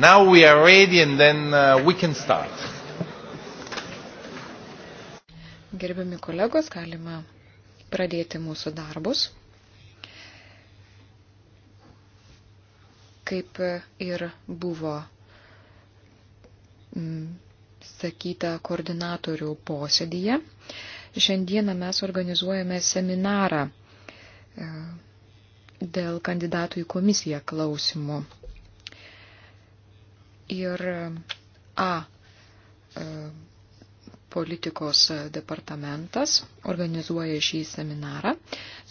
Now we are ready and then uh, we can start. Gerbiami kolegos, galima pradėti mūsų darbus. Kaip ir buvo m, mm, sakyta koordinatorių posėdyje, šiandieną mes organizuojame seminarą e, dėl kandidatų į komisiją klausimų ir A e, politikos departamentas organizuoja šį seminarą.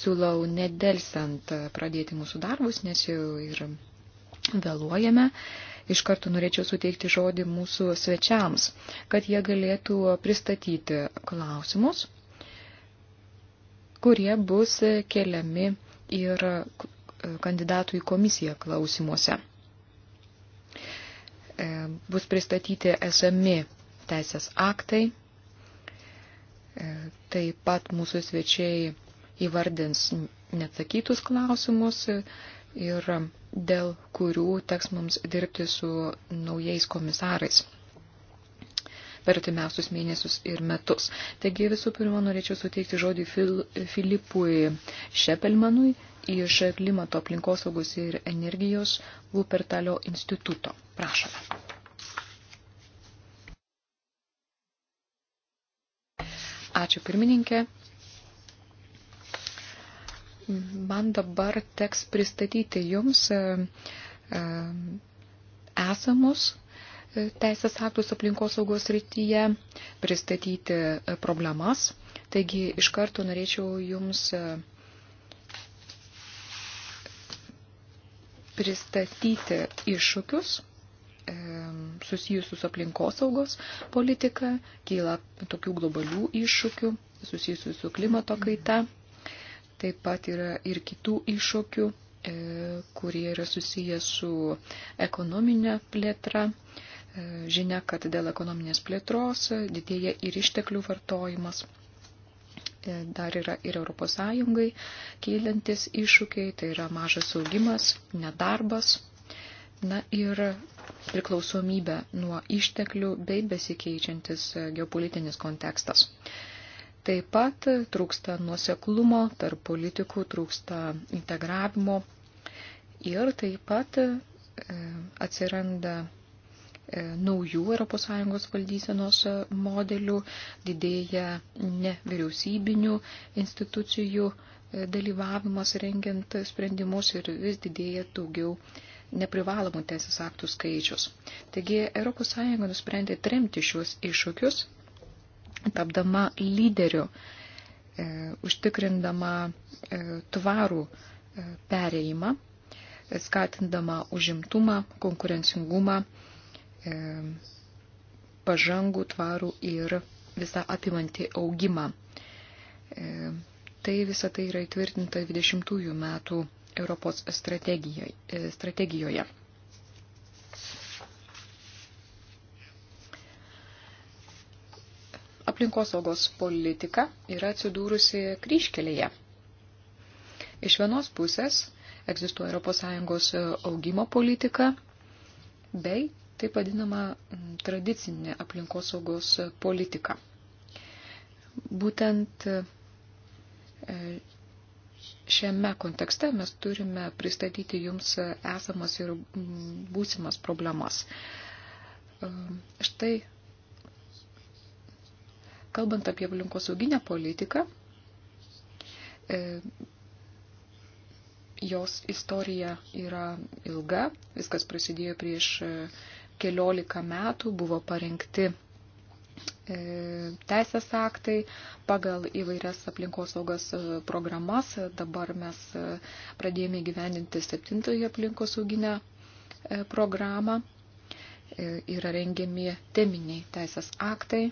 Siūlau nedelsiant pradėti mūsų darbus, nes jau ir vėluojame. Iš karto norėčiau suteikti žodį mūsų svečiams, kad jie galėtų pristatyti klausimus, kurie bus keliami ir kandidatų į komisiją klausimuose. E, bus pristatyti esami teisės aktai. E, taip pat mūsų svečiai įvardins neatsakytus klausimus e, ir dėl kurių teks mums dirbti su naujais komisarais per artimiausius mėnesius ir metus. Taigi visų pirma norėčiau suteikti žodį Fil Filipui Šepelmanui iš klimato aplinkosaugos ir energijos Vupertalio instituto. Prašome. Ačiū pirmininkė. Man dabar teks pristatyti jums e, e, esamus teisės aktus aplinkosaugos rytyje, pristatyti e, problemas. Taigi iš karto norėčiau Jums e, pristatyti iššūkius e, susijusius aplinkosaugos politika, kyla tokių globalių iššūkių susijusių su klimato kaita, taip pat yra ir kitų iššūkių, kurie yra susiję su ekonominė plėtra, E, žinia, kad dėl ekonominės plėtros didėja ir išteklių vartojimas. E, dar yra ir Europos Sąjungai kylantis iššūkiai, tai yra mažas augimas, nedarbas, na ir priklausomybė nuo išteklių bei besikeičiantis geopolitinis kontekstas. Taip pat trūksta nuoseklumo tarp politikų, trūksta integravimo ir taip pat e, atsiranda E, naujų ES valdysenos modelių, didėja nevyriausybinių institucijų e, dalyvavimas rengiant sprendimus ir vis didėja daugiau neprivalomų teisės aktų skaičius. Taigi ES nusprendė tremti šiuos iššūkius, tapdama lyderiu, e, užtikrindama e, tvarų e, perėjimą, skatindama užimtumą, konkurencingumą, e, E, pažangų, tvarų ir visą apimantį augimą. E, tai visa tai yra įtvirtinta 20 metų Europos strategijoje. strategijoje. Aplinkosaugos politika yra atsidūrusi kryškelėje. Iš vienos pusės egzistuoja ES augimo politika bei taip vadinama tradicinė aplinkosaugos politika. Būtent e, šiame kontekste mes turime pristatyti jums esamas ir būsimas problemas. E, štai, kalbant apie aplinkosauginę politiką, e, jos istorija yra ilga, viskas prasidėjo prieš keliolika metų buvo parengti e, teisės aktai pagal įvairias aplinkosaugos e, programas. Dabar mes e, pradėjome gyveninti septintąją aplinkosauginę programą. Yra rengiami teminiai teisės aktai.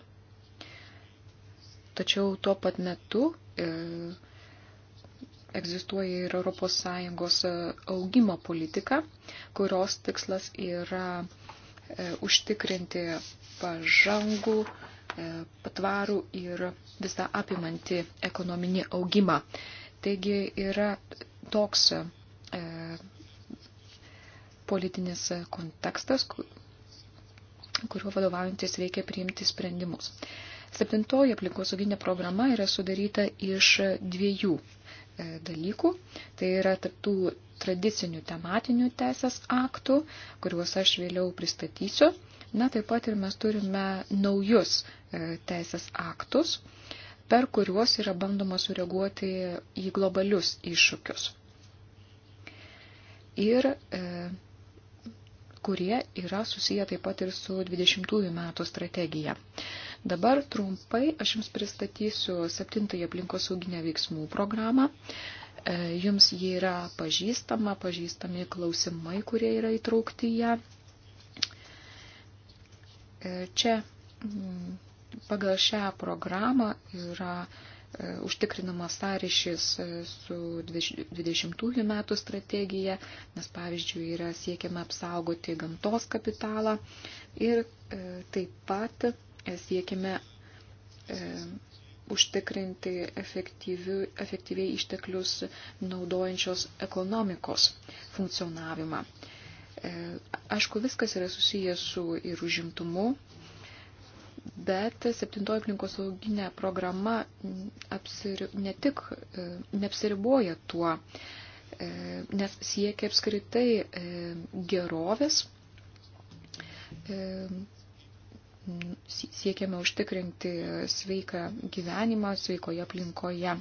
Tačiau tuo pat metu egzistuoja ir ES augimo politika, kurios tikslas yra E, užtikrinti pažangų, e, patvarų ir visą apimantį ekonominį augimą. Taigi yra toks e, politinis kontekstas, kuriuo vadovaujantis reikia priimti sprendimus. Septintoji aplinkosauginė programa yra sudaryta iš dviejų E, dalykų. Tai yra tų tradicinių tematinių teisės aktų, kuriuos aš vėliau pristatysiu. Na, taip pat ir mes turime naujus e, teisės aktus, per kuriuos yra bandoma sureaguoti į globalius iššūkius. Ir e, kurie yra susiję taip pat ir su 20 metų strategija. E, Dabar trumpai aš Jums pristatysiu septintąją aplinkosauginę veiksmų programą. E, jums jie yra pažįstama, pažįstami klausimai, kurie yra įtraukti ją. E, čia mm, pagal šią programą yra e, užtikrinamas sąryšis su 20 metų strategija, nes pavyzdžiui yra siekiama apsaugoti gamtos kapitalą ir taip pat siekime e, užtikrinti efektyviai išteklius naudojančios ekonomikos funkcionavimą. E, aišku, viskas yra susijęs su ir užimtumu, bet septintoji aplinkos sauginė programa apsiri, ne tik e, neapsiriboja tuo, e, nes siekia apskritai e, gerovės. E, siekiame užtikrinti sveiką gyvenimą sveikoje aplinkoje.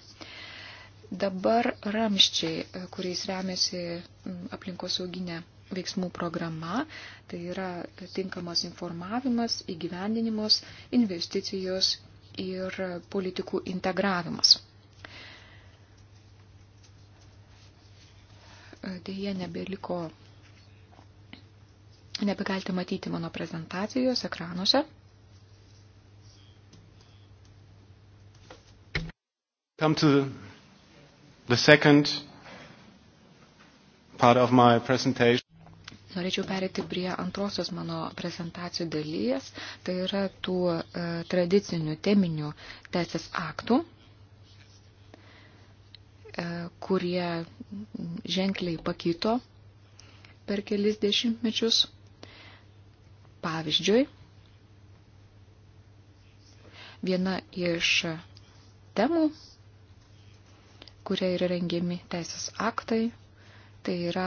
Dabar ramščiai, kuriais remiasi aplinkosauginė veiksmų programa, tai yra tinkamas informavimas, įgyvendinimas, investicijos ir politikų integravimas. Dėje nebeliko nebegalite matyti mano prezentacijos ekranuose. come to the second part of my presentation. Norėčiau perėti prie antrosios mano prezentacijų dalies, tai yra tų e, tradicinių teminių teisės aktų, e, kurie ženkliai pakito per kelis dešimtmečius. Pavyzdžiui, viena iš temų kurie yra rengiami teisės aktai, tai yra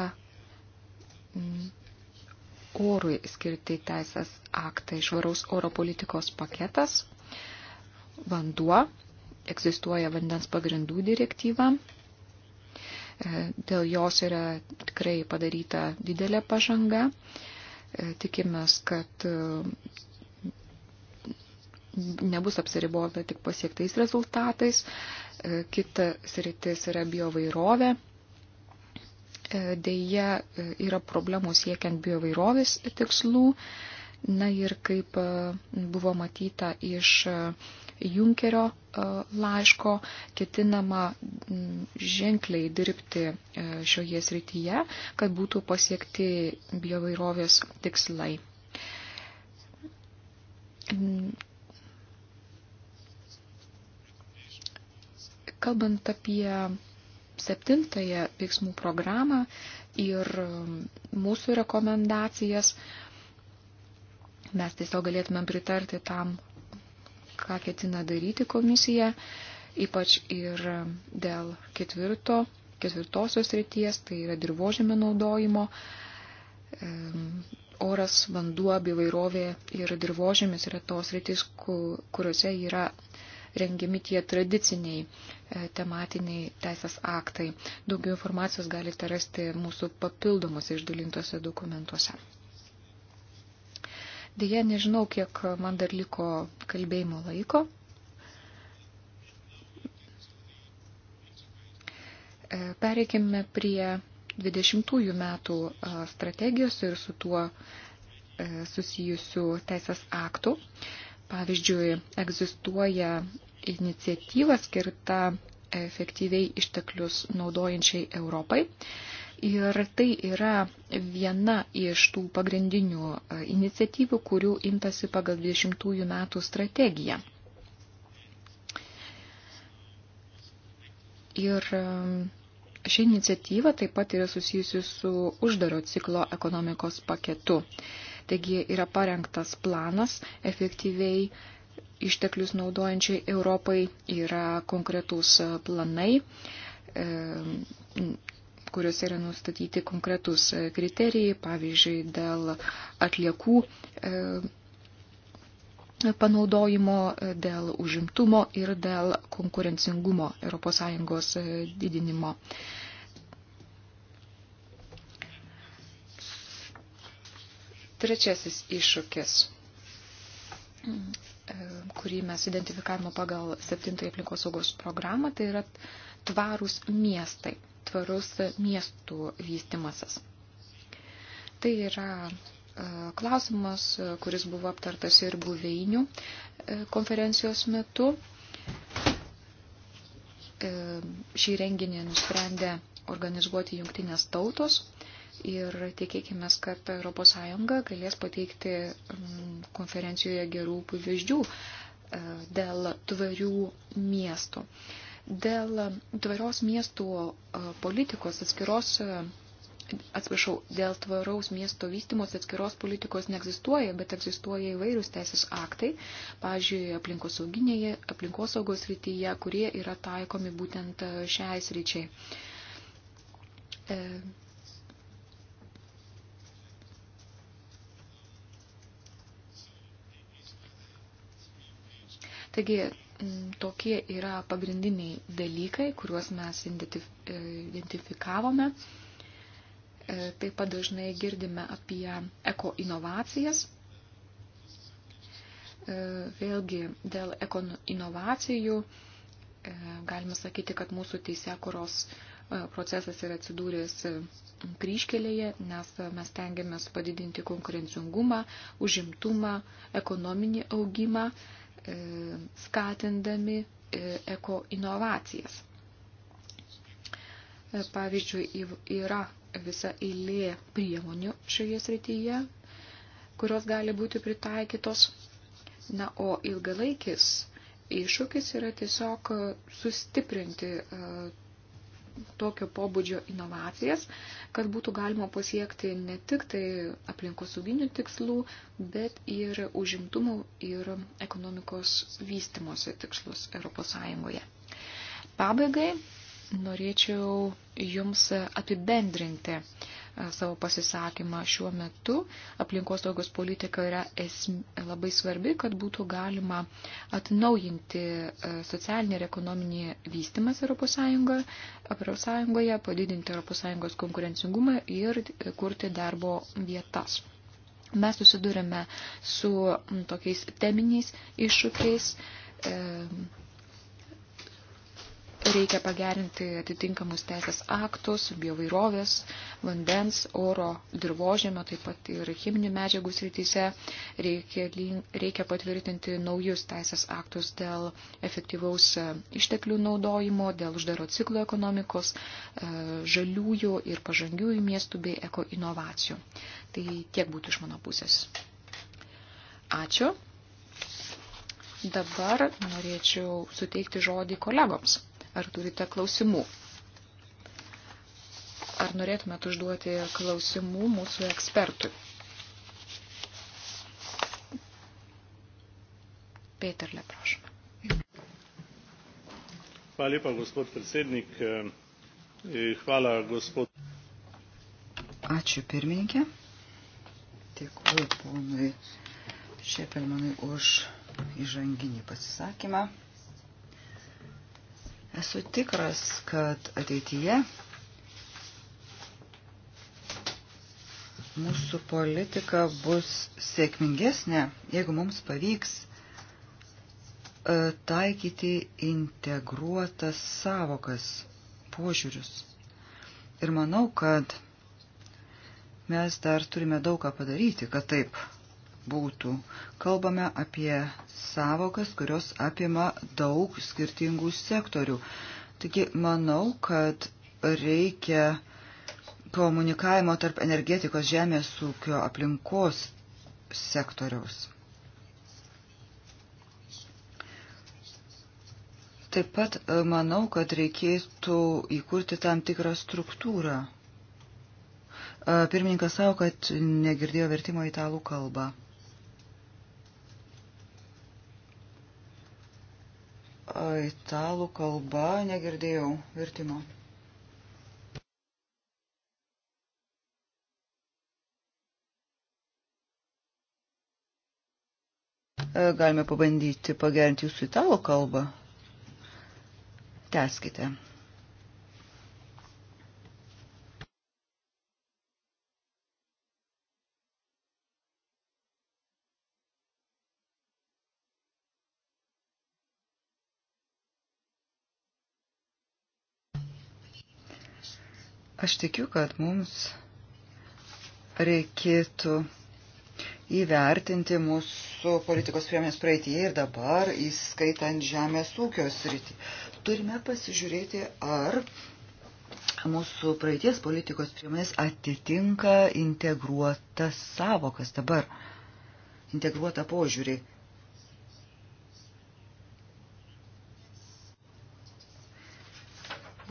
mm, orui skirti teisės aktai, švaraus oro politikos paketas, vanduo, egzistuoja vandens pagrindų direktyva, e, dėl jos yra tikrai padaryta didelė pažanga, e, tikimės, kad nebus apsiribota tik pasiektais rezultatais. E, kita sritis yra biovairovė. E, deja, e, yra problemų siekiant biovairovės tikslų. Na ir kaip buvo matyta iš Junkerio laiško, ketinama ženkliai dirbti šioje srityje, kad būtų pasiekti biovairovės tikslai Kalbant apie septintąją veiksmų programą ir um, mūsų rekomendacijas, mes tiesiog galėtumėm pritarti tam, ką ketina daryti komisija, ypač ir um, dėl ketvirto, ketvirtosios ryties, tai yra dirbožėmio naudojimo, um, oras, vanduo, bivairovė ir dirbožėmis yra tos rytis, kuriuose yra rengiami tie tradiciniai e, tematiniai teisės aktai. Daugiau informacijos galite rasti mūsų papildomose išdalintose dokumentuose. Deja, nežinau, kiek man dar liko kalbėjimo laiko. E, pereikime prie 20 metų e, strategijos ir su tuo susijusių teisės aktų. Pavyzdžiui, egzistuoja iniciatyva skirta efektyviai išteklius naudojančiai Europai. Ir tai yra viena iš tų pagrindinių e, iniciatyvų, kurių imtasi pagal 20 metų strategiją. Ir e, ši iniciatyva taip pat yra susijusi su uždaro ciklo ekonomikos paketu. Taigi yra parengtas planas efektyviai išteklius naudojančiai Europai, yra konkretūs planai, e, kuriuose yra nustatyti konkretūs kriterijai, pavyzdžiui, dėl atliekų e, panaudojimo, dėl užimtumo ir dėl konkurencingumo ES e, didinimo. Trečiasis iššūkis, e, kurį mes identifikavome pagal 7 aplinkos saugos programą, tai yra tvarūs miestai, tvarus miestų vystimasis. Tai yra e, klausimas, kuris buvo aptartas ir buveinių e, konferencijos metu. Šį renginį nusprendė organizuoti jungtinės tautos ir tikėkime, kad ES galės pateikti mm, konferencijoje gerų pavyzdžių e, dėl tvarių miestų. Dėl tvarios miestų e, politikos atskiros, e, atsiprašau, dėl tvaraus miesto vystimos atskiros politikos neegzistuoja, bet egzistuoja įvairius teisės aktai, pavyzdžiui, aplinkosauginėje, aplinkosaugos rytyje, kurie yra taikomi būtent šiai sričiai Taigi mm, tokie yra pagrindiniai dalykai, kuriuos mes e, identifikavome. E, taip pat dažnai girdime apie eko inovacijas. E, vėlgi dėl eko inovacijų galima sakyti, kad mūsų teisėkuros procesas yra atsidūręs kryškelėje, nes mes tengiamės padidinti konkurencingumą, užimtumą, ekonominį augimą, E, skatindami e, eko inovacijas. E, pavyzdžiui, yra visa eilė priemonių šioje srityje, kurios gali būti pritaikytos. Na, o ilgalaikis iššūkis yra tiesiog sustiprinti tokio pobūdžio inovacijas, kad būtų galima pasiekti ne tik tai aplinkosauginių tikslų, bet ir užimtumų ir ekonomikos vystimosi tikslus ES. Pabaigai norėčiau Jums apibendrinti uh, savo pasisakymą šiuo metu. Aplinkosaugos politika yra esm, labai svarbi, kad būtų galima atnaujinti socialinį ir ekonominį vystimas ES, ES padidinti ES konkurencingumą ir kurti darbo vietas. Mes susidurime su tokiais teminiais iššūkiais. E, reikia pagerinti atitinkamus teisės aktus, biovairovės, vandens, oro, dirbožėmio, taip pat ir cheminių medžiagų srityse. Reikia, reikia patvirtinti naujus teisės aktus dėl efektyvaus e, išteklių naudojimo, dėl uždaro ciklo ekonomikos, e, žaliųjų ir pažangiųjų miestų bei eko inovacijų. Tai tiek būtų iš mano pusės. Ačiū. Dabar norėčiau suteikti žodį kolegoms. Ar turite klausimų? Ar norėtumėt užduoti klausimų mūsų ekspertui? Peterle, prosim. Hvala lepa, gospod predsednik. E, hvala, gospod. Ačiū pirmininkė. Dėkuoju ponui Šepelmanui už įžanginį pasisakymą. Esu tikras, kad ateityje mūsų politika bus sėkmingesnė, jeigu mums pavyks e, taikyti integruotas savokas, požiūrius. Ir manau, kad mes dar turime daug ką padaryti, kad taip būtų. Kalbame apie savokas, kurios apima daug skirtingų sektorių. Taigi manau, kad reikia komunikavimo tarp energetikos žemės ūkio aplinkos sektoriaus. Taip pat e, manau, kad reikėtų įkurti tam tikrą struktūrą. E, pirmininkas savo, kad negirdėjo vertimo į italų kalbą. italų kalba, negirdėjau vertimo. E, galime pabandyti pagerinti jūsų italų kalbą. Teskite. Aš tikiu, kad mums reikėtų įvertinti mūsų politikos priemonės praeitie ir dabar, įskaitant žemės ūkio sritį. Turime pasižiūrėti, ar mūsų praeities politikos priemonės atitinka integruotas savokas dabar, integruotą požiūrį.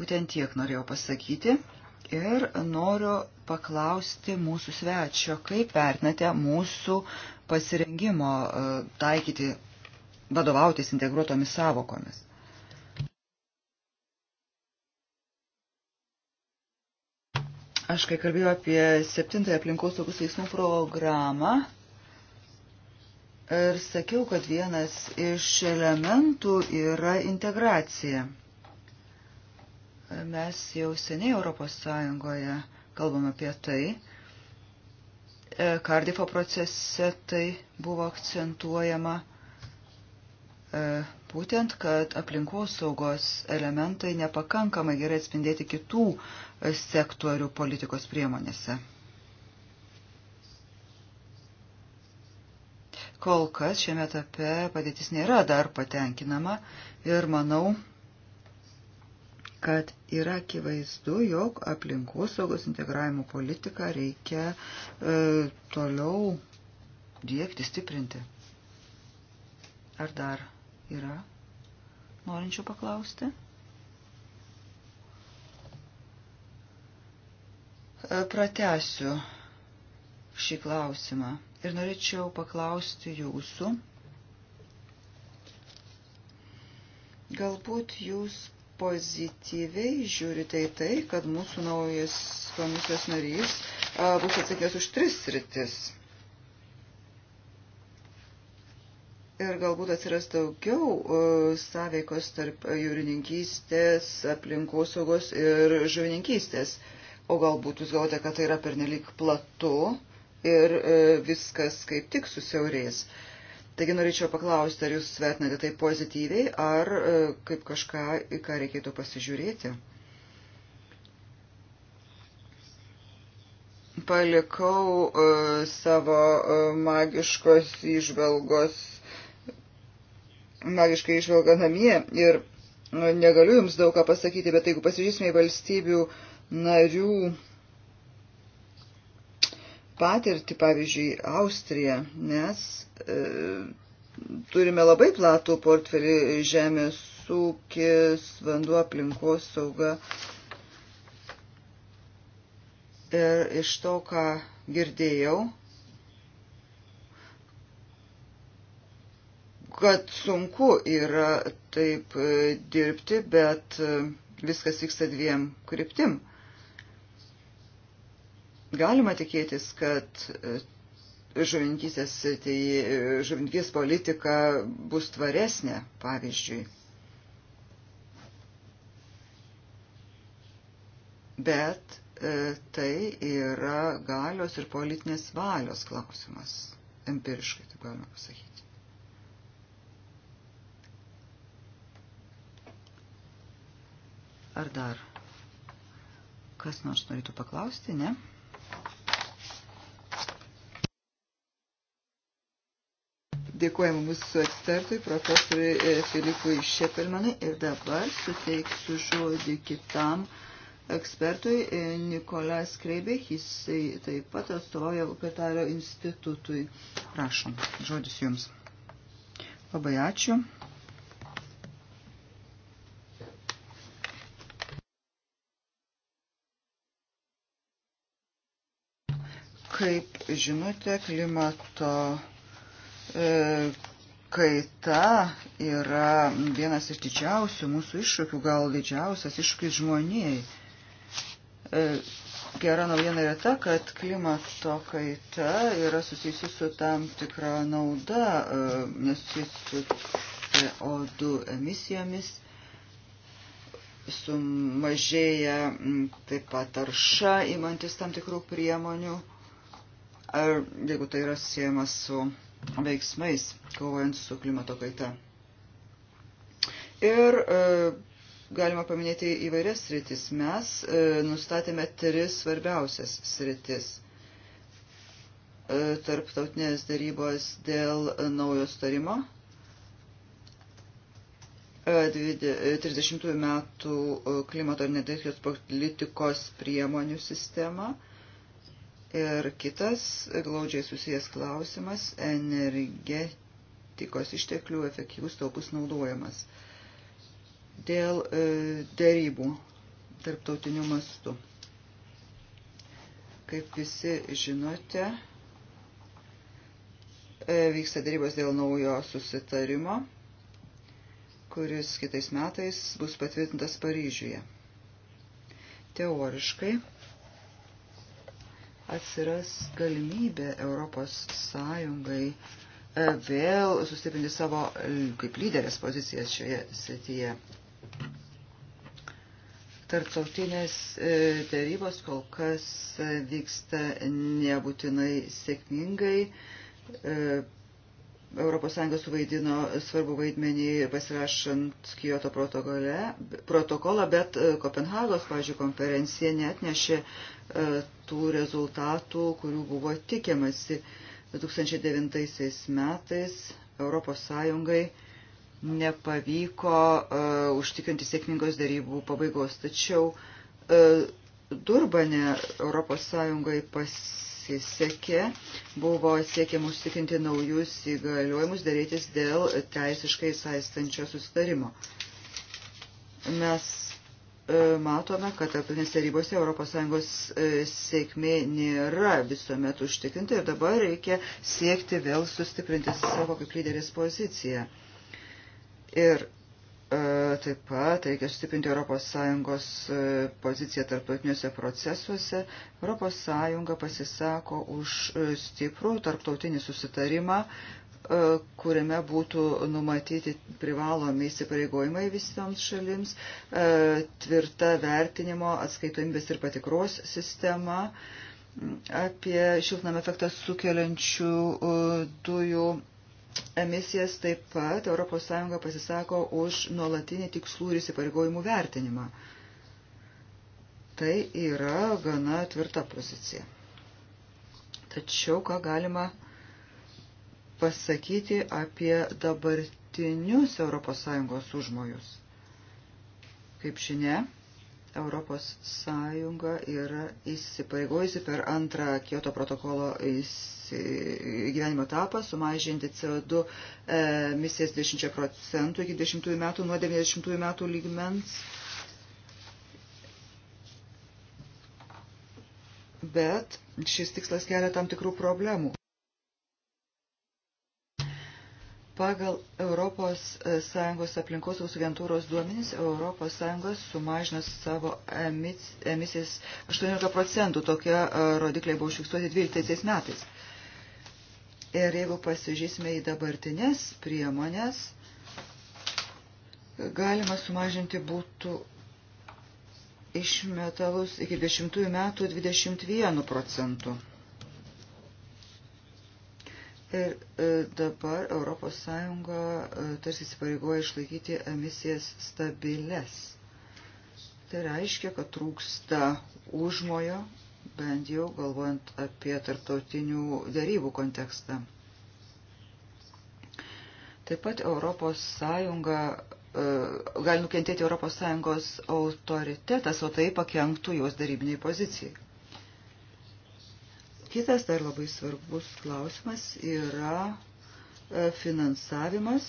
Būtent tiek norėjau pasakyti. Ir noriu paklausti mūsų svečio, kaip vertinate mūsų pasirengimo e, taikyti, vadovautis integruotomis savokomis. Aš kai kalbėjau apie septintąją aplinkos tokius veiksmų programą ir sakiau, kad vienas iš elementų yra integracija. Mes jau seniai Europos Sąjungoje kalbam apie tai. E, Kardifo procese tai buvo akcentuojama e, būtent, kad aplinkos saugos elementai nepakankamai gerai atspindėti kitų e, sektorių politikos priemonėse. Kol kas šiame etape padėtis nėra dar patenkinama ir manau, kad yra akivaizdu, jog aplinkosaugos integravimo politiką reikia e, toliau dėkti, stiprinti. Ar dar yra norinčių paklausti? E, Pratesiu šį klausimą ir norėčiau paklausti jūsų. Galbūt jūs pozityviai žiūrite tai į tai, kad mūsų naujas komisijos narys bus atsakęs už tris sritis. Ir galbūt atsiras daugiau sąveikos tarp jūrininkystės, aplinkosaugos ir žuvininkystės. O galbūt jūs galvote, kad tai yra pernelik platu ir e, viskas kaip tik susiaurės. Uh, Taigi norėčiau paklausti, ar jūs svetinate tai pozityviai, ar e, kaip kažką, į ką reikėtų pasižiūrėti. Palikau e, savo e, magiškos išvelgos, magišką išvelgą namie ir nu, negaliu jums daug ką pasakyti, bet jeigu pasižiūrėsime į valstybių narių patirtį, pavyzdžiui, Austriją, nes e, turime labai platų portfelį žemės ūkis, vanduo aplinkos sauga. Ir iš to, ką girdėjau, kad sunku yra taip e, dirbti, bet e, viskas vyksta dviem kryptim galima tikėtis, kad e, žuvininkystės tai žuvininkystės politika bus tvaresnė, pavyzdžiui. Bet e, tai yra galios ir politinės valios klausimas. Empiriškai taip galima pasakyti. Ar dar kas nors norėtų paklausti, ne? Dėkojame mūsų ekspertui, profesoriui e, Filipui Šepelmanui ir dabar suteiksiu žodį kitam ekspertui e, Nikolai Skreibė, jisai taip pat atstovauja Vokatario institutui. Prašom, žodis jums. Labai ačiū. Kaip žinote, klimato E, kaita yra vienas iš didžiausių mūsų iššūkių, gal didžiausias iššūkis žmonijai. E, gera naujiena yra ta, kad klimato kaita yra susijusi su tam tikra nauda, e, nesusijusi su CO2 emisijomis, sumažėja taip pat tarša įmantis tam tikrų priemonių, ar jeigu tai yra siejama su veiksmais, kovojant su klimato kaita. Ir e, galima paminėti įvairias sritis. Mes e, nustatėme tris svarbiausias sritis. E, tarptautinės darybos dėl naujo starimo. 30 e, e, metų e, klimato ir energetikos politikos priemonių sistema. E, Ir kitas glaudžiai susijęs klausimas - energetikos išteklių efektyvus taupus naudojimas. Dėl e, dėrybų tarptautinių mastų. Kaip visi žinote, e, vyksta darybos dėl naujo susitarimo, kuris kitais metais bus patvirtintas Paryžiuje. Teoriškai atsiras galimybė Europos Sąjungai e, vėl sustiprinti savo e, kaip lyderės pozicijas šioje srityje. Tarptautinės dėrybos e, kol kas vyksta nebūtinai sėkmingai. ES suvaidino svarbu vaidmenį pasirašant Kyoto protokolą, bet Kopenhagos, pavyzdžiui, konferencija net nešė tų rezultatų, kurių buvo tikiamasi 2009 metais Europos Sąjungai nepavyko uh, užtikrinti sėkmingos darybų pabaigos. Tačiau uh, e, Durbane Europos Sąjungai pasisekė, buvo siekiama užtikrinti naujus įgaliojimus dėrėtis dėl teisiškai saistančio sustarimo. Mes E, matome, kad tarptautinės tarybose ES e, sėkmė nėra visuomet užtikrinta ir dabar reikia siekti vėl sustiprinti savo kaip lyderės poziciją. Ir e, taip pat reikia sustiprinti ES poziciją tarptautiniuose procesuose. ES pasisako už stiprų tarptautinį susitarimą, E, kuriame būtų numatyti privalomi įsipareigojimai visoms šalims, e, tvirta vertinimo, atskaitomybės ir patikros sistema apie šiltnamio efektą sukeliančių e, dujų emisijas taip pat ES pasisako už nuolatinį tikslų ir įsipareigojimų vertinimą. Tai yra gana tvirta pozicija. Tačiau ką galima pasakyti apie dabartinius ES užmojus. Kaip žinia, ES yra įsipareigojusi per antrą Kyoto protokolo gyvenimo etapą sumažinti CO2 e, emisijas 20 procentų iki 10 metų nuo 90 metų lygmens. Bet šis tikslas kelia tam tikrų problemų. Pagal ES e, aplinkos agentūros duomenys ES sumažino savo emisijas 18 procentų. Tokie e, rodikliai buvo užfiksuoti 12 metais. Ir jeigu pasižiūrėsime į dabartinės priemonės, galima sumažinti būtų išmetalus iki 10 metų 21 procentų. Ir e, dabar ES e, tarsi įsipareigoja išlaikyti emisijas stabiles. Tai reiškia, kad trūksta užmojo, bent jau galvojant apie tarptautinių darybų kontekstą. Taip pat Europos Sąjunga, e, gali nukentėti Europos Sąjungos autoritetas, o tai pakenktų jos darybiniai pozicijai. Kitas dar labai svarbus klausimas yra e, finansavimas.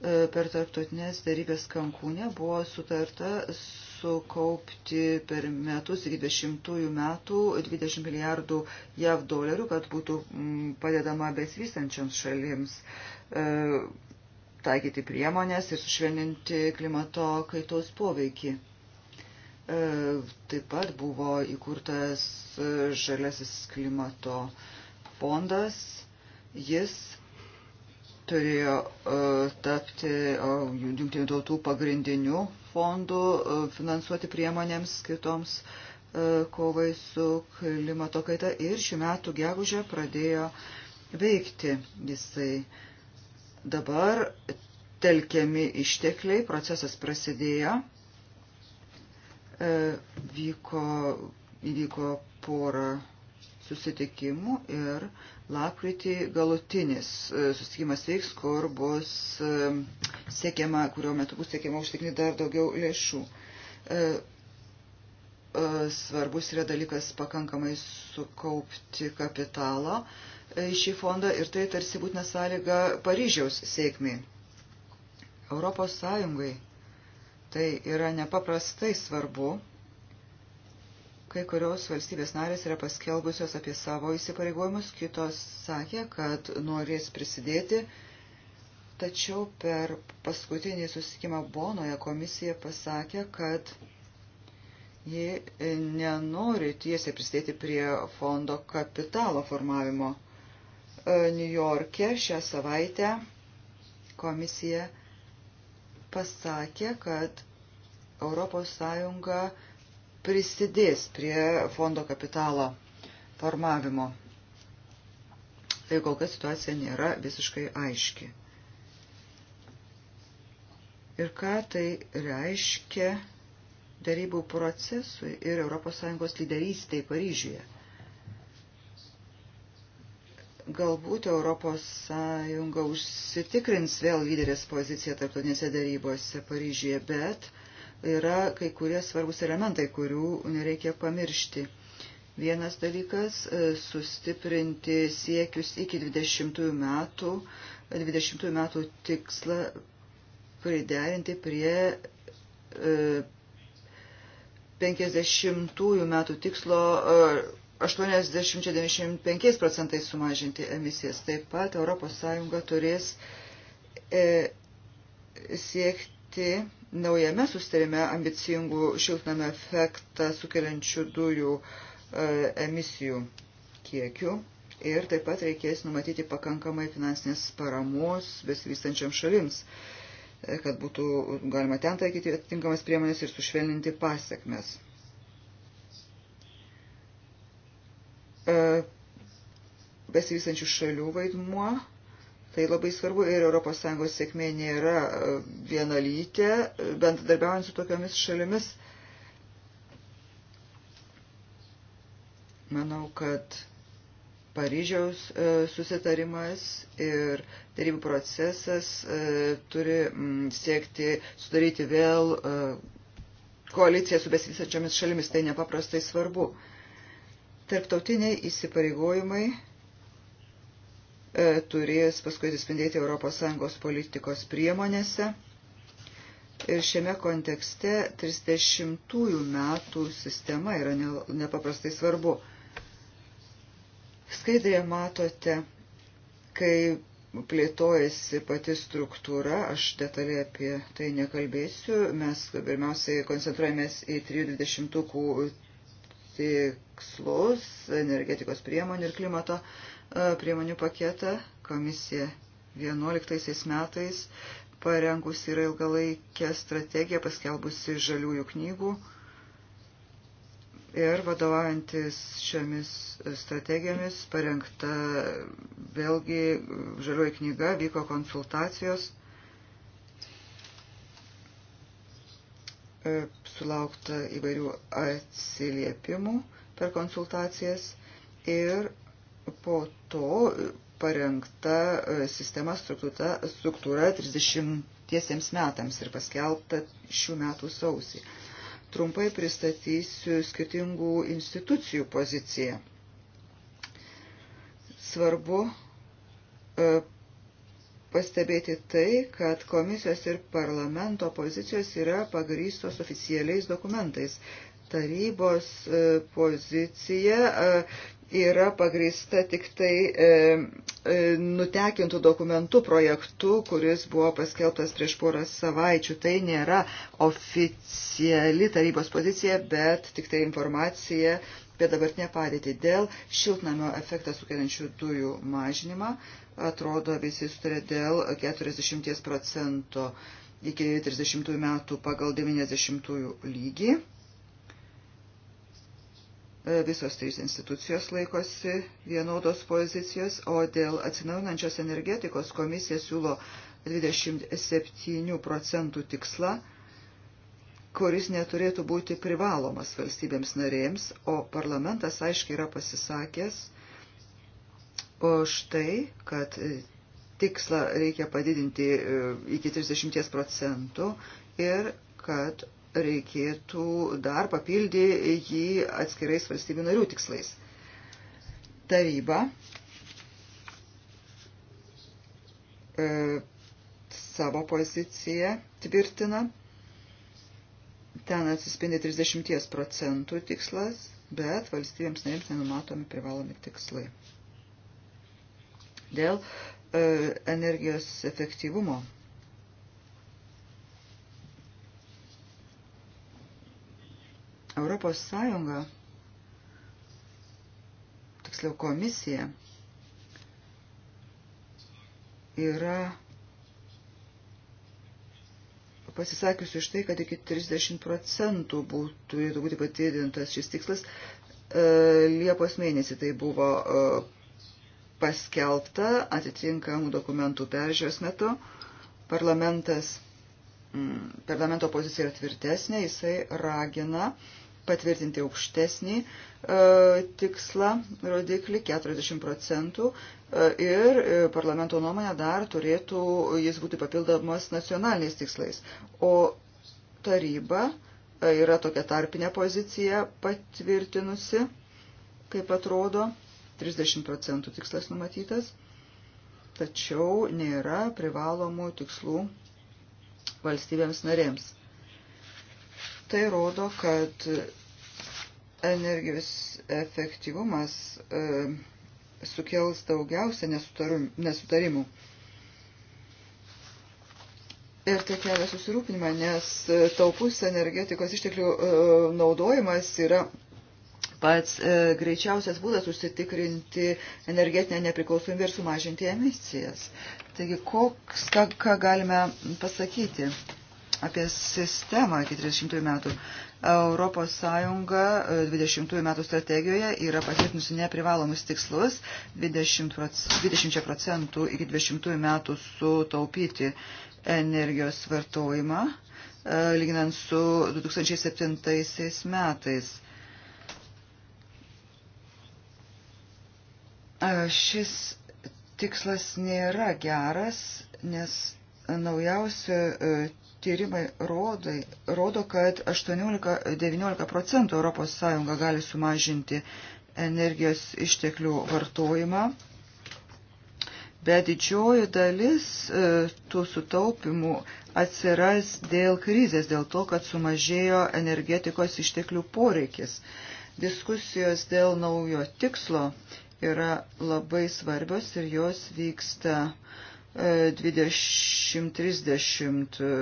E, per tarptautinės darybės Kankūne buvo sutarta sukaupti per metus iki 20 metų 20 milijardų JAV dolerių, kad būtų mm, padedama besivystančioms šalims e, taikyti priemonės ir sušvelninti klimato kaitos poveikį. E, taip pat buvo įkurtas e, žaliasis klimato fondas. Jis turėjo e, tapti jungtinių tautų pagrindiniu fondu finansuoti priemonėms skirtoms kovai su klimato kaita ir šių metų gegužę pradėjo veikti jisai. Dabar telkiami ištekliai, procesas prasidėjo E, vyko, įvyko pora susitikimų ir lapkritį galutinis e, susitikimas veiks, kur bus e, siekiama, kurio metu bus siekiama užtikrinti dar daugiau lėšų. Svarbus yra dalykas pakankamai sukaupti kapitalą į šį fondą ir tai tarsi būtina sąlyga Paryžiaus sėkmiai. Europos Sąjungai Tai yra nepaprastai svarbu. Kai kurios valstybės narės yra paskelbusios apie savo įsipareigojimus, kitos sakė, kad norės prisidėti, tačiau per paskutinį susitikimą Bonoje komisija pasakė, kad ji nenori tiesiai prisidėti prie fondo kapitalo formavimo. Niujorke šią savaitę komisija pasakė, kad ES prisidės prie fondo kapitalo formavimo. Tai kol kas situacija nėra visiškai aiški. Ir ką tai reiškia darybų procesui ir ES lyderystėj Paryžiuje. Galbūt ES užsitikrins vėl lyderės poziciją tarptautinėse darybose Paryžyje, bet yra kai kurie svarbus elementai, kurių nereikia pamiršti. Vienas dalykas - sustiprinti siekius iki 20 metų, 20 metų tikslą priderinti prie 50 e, metų tikslo e, 80-95 procentais sumažinti emisijas. Taip pat ES turės e, siekti naujame sustarime ambicingų šiltnamio efektą sukeliančių dujų e, emisijų kiekių. Ir taip pat reikės numatyti pakankamai finansinės paramos besivystančiam šalims, e, kad būtų galima ten taikyti atitinkamas priemonės ir sušvelninti pasiekmes. E, besivysančių šalių vaidmuo. Tai labai svarbu ir ES sėkmė nėra e, vienalytė, e, bendradarbiaujant su tokiamis šalimis. Manau, kad Paryžiaus susitarimas ir darybų procesas turi mm, siekti sudaryti vėl koaliciją su besivysančiomis šalimis. Tai nepaprastai svarbu. Tarptautiniai įsipareigojimai e, turės paskui atsispindėti ES politikos priemonėse. Ir šiame kontekste 30-ųjų metų sistema yra nepaprastai svarbu. Skaidrėje matote, kai plėtojasi pati struktūra, aš detaliai apie tai nekalbėsiu, mes pirmiausiai koncentruojamės į 320-ųjų tikslus, energetikos priemonių ir klimato e, priemonių paketą. Komisija 11 metais parengus yra ilgalaikę strategiją paskelbusi žaliųjų knygų. Ir vadovaujantis šiomis strategijomis parengta vėlgi žalioji knyga, vyko konsultacijos E, sulaukta įvairių atsiliepimų per konsultacijas ir po to parengta e, sistema struktūra, struktūra 30 metams ir paskelbta šių metų sausį. Trumpai pristatysiu skirtingų institucijų poziciją. Svarbu e, pastebėti tai, kad komisijos ir parlamento pozicijos yra pagrystos oficialiais dokumentais. Tarybos e, pozicija e, yra pagrįsta tik tai e, e, nutekintų dokumentų projektu, kuris buvo paskelbtas prieš porą savaičių. Tai nėra oficiali tarybos pozicija, bet tik tai informacija apie dabartinę padėtį dėl šiltnamio efektą sukeliančių dujų mažinimą. E, atrodo visi sutarė dėl 40 procento iki 30 metų pagal 90 lygį. E, visos trys institucijos laikosi vienodos pozicijos, o dėl atsinaujinančios energetikos komisija siūlo 27 procentų tikslą, kuris neturėtų būti privalomas valstybėms narėms, o parlamentas aiškiai yra pasisakęs, už tai, kad e, tikslą reikia padidinti e, iki 30 procentų ir kad reikėtų dar papildyti jį atskirais valstybių narių tikslais. Taryba e, savo poziciją tvirtina. Ten atsispindi 30 procentų tikslas, bet valstybėms narėms nenumatomi privalomi tikslai dėl e, energijos efektyvumo. Europos Sąjunga, tiksliau komisija, yra pasisakiusi iš tai, kad iki 30 procentų būtų, turėtų būti patidintas šis tikslas. E, Liepos mėnesį tai buvo e, paskelbta atitinkamų dokumentų peržiūros metu. Parlamentas, mm, parlamento pozicija yra tvirtesnė, jisai ragina patvirtinti aukštesnį e, tikslą, rodiklį 40 procentų e, ir e, parlamento nuomonė dar turėtų jis būti papildomas nacionaliniais tikslais. O taryba e, yra tokia tarpinė pozicija patvirtinusi, kaip atrodo. 30 procentų tikslas numatytas, tačiau nėra privalomų tikslų valstybėms narėms. Tai rodo, kad energijos efektyvumas e, sukels daugiausia nesutarimų. Ir tai kelia susirūpinimą, nes taupus energetikos išteklių e, naudojimas yra pats e, greičiausias būdas užsitikrinti energetinę nepriklausomybę ir sumažinti emisijas. Taigi, koks, ką, ką galime pasakyti apie sistemą iki 30 metų? Europos Sąjunga 20 e, metų strategijoje yra patvirtinusi neprivalomus tikslus 20 procentų iki 20 metų sutaupyti energijos vartojimą, e, lyginant su 2007 metais Šis tikslas nėra geras, nes naujausia e, tyrimai rodo, rodo kad 18-19 procentų ES gali sumažinti energijos išteklių vartojimą, bet didžioji dalis e, tų sutaupimų atsiras dėl krizės, dėl to, kad sumažėjo energetikos išteklių poreikis. Diskusijos dėl naujo tikslo yra labai svarbios ir jos vyksta 2030 e, e,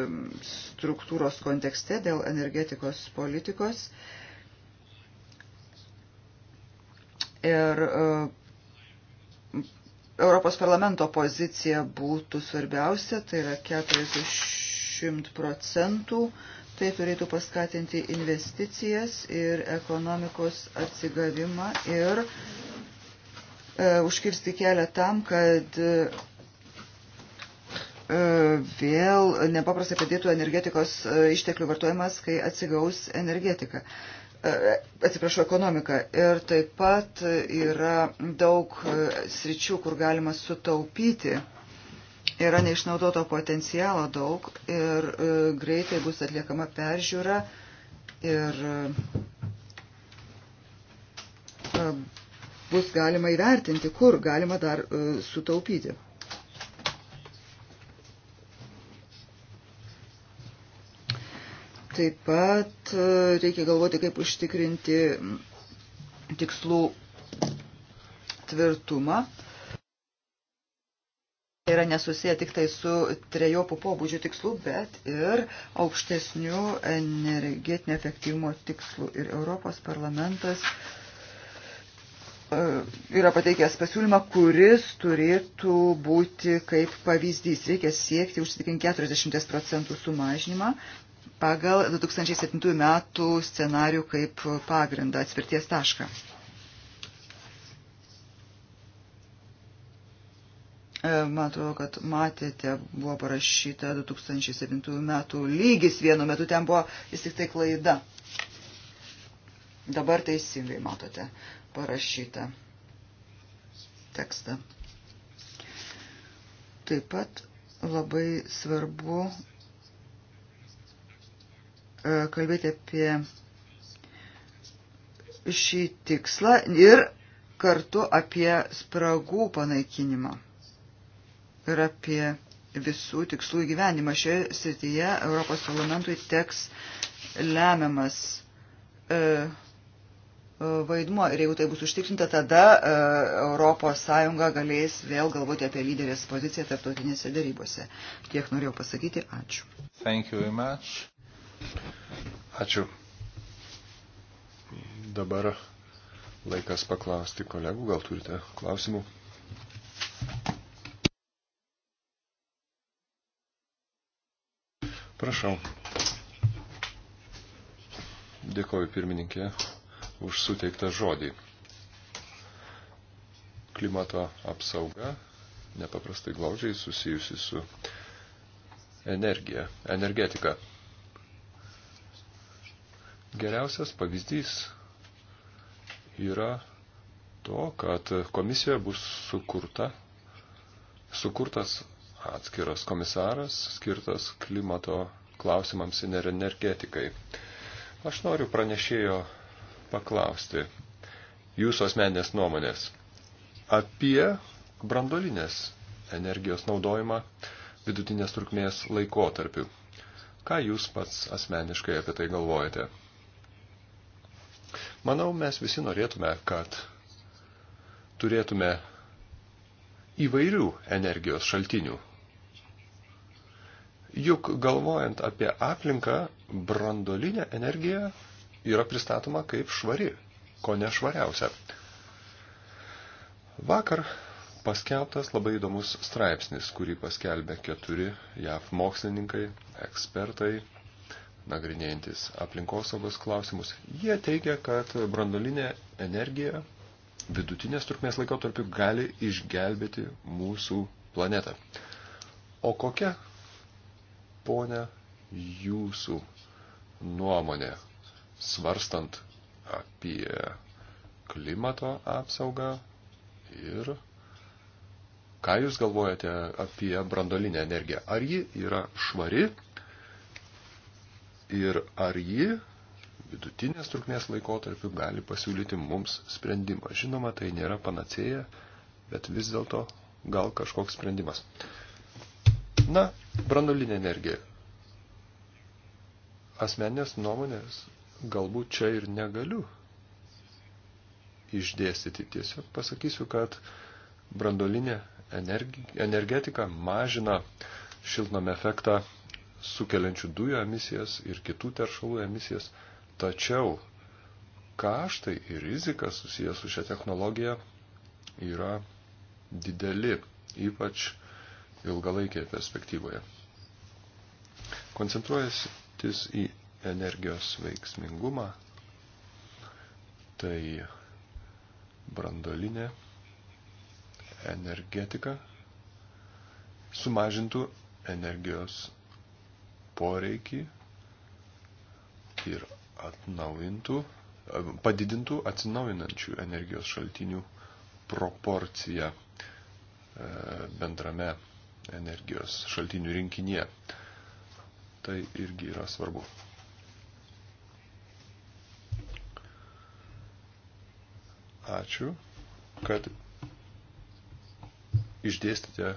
struktūros kontekste dėl energetikos politikos. Ir e, Europos parlamento pozicija būtų svarbiausia, tai yra 40 procentų. Tai turėtų paskatinti investicijas ir ekonomikos atsigavimą ir E, užkirsti kelią tam, kad e, vėl nepaprastai padėtų energetikos e, išteklių vartojimas, kai atsigaus energetika. Atsiprašau, ekonomika. Ir taip pat yra daug sričių, kur galima sutaupyti yra neišnaudoto potencialo daug ir greitai bus atliekama peržiūra ir bus galima įvertinti, kur galima dar e, sutaupyti. Taip pat e, reikia galvoti, kaip užtikrinti tikslų tvirtumą. Tai yra nesusiję tik tai su trejopų pobūdžių tikslu, bet ir aukštesnių energetinio efektyvumo tikslų. Ir Europos parlamentas uh, E, yra pateikęs pasiūlymą, kuris turėtų būti kaip pavyzdys. Reikia siekti užsitikinti 40 procentų sumažinimą pagal 2007 metų scenarių kaip pagrindą atspirties tašką. E, man atrodo, kad matėte, buvo parašyta 2007 metų lygis vienu metu, ten buvo vis tik tai klaida. Dabar teisingai matote. Uh, parašytą tekstą. Taip pat labai svarbu e, kalbėti apie šį tikslą ir kartu apie spragų panaikinimą ir apie visų tikslų įgyvenimą. Šioje srityje Europos parlamentui teks lemiamas e, vaidmuo. Ir jeigu tai bus užtikrinta, tada ES galės vėl galvoti apie lyderės poziciją tarptautinėse darybose. Tiek norėjau pasakyti. Ačiū. Ačiū. Dabar laikas paklausti kolegų. Gal turite klausimų? Prašau. Dėkoju pirmininkė už suteiktą žodį. Klimato apsauga nepaprastai glaudžiai susijusi su energija, energetika. Geriausias pavyzdys yra to, kad komisijoje bus sukurta, sukurtas atskiras komisaras skirtas klimato klausimams ir energetikai. Aš noriu pranešėjo paklausti jūsų asmeninės nuomonės apie brandolinės energijos naudojimą vidutinės trukmės laikotarpiu. Ką jūs pats asmeniškai apie tai galvojate? Manau, mes visi norėtume, kad turėtume įvairių energijos šaltinių. Juk galvojant apie aplinką, brandolinę energiją yra pristatoma kaip švari, ko nešvariausia. Vakar paskelbtas labai įdomus straipsnis, kurį paskelbė keturi JAV mokslininkai, ekspertai, nagrinėjantis aplinkosaugos klausimus. Jie teigia, kad brandolinė energija vidutinės trukmės laikotarpiu gali išgelbėti mūsų planetą. O kokia, ponia, jūsų nuomonė svarstant apie klimato apsaugą ir ką Jūs galvojate apie brandolinę energiją? Ar ji yra švari ir ar ji vidutinės trukmės laikotarpiu gali pasiūlyti mums sprendimą? Žinoma, tai nėra panacėja, bet vis dėlto gal kažkoks sprendimas. Na, brandolinė energija. Asmenės nuomonės galbūt čia ir negaliu išdėstyti. Tiesiog pasakysiu, kad brandolinė energetika mažina šiltnamio efektą sukeliančių dujų emisijas ir kitų teršalų emisijas, tačiau kaštai ir rizika susijęs su šia technologija yra dideli, ypač ilgalaikėje perspektyvoje. Koncentruojasis į energijos veiksmingumą, tai brandolinė energetika sumažintų energijos poreikį ir atnaujintų, padidintų atsinaujinančių energijos šaltinių proporciją e, bendrame energijos šaltinių rinkinyje. Tai irgi yra svarbu. Ačiū, kad išdėstėte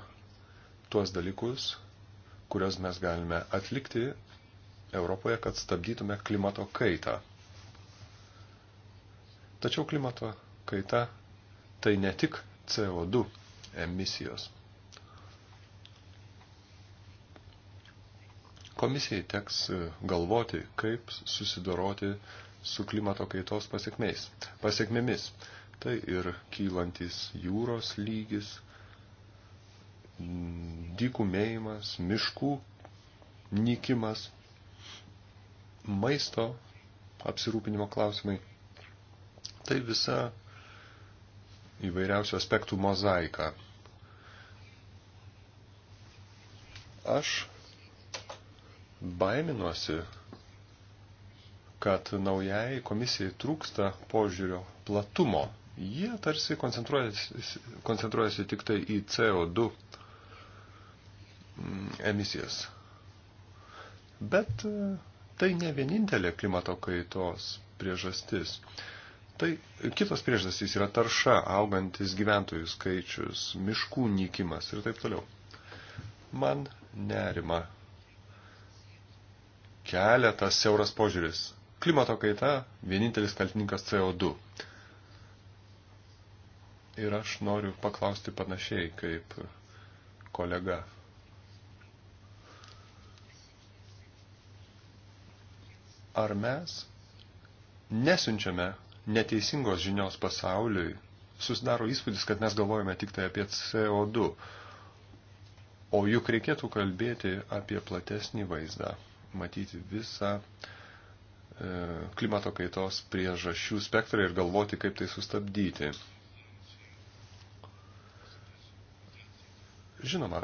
tuos dalykus, kuriuos mes galime atlikti Europoje, kad stabdytume klimato kaitą. Tačiau klimato kaita tai ne tik CO2 emisijos. Komisijai teks galvoti, kaip susidoroti su klimato kaitos pasiekmiais, pasiekmėmis. Tai ir kylantis jūros lygis, dykumėjimas, miškų nykimas, maisto apsirūpinimo klausimai. Tai visa įvairiausių aspektų mozaika. Aš baiminuosi kad naujai komisijai trūksta požiūrio platumo. Jie tarsi koncentruojasi, koncentruojasi tik tai į CO2 mm, emisijas. Bet e, tai ne vienintelė klimato kaitos priežastis. Tai kitos priežastys yra tarša, augantis gyventojų skaičius, miškų nykimas ir taip toliau. Man nerima kelia tas siauras požiūris klimato kaita vienintelis kaltininkas CO2. Ir aš noriu paklausti panašiai kaip kolega. Ar mes nesiunčiame neteisingos žinios pasauliui, susidaro įspūdis, kad mes galvojame tik tai apie CO2, o juk reikėtų kalbėti apie platesnį vaizdą, matyti visą uh, E, klimato kaitos priežasčių spektrą ir galvoti, kaip tai sustabdyti. Žinoma,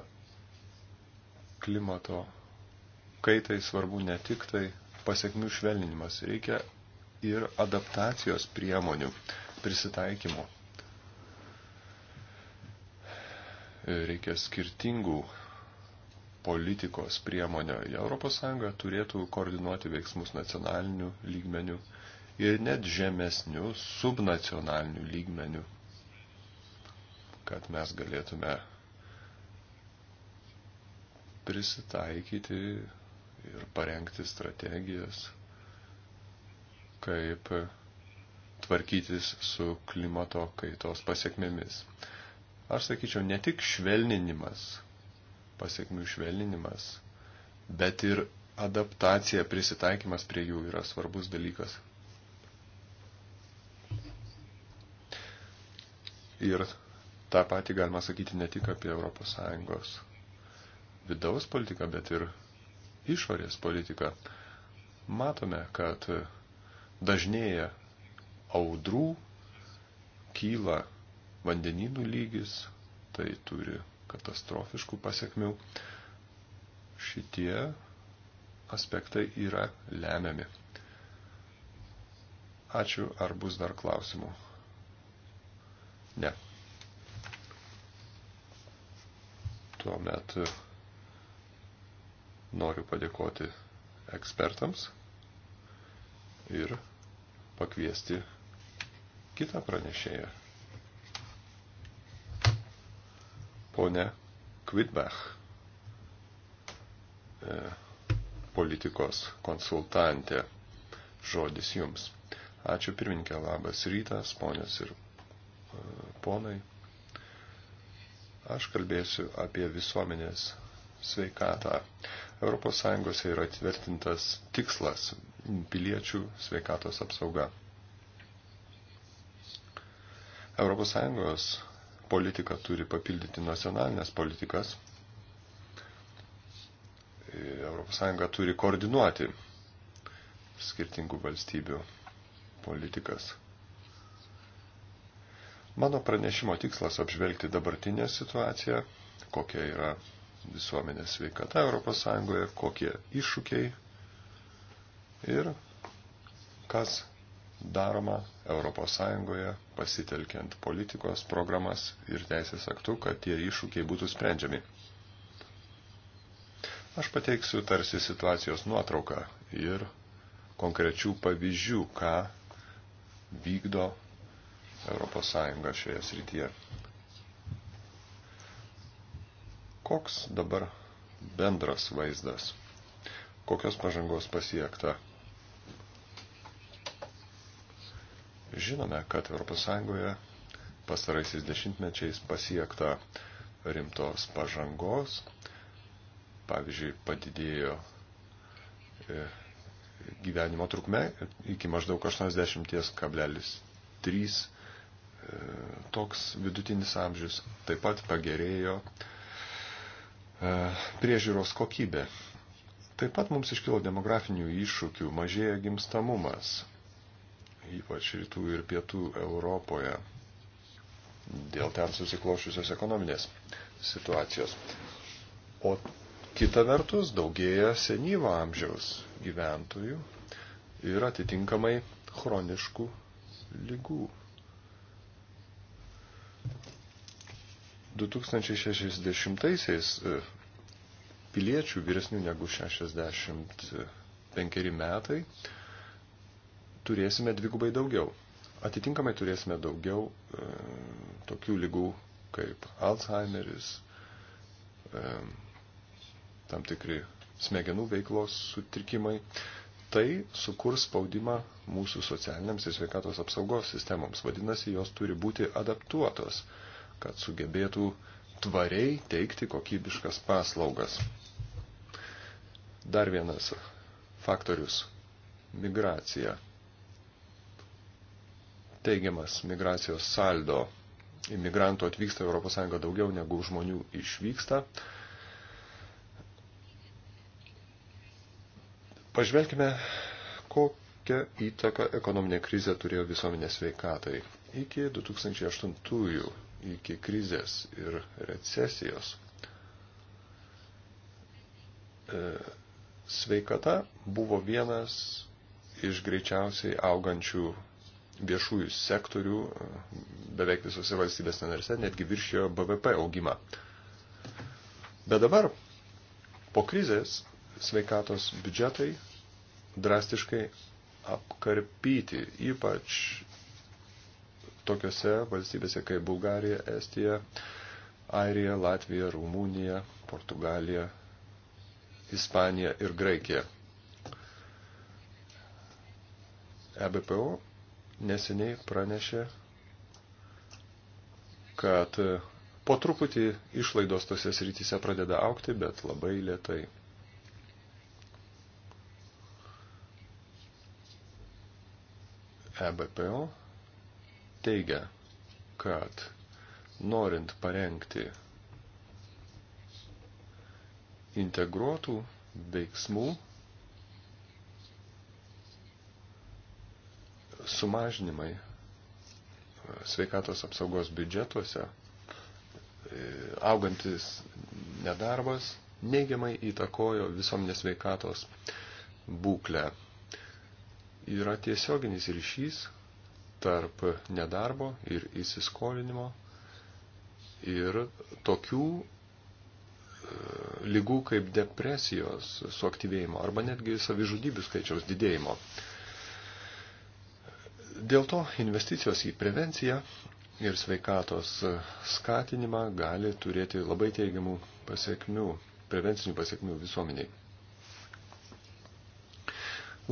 klimato kaitai svarbu ne tik tai pasiekmių švelninimas, reikia ir adaptacijos priemonių, prisitaikymo. Reikia skirtingų politikos priemonė. ES turėtų koordinuoti veiksmus nacionaliniu lygmeniu ir net žemesniu subnacionaliniu lygmeniu, kad mes galėtume prisitaikyti ir parengti strategijas, kaip tvarkytis su klimato kaitos pasiekmėmis. Aš sakyčiau, ne tik švelninimas pasiekmių švelninimas, bet ir adaptacija, prisitaikymas prie jų yra svarbus dalykas. Ir tą patį galima sakyti ne tik apie ES vidaus politiką, bet ir išorės politiką. Matome, kad dažnėja audrų, kyla vandeninų lygis, tai turi katastrofiškų pasiekmių, šitie aspektai yra lemiami. Ačiū, ar bus dar klausimų? Ne. Tuomet e, noriu padėkoti ekspertams ir pakviesti kitą pranešėją. ponę Kvitbach, e, politikos konsultantė. Žodis jums. Ačiū pirmininkė, labas rytas, ponios ir e, ponai. Aš kalbėsiu apie visuomenės sveikatą. ES yra atvertintas tikslas piliečių sveikatos apsauga. ES politika turi papildyti nacionalinės politikas. ES turi koordinuoti skirtingų valstybių politikas. Mano pranešimo tikslas apžvelgti dabartinę situaciją, kokia yra visuomenės sveikata ES, kokie iššūkiai ir kas daroma ES pasitelkiant politikos programas ir teisės aktų, kad tie iššūkiai būtų sprendžiami. Aš pateiksiu tarsi situacijos nuotrauką ir konkrečių pavyzdžių, ką vykdo ES šioje srityje. Koks dabar bendras vaizdas? Kokios pažangos pasiekta Žinome, kad ES pastaraisiais dešimtmečiais pasiekta rimtos pažangos. Pavyzdžiui, padidėjo e, gyvenimo trukme iki maždaug 80,3 e, toks vidutinis amžius. Taip pat pagerėjo e, priežiūros kokybė. Taip pat mums iškilo demografinių iššūkių, mažėja gimstamumas, ypač rytų ir pietų Europoje, dėl ten susiklošusios ekonominės situacijos. O kita vertus daugėja senyvo amžiaus gyventojų ir atitinkamai chroniškų lygų. 2060 e, piliečių vyresnių negu 65 metai turėsime dvigubai daugiau. Atitinkamai turėsime daugiau e, tokių lygų kaip Alzheimeris, e, tam tikri smegenų veiklos sutrikimai. Tai sukurs spaudimą mūsų socialiniams ir sveikatos apsaugos sistemoms. Vadinasi, jos turi būti adaptuotos, kad sugebėtų tvariai teikti kokybiškas paslaugas. Dar vienas faktorius - migracija teigiamas migracijos saldo. Imigrantų atvyksta ES daugiau negu žmonių išvyksta. Pažvelkime, kokią įtaką ekonominė krizė turėjo visuomenės veikatai. Iki 2008-ųjų, iki krizės ir recesijos, e, sveikata buvo vienas iš greičiausiai augančių viešųjų sektorių e, beveik visose valstybės narėse netgi viršijo BVP augimą. Bet dabar po krizės sveikatos biudžetai drastiškai apkarpyti, ypač tokiose valstybėse kaip Bulgarija, Estija, Airija, Latvija, Rumunija, Portugalija, Ispanija ir Graikija. EBPO neseniai pranešė, kad po truputį išlaidos tose srityse pradeda aukti, bet labai lietai. EBPO teigia, kad norint parengti integruotų veiksmų sumažinimai sveikatos apsaugos biudžetuose, e, augantis nedarbas neigiamai įtakojo visuomenės sveikatos būklę. Yra tiesioginis ryšys tarp nedarbo ir įsiskolinimo ir tokių e, lygų kaip depresijos suaktyvėjimo arba netgi savižudybių skaičiaus didėjimo. Dėl to investicijos į prevenciją ir sveikatos skatinimą gali turėti labai teigiamų pasiekmių, prevencinių pasiekmių visuomeniai.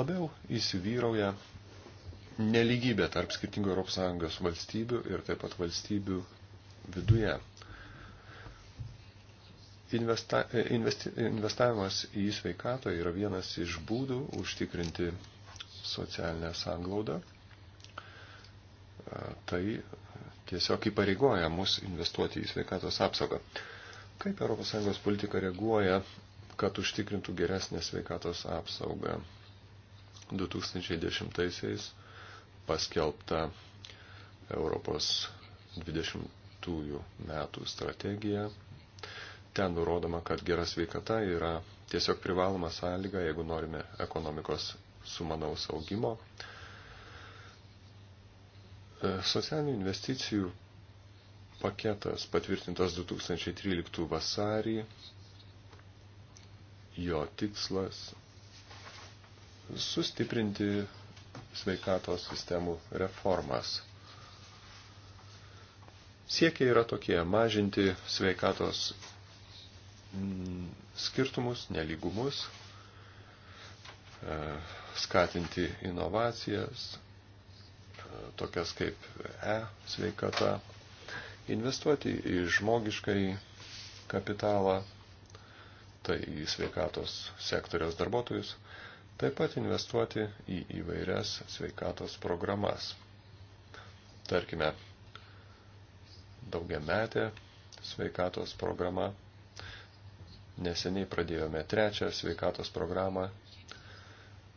Labiau įsivyrauja neligybė tarp skirtingų ES valstybių ir taip pat valstybių viduje. Investa, investi, investavimas į sveikatą yra vienas iš būdų užtikrinti socialinę sanglaudą tai tiesiog įpareigoja mus investuoti į sveikatos apsaugą. Kaip ES politika reaguoja, kad užtikrintų geresnę sveikatos apsaugą? 2010-aisiais paskelbta Europos 20 metų strategija. Ten nurodoma, kad gera sveikata yra tiesiog privaloma sąlyga, jeigu norime ekonomikos sumanaus augimo, E, socialinių investicijų paketas patvirtintas 2013 vasarį. Jo tikslas - sustiprinti sveikatos sistemų reformas. Siekiai yra tokie - mažinti sveikatos mm, skirtumus, neligumus, e, skatinti inovacijas, tokias kaip e sveikata, investuoti į žmogiškai kapitalą, tai į sveikatos sektoriaus darbuotojus, taip pat investuoti į įvairias sveikatos programas. Tarkime, daugiametė sveikatos programa. Neseniai pradėjome trečią sveikatos programą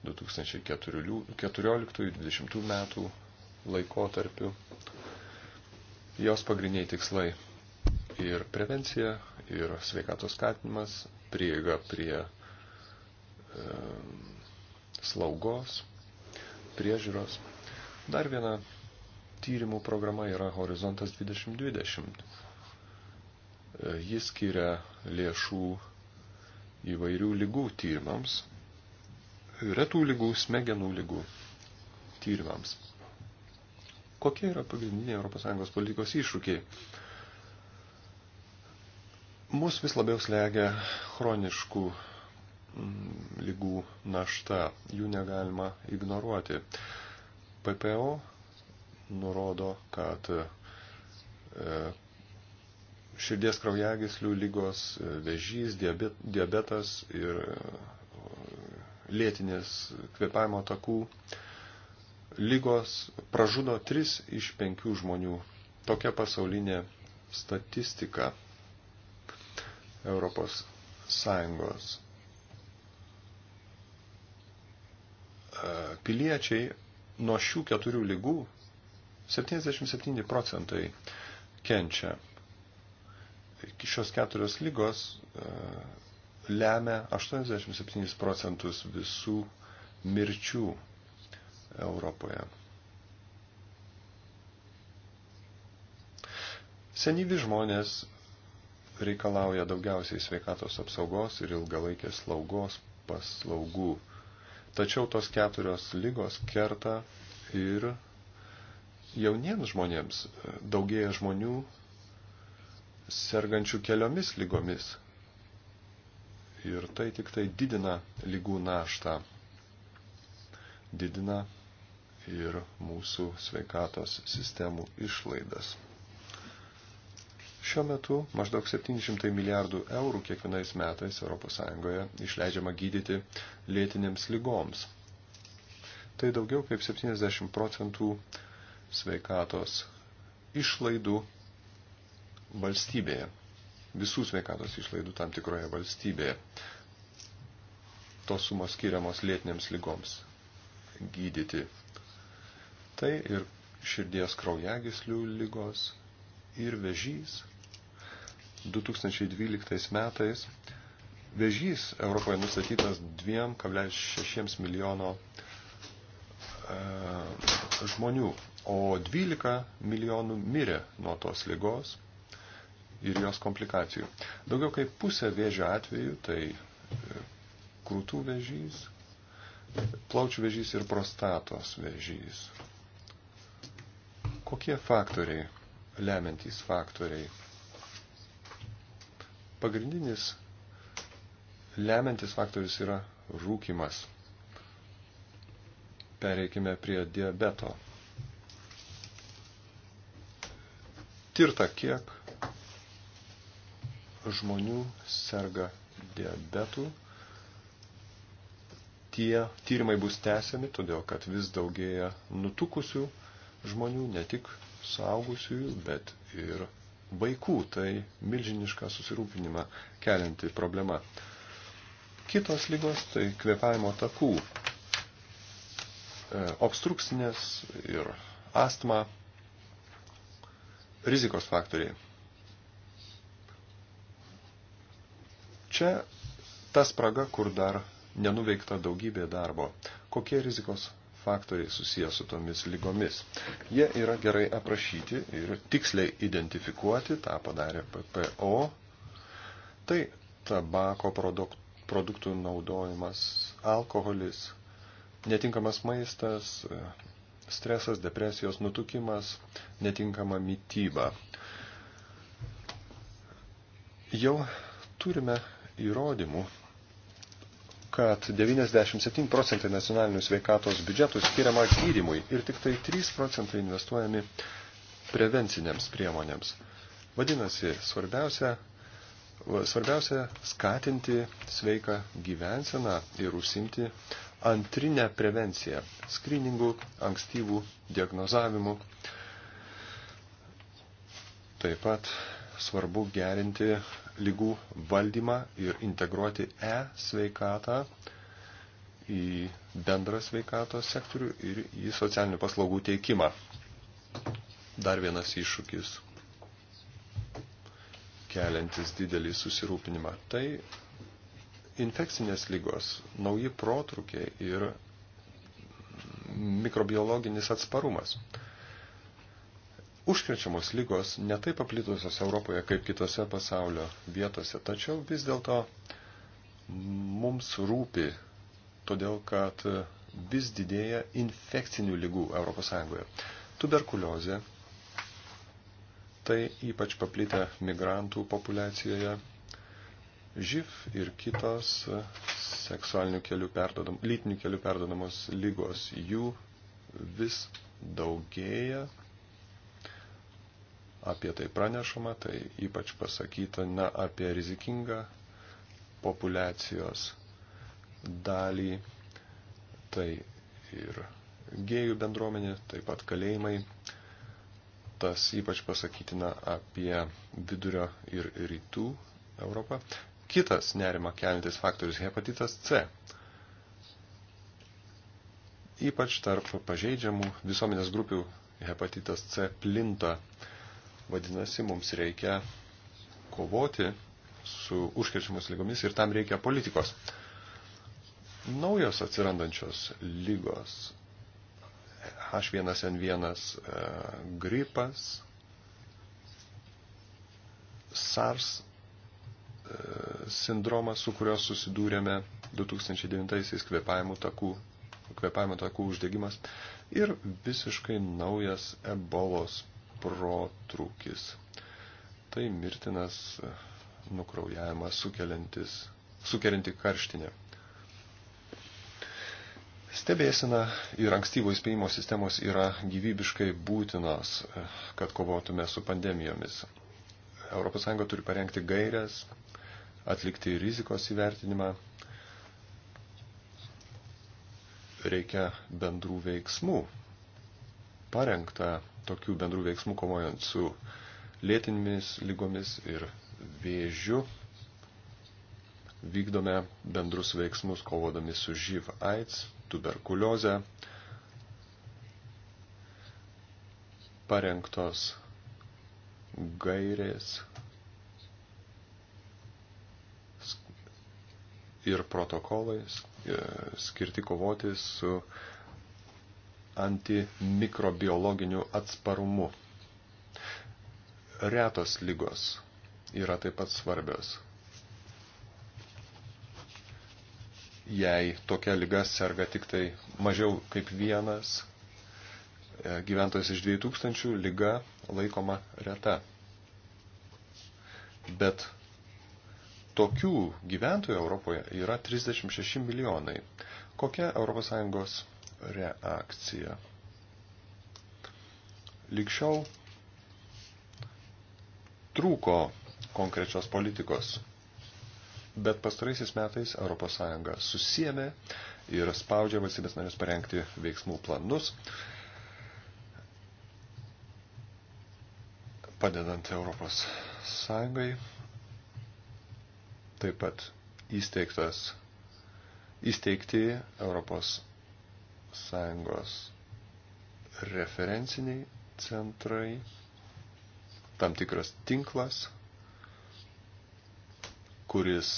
2014-2020 metų laikotarpiu. Jos pagrindiniai tikslai ir prevencija, ir sveikatos skatinimas, prieiga prie e, slaugos, priežiūros. Dar viena tyrimų programa yra Horizontas 2020. E, Jis skiria lėšų įvairių lygų tyrimams, retų lygų, smegenų lygų tyrimams. Kokie yra pagrindiniai ES politikos iššūkiai? Mus vis labiau slegia chroniškų mm, lygų našta. Jų negalima ignoruoti. PPO nurodo, kad e, širdies kraujagislių lygos, e, vežys, diabetas ir e, lėtinės kvepavimo takų lygos pražudo 3 iš 5 žmonių. Tokia pasaulinė statistika Europos Sąjungos. E, piliečiai nuo šių keturių lygų 77 procentai kenčia. Šios keturios lygos e, lemia 87 procentus visų mirčių Europoje. Senyvi žmonės reikalauja daugiausiai sveikatos apsaugos ir ilgalaikės slaugos paslaugų. Tačiau tos keturios lygos kerta ir jauniems žmonėms. Daugėja žmonių sergančių keliomis lygomis. Ir tai tik tai didina lygų naštą. Didina ir mūsų sveikatos sistemų išlaidas. Šiuo metu maždaug 700 milijardų eurų kiekvienais metais ES išleidžiama gydyti lėtinėms lygoms. Tai daugiau kaip 70 procentų sveikatos išlaidų valstybėje, visų sveikatos išlaidų tam tikroje valstybėje. Tos sumos skiriamos lėtinėms lygoms gydyti Tai ir širdies kraujagislių lygos, ir vežys. 2012 metais vežys Europoje nustatytas 2,6 milijono e, žmonių, o 12 milijonų mirė nuo tos lygos ir jos komplikacijų. Daugiau kaip pusė vėžio atveju tai e, krūtų vėžys, plaučių vėžys ir prostatos vėžys. Kokie faktoriai, lemiantys faktoriai? Pagrindinis lemiantis faktorius yra rūkimas. Pereikime prie diabeto. Tirta, kiek žmonių serga diabetu. Tie tyrimai bus tęsiami, todėl kad vis daugėja nutukusių žmonių, ne tik saugusiųjų, bet ir vaikų. Tai milžiniška susirūpinimą kelianti problema. Kitos lygos tai kvepavimo takų, e, obstrukcinės ir astma, rizikos faktoriai. Čia ta spraga, kur dar nenuveikta daugybė darbo. Kokie rizikos faktoriai susijęs su tomis lygomis. Jie yra gerai aprašyti ir tiksliai identifikuoti, tą padarė PPO. Tai tabako produktų naudojimas, alkoholis, netinkamas maistas, stresas, depresijos, nutukimas, netinkama mytyba. Jau turime įrodymų, kad 97 procentai nacionalinių sveikatos biudžetų skiriama gyrimui ir tik tai 3 procentai investuojami prevencinėms priemonėms. Vadinasi, svarbiausia, svarbiausia skatinti sveiką gyvenseną ir užsimti antrinę prevenciją, skriningų, ankstyvų diagnozavimų, taip pat svarbu gerinti lygų valdymą ir integruoti e-sveikatą į bendrą sveikatos sektorių ir į socialinių paslaugų teikimą. Dar vienas iššūkis keliantis didelį susirūpinimą. Tai infekcinės lygos, nauji protrukiai ir mikrobiologinis atsparumas. Užkrečiamos lygos netaip paplitusios Europoje kaip kitose pasaulio vietose, tačiau vis dėlto mums rūpi, todėl kad vis didėja infekcinių lygų ES. Tuberkuliozė, tai ypač paplitę migrantų populiacijoje, živ ir kitos seksualinių kelių perdodam, lytinių kelių perdodamos lygos, jų vis daugėja apie tai pranešama, tai ypač pasakyta ne apie rizikingą populacijos dalį, tai ir gėjų bendruomenė, taip pat kalėjimai. Tas ypač pasakytina apie vidurio ir rytų Europą. Kitas nerima kelintis faktorius - hepatitas C. Ypač tarp pažeidžiamų visuomenės grupių hepatitas C plinta uh, Vadinasi, mums reikia kovoti su užkrečiamus lygomis ir tam reikia politikos. Naujos atsirandančios lygos H1N1 e, gripas, SARS e, sindromas, su kuriuo susidūrėme 2009-aisiais kvepavimo takų, kvepavimo takų uždegimas ir visiškai naujas ebolos protrūkis. Tai mirtinas e, nukraujavimas sukeliantis, sukelianti karštinę. Stebėsina ir ankstyvo įspėjimo sistemos yra gyvybiškai būtinos, e, kad kovotume su pandemijomis. ES turi parengti gairias, atlikti rizikos įvertinimą. Reikia bendrų veiksmų. Parengta tokių bendrų veiksmų kovojant su lėtinėmis lygomis ir vėžiu. Vykdome bendrus veiksmus kovodami su živ AIDS, tuberkulioze. Parengtos gairės ir protokolai e, skirti kovoti su uh, antimikrobiologiniu atsparumu. Retos lygos yra taip pat svarbios. Jei tokia lyga serga tik tai mažiau kaip vienas e, gyventojas iš 2000, lyga laikoma reta. Bet tokių gyventojų Europoje yra 36 milijonai. Kokia ES reakcija. Likščiau trūko konkrečios politikos, bet pastaraisiais metais ES susiemė ir spaudžia valstybės narės parengti veiksmų planus, padedant ES. Taip pat įsteigtas, įsteigti Europos sąjungos referenciniai centrai, tam tikras tinklas, kuris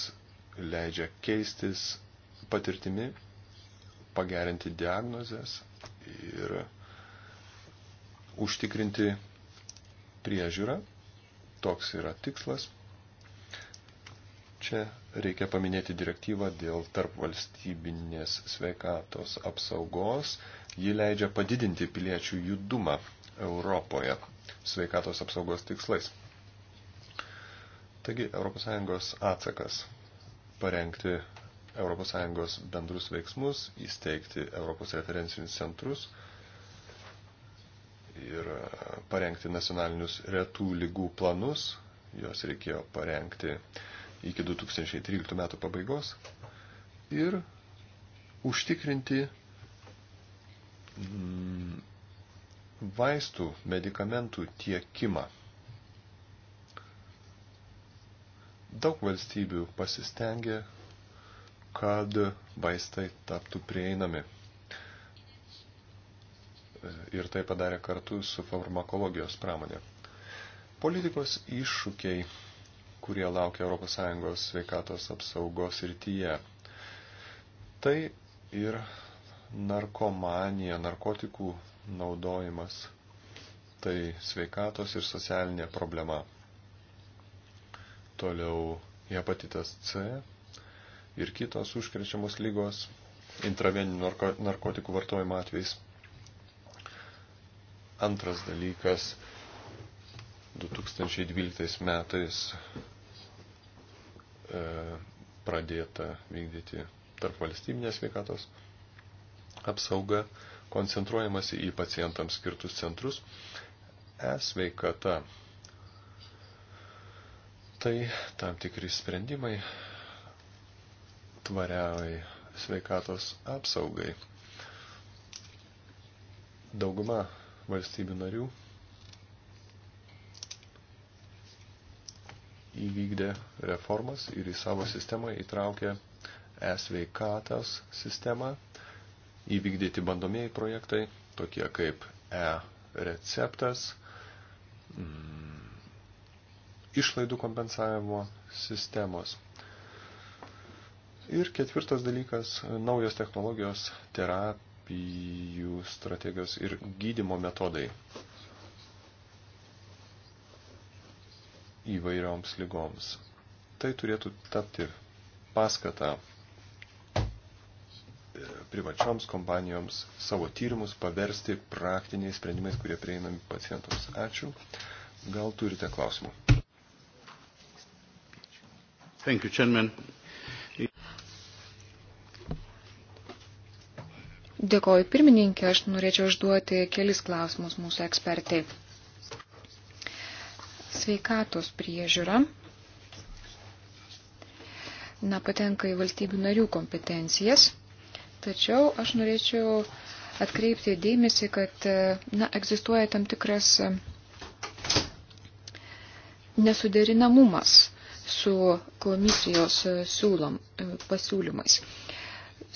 leidžia keistis patirtimi, pagerinti diagnozes ir užtikrinti priežiūrą. Toks yra tikslas Čia reikia paminėti direktyvą dėl tarpvalstybinės sveikatos apsaugos. Ji leidžia padidinti piliečių judumą Europoje sveikatos apsaugos tikslais. Taigi ES atsakas - parengti ES bendrus veiksmus, įsteigti Europos referencinius centrus ir parengti nacionalinius retų lygų planus. Jos reikėjo parengti iki 2013 metų pabaigos ir užtikrinti mm, vaistų, medikamentų tiekimą. Daug valstybių pasistengė, kad vaistai taptų prieinami. Ir tai padarė kartu su farmakologijos pramonė. Politikos iššūkiai kurie laukia ES sveikatos apsaugos rytyje. Tai ir narkomanija, narkotikų naudojimas, tai sveikatos ir socialinė problema. Toliau hepatitas C ir kitos užkrečiamos lygos, intraveninių narkotikų vartojimo atvejais. Antras dalykas 2012 metais E, pradėta vykdyti tarp valstybinės sveikatos apsauga, koncentruojamasi į pacientams skirtus centrus, e-sveikata. Tai tam tikri sprendimai tvariai sveikatos apsaugai. Dauguma valstybių narių įvykdė reformas ir į savo sistemą įtraukė e-sveikatos sistemą, įvykdyti bandomieji projektai, tokie kaip e-receptas, mm, išlaidų kompensavimo sistemos. Ir ketvirtas dalykas – naujos technologijos, terapijų strategijos ir gydimo metodai. įvairioms lygoms. Tai turėtų tapti paskata e, privačioms kompanijoms savo tyrimus paversti praktiniais sprendimais, kurie prieinami pacientams. Ačiū. Gal turite klausimų? Thank you, Chairman. Dėkoju pirmininkė, aš norėčiau užduoti kelis klausimus mūsų ekspertai sveikatos priežiūra na, patenka į valstybių narių kompetencijas, tačiau aš norėčiau atkreipti dėmesį, kad na, egzistuoja tam tikras nesuderinamumas su komisijos siūlom, pasiūlymais.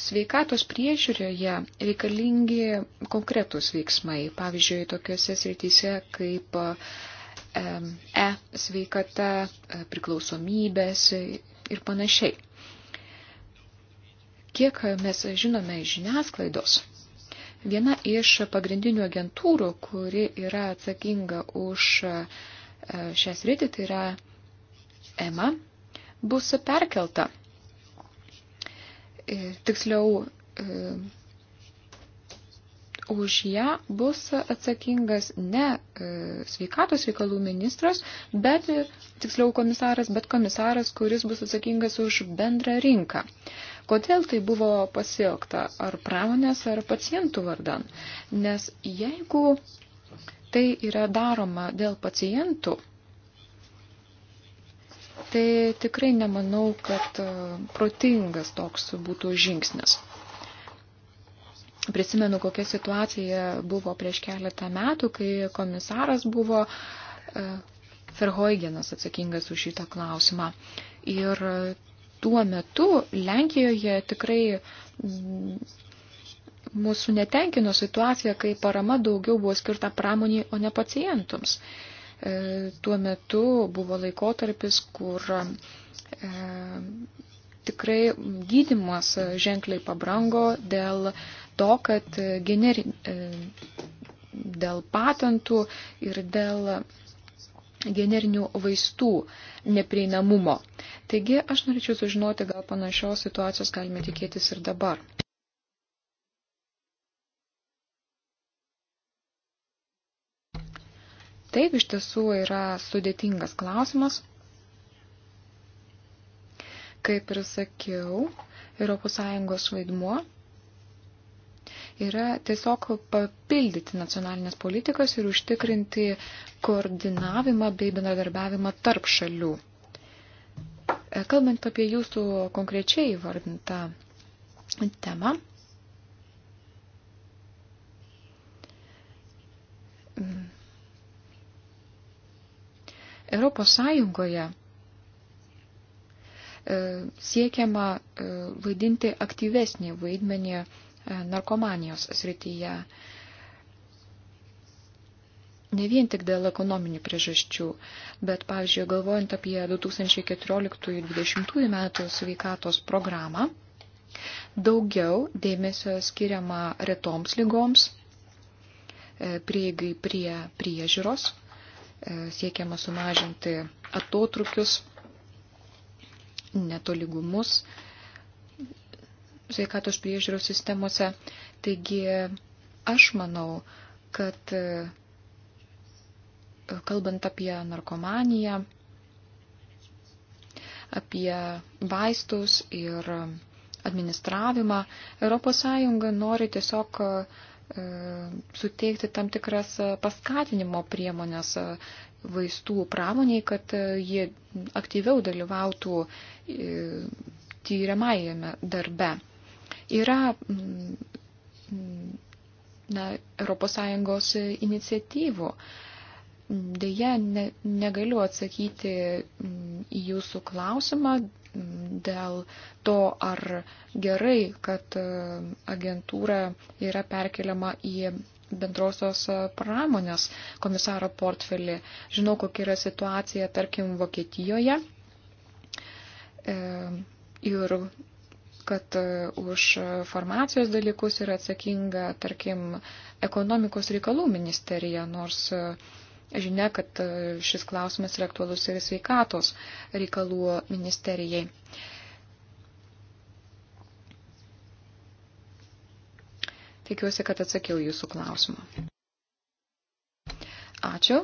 Sveikatos priežiūroje reikalingi konkretūs veiksmai, pavyzdžiui, tokiuose srityse kaip e-sveikata, e, priklausomybės ir panašiai. Kiek mes žinome iš žiniasklaidos, viena iš pagrindinių agentūrų, kuri yra atsakinga už e, šią sritį, tai yra EMA, bus perkelta. E, tiksliau, už ją bus atsakingas ne e, sveikatos reikalų ministras, bet tiksliau komisaras, bet komisaras, kuris bus atsakingas už bendrą rinką. Kodėl tai buvo pasielgta ar pramonės, ar pacientų vardan? Nes jeigu tai yra daroma dėl pacientų, tai tikrai nemanau, kad e, protingas toks būtų žingsnis. Prisimenu, kokia situacija buvo prieš keletą metų, kai komisaras buvo e, Ferhoigenas atsakingas už šitą klausimą. Ir tuo metu Lenkijoje tikrai mm, mūsų netenkino situacija, kai parama daugiau buvo skirta pramoniai, o ne pacientams. E, tuo metu buvo laikotarpis, kur e, tikrai gydimas ženkliai pabrango dėl e, to, kad e, generi, e, dėl patentų ir dėl generinių vaistų neprieinamumo. Taigi aš norėčiau sužinoti, gal panašios situacijos galime tikėtis ir dabar. Taip, iš tiesų yra sudėtingas klausimas. Kaip ir sakiau, ES vaidmuo yra tiesiog papildyti nacionalinės politikas ir užtikrinti koordinavimą bei bendradarbiavimą tarp šalių. E, kalbant apie jūsų konkrečiai vardintą temą, Europos Sąjungoje e, siekiama e, vaidinti aktyvesnį vaidmenį narkomanijos srityje. Ne vien tik dėl ekonominių priežasčių, bet, pavyzdžiui, galvojant apie 2014-2020 metų sveikatos programą, daugiau dėmesio skiriama retoms lygoms, e, prieigai prie priežiūros, e, siekiama sumažinti atotrukius, netoligumus, sveikatos priežiūros sistemose. Taigi aš manau, kad e, kalbant apie narkomaniją, apie vaistus ir administravimą, ES nori tiesiog e, suteikti tam tikras paskatinimo priemonės e, vaistų pramoniai, kad jie aktyviau dalyvautų tyriamajame darbe. Yra mm, mm, na, ES iniciatyvų. Deja, ne, negaliu atsakyti mm, į jūsų klausimą dėl to, ar gerai, kad agentūra yra perkeliama į bendrosios pramonės komisaro portfelį. Žinau, kokia yra situacija, tarkim, Vokietijoje. E, ir kad e, už farmacijos dalykus yra atsakinga, tarkim, ekonomikos reikalų ministerija, nors e, žinia, kad e, šis klausimas yra aktualus ir sveikatos reikalų ministerijai. Tikiuosi, kad atsakiau jūsų klausimą. Ačiū.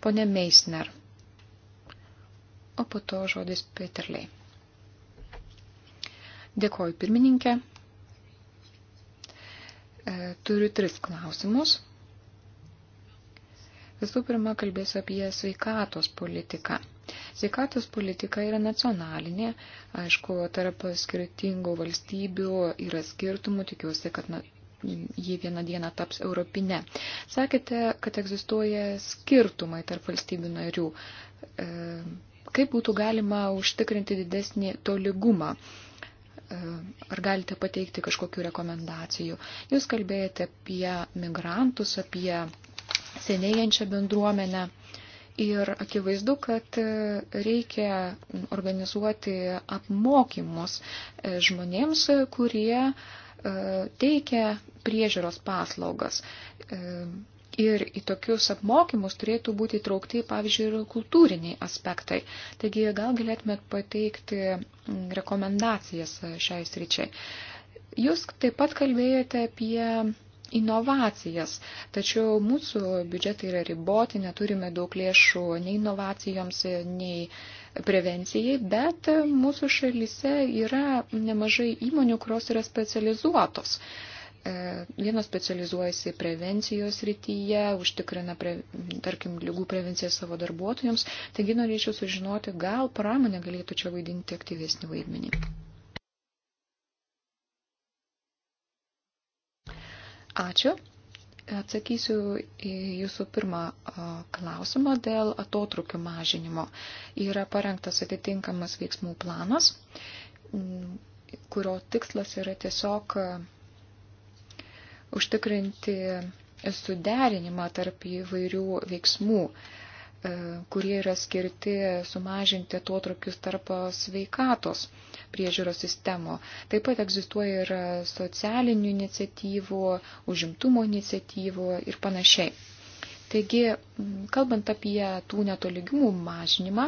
Pone Meisner. O po to žodis Peterlei. Dėkoju pirmininkė. E, turiu tris klausimus. Visų pirma, kalbėsiu apie sveikatos politiką. Sveikatos politika yra nacionalinė, aišku, tarp skirtingų valstybių yra skirtumų, tikiuosi, kad na, ji vieną dieną taps europinė. Sakėte, kad egzistuoja skirtumai tarp valstybių narių. E, kaip būtų galima užtikrinti didesnį tolygumą E, ar galite pateikti kažkokių rekomendacijų. Jūs kalbėjote apie migrantus, apie senėjančią bendruomenę. Ir akivaizdu, kad e, reikia organizuoti apmokymus e, žmonėms, kurie teikia priežiūros paslaugas. Ir į tokius apmokymus turėtų būti įtraukti, pavyzdžiui, ir kultūriniai aspektai. Taigi gal galėtumėt pateikti mm, rekomendacijas šiai sričiai. Jūs taip pat kalbėjote apie inovacijas, tačiau mūsų biudžetai yra riboti, neturime daug lėšų nei inovacijoms, nei prevencijai, bet mūsų šalyse yra nemažai įmonių, kurios yra specializuotos. Uh, E, vienos specializuojasi prevencijos rytyje, užtikrina, pre, tarkim, lygų prevenciją savo darbuotojams. Taigi norėčiau sužinoti, gal pramonė galėtų čia vaidinti aktyvesnį vaidmenį. Ačiū. Atsakysiu į jūsų pirmą klausimą dėl atotrukio mažinimo. Yra parengtas atitinkamas veiksmų planas, kurio tikslas yra tiesiog užtikrinti suderinimą tarp įvairių veiksmų, e, kurie yra skirti sumažinti atotrukius tarp sveikatos priežiūros sistemo. Taip pat egzistuoja ir socialinių iniciatyvų, užimtumo iniciatyvų ir panašiai. Taigi, kalbant apie tų netoligimų mažinimą,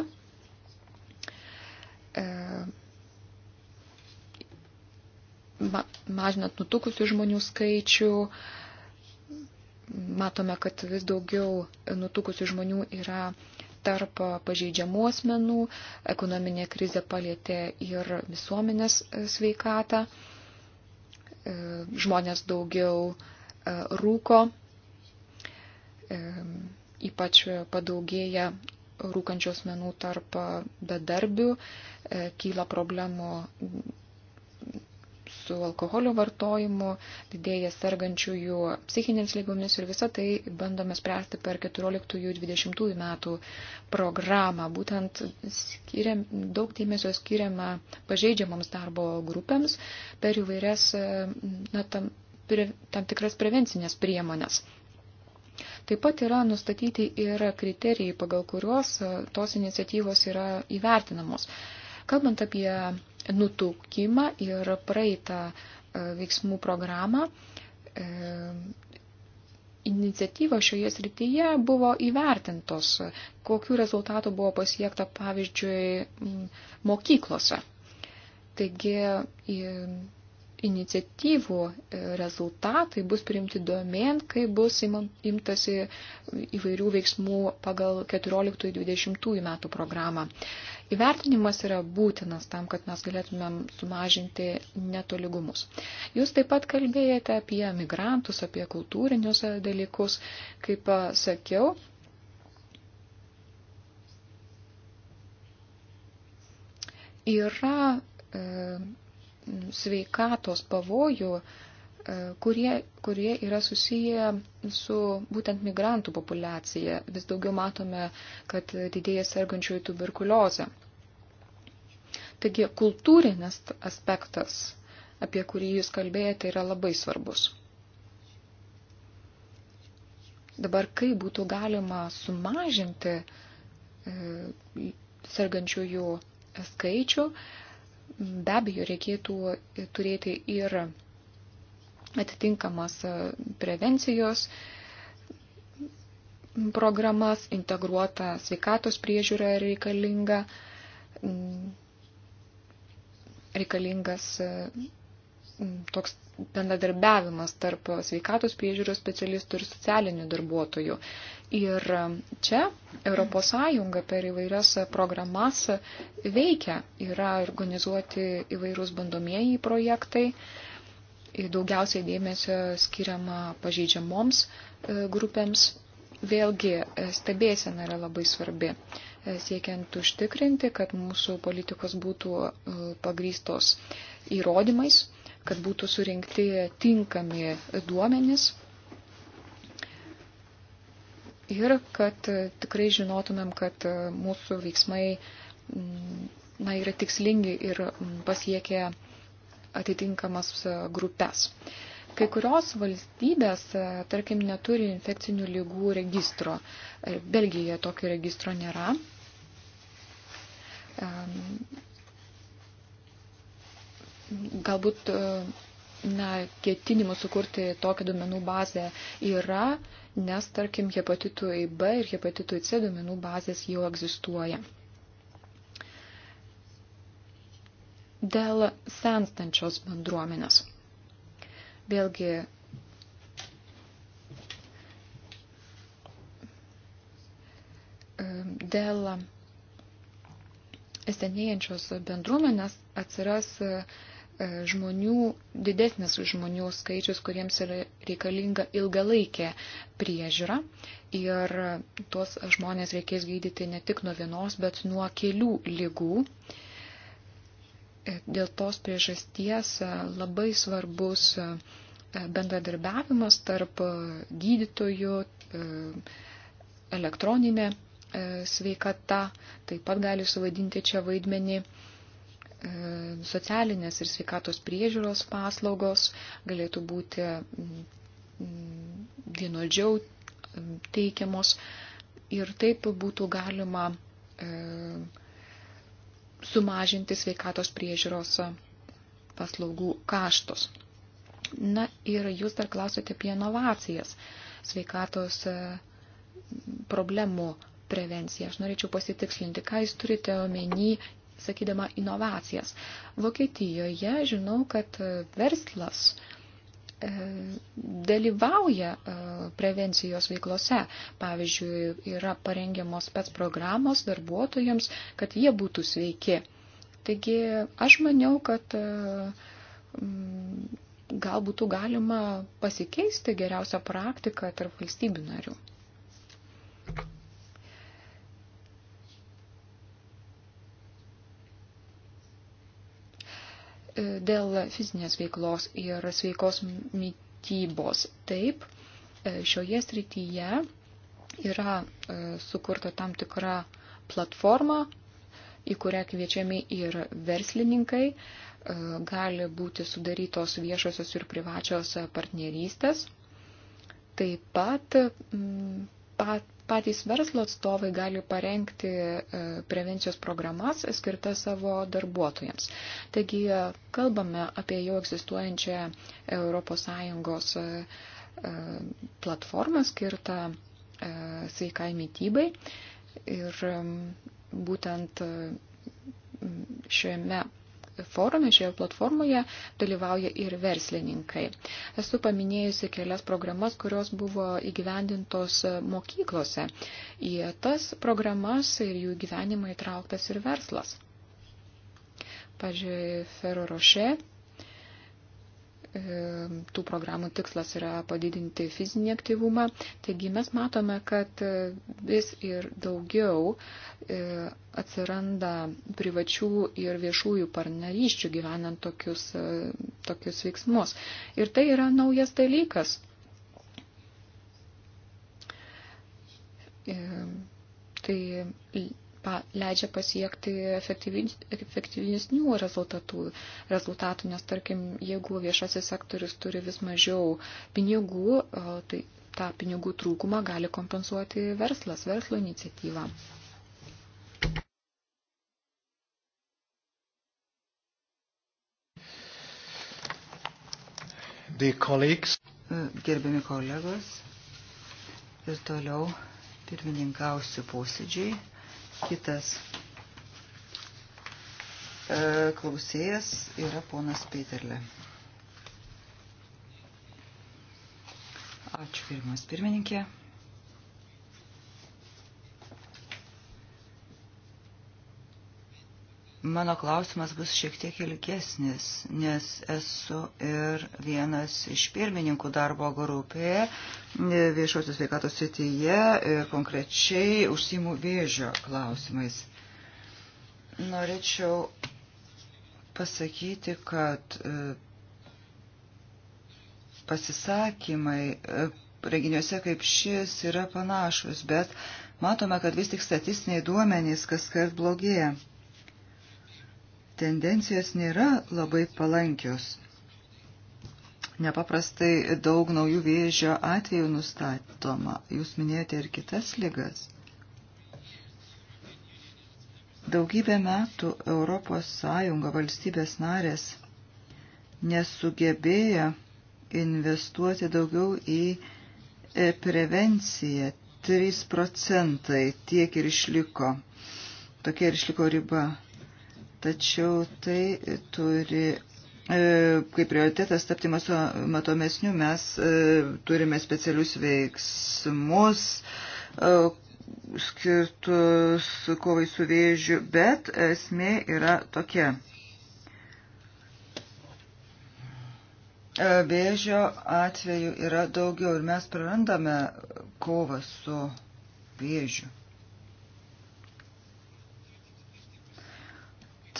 e, mažinant nutukusių žmonių skaičių. Matome, kad vis daugiau nutukusių žmonių yra tarp pažeidžiamų asmenų, ekonominė krizė palėtė ir visuomenės sveikatą, e, žmonės daugiau e, rūko, e, ypač padaugėja rūkančios menų tarp bedarbių, kyla problemų su alkoholio vartojimu, didėja sergančiųjų psichinėms lygomis ir visą tai bandome spręsti per 14-20 metų programą. Būtent skiriam, daug dėmesio skiriama pažeidžiamoms darbo grupėms per įvairias na, tam, pre, tam tikras prevencinės priemonės. Taip pat yra nustatyti ir kriterijai, pagal kuriuos tos iniciatyvos yra įvertinamos. Kalbant apie nutukimą ir praeitą e, veiksmų programą. E, Iniciatyva šioje srityje buvo įvertintos, kokiu rezultatu buvo pasiekta, pavyzdžiui, mokyklose. Taigi iniciatyvų e, rezultatai bus priimti domen, kai bus imtasi įvairių veiksmų pagal 14-20 metų programą. Įvertinimas yra būtinas tam, kad mes galėtumėm sumažinti netoligumus. Jūs taip pat kalbėjate apie migrantus, apie kultūrinius dalykus. Kaip sakiau, yra e, sveikatos pavojų e, E, kurie, kurie yra susiję su būtent migrantų populiacija. Vis daugiau matome, kad didėja sergančiųjų tuberkuliozę. Taigi kultūrinis aspektas, apie kurį jūs kalbėjote, yra labai svarbus. Dabar kaip būtų galima sumažinti e, sergančiųjų skaičių, be abejo reikėtų turėti ir atitinkamas e, prevencijos programas, integruota sveikatos priežiūra reikalinga, mm, reikalingas e, mm, toks bendradarbiavimas tarp sveikatos priežiūros specialistų ir socialinių darbuotojų. Ir e, čia ES per įvairias programas veikia, yra organizuoti įvairūs bandomieji projektai, daugiausiai dėmesio skiriama pažeidžiamoms e, grupėms. Vėlgi, e, stebėsena yra labai svarbi, e, siekiant užtikrinti, kad mūsų politikos būtų pagrystos įrodymais, kad būtų surinkti tinkami duomenys ir kad tikrai žinotumėm, kad mūsų veiksmai na, yra tikslingi ir pasiekia atitinkamas e, grupės. Kai kurios valstybės, e, tarkim, neturi infekcinių lygų registro. E, Belgijoje tokio registro nėra. Galbūt na, ketinimų sukurti tokią duomenų bazę yra, nes, tarkim, hepatitui B ir hepatitui C duomenų bazės jau egzistuoja. dėl senstančios bendruomenės. Vėlgi, dėl senėjančios bendruomenės atsiras e, žmonių, didesnis žmonių skaičius, kuriems yra reikalinga ilgalaikė priežiūra. Ir tuos žmonės reikės gydyti ne tik nuo vienos, bet nuo kelių lygų. Uh, Dėl tos priežasties e, labai svarbus e, e, bendradarbiavimas tarp gydytojų, elektroninė sveikata taip pat gali suvaidinti čia vaidmenį socialinės ir sveikatos priežiūros paslaugos galėtų būti vienodžiau teikiamos ir taip būtų galima sumažinti sveikatos priežiūros paslaugų kaštus. Na ir jūs dar klausote apie inovacijas, sveikatos e, problemų prevenciją. Aš norėčiau pasitikslinti, ką jūs turite omeny, sakydama inovacijas. Vokietijoje žinau, kad e, verslas E, dalyvauja e, prevencijos veiklose. Pavyzdžiui, yra parengiamos spets programos darbuotojams, kad jie būtų sveiki. Taigi aš maniau, kad e, gal būtų galima pasikeisti geriausią praktiką tarp valstybių narių. dėl fizinės veiklos ir sveikos mytybos. Taip, e, šioje srityje yra e, sukurta tam tikra platforma, į kurią kviečiami ir verslininkai, e, gali būti sudarytos viešosios ir privačios partnerystės. Taip pat, pat patys verslo atstovai gali parengti e, prevencijos programas skirtas savo darbuotojams. Taigi e, kalbame apie jau egzistuojančią ES e, platformą skirtą sveikai mytybai ir būtent šiame forume, šioje platformoje dalyvauja ir verslininkai. Esu paminėjusi kelias programas, kurios buvo įgyvendintos mokyklose. Į tas programas ir jų gyvenimą įtrauktas ir verslas. Pavyzdžiui, Ferro Rocher E, tų programų tikslas yra padidinti fizinį aktyvumą. Taigi mes matome, kad e, vis ir daugiau e, atsiranda privačių ir viešųjų partnerysčių gyvenant tokius, tokius veiksmus. Ir tai yra naujas dalykas. Tai pa, leidžia pasiekti efektyvesnių rezultatų, rezultatų, nes tarkim, jeigu viešasis sektorius turi vis mažiau pinigų, tai tą pinigų trūkumą gali kompensuoti verslas, verslo iniciatyva. E, gerbiami kolegos, ir toliau pirmininkausiu posėdžiai. Kitas e, klausėjas yra ponas Peterle. Ačiū, pirmas pirmininkė. Mano klausimas bus šiek tiek ilgesnis, nes esu ir vienas iš pirmininkų darbo grupėje viešosios sveikatos srityje ir konkrečiai užsimų vėžio klausimais. Norėčiau pasakyti, kad e, pasisakymai e, reginiuose kaip šis yra panašus, bet matome, kad vis tik statistiniai duomenys kas kart blogėja tendencijos nėra labai palankios. Nepaprastai daug naujų vėžio atvejų nustatoma. Jūs minėjote ir kitas lygas. Daugybę metų Europos Sąjunga valstybės narės nesugebėjo investuoti daugiau į e, prevenciją. 3 procentai tiek ir išliko. Tokia ir išliko riba tačiau tai turi e, kaip prioritetas tapti matomesniu. Mes e, turime specialius veiksmus e, skirtus kovai su vėžiu, bet esmė yra tokia. Vėžio atveju yra daugiau ir mes prarandame kovą su vėžiu.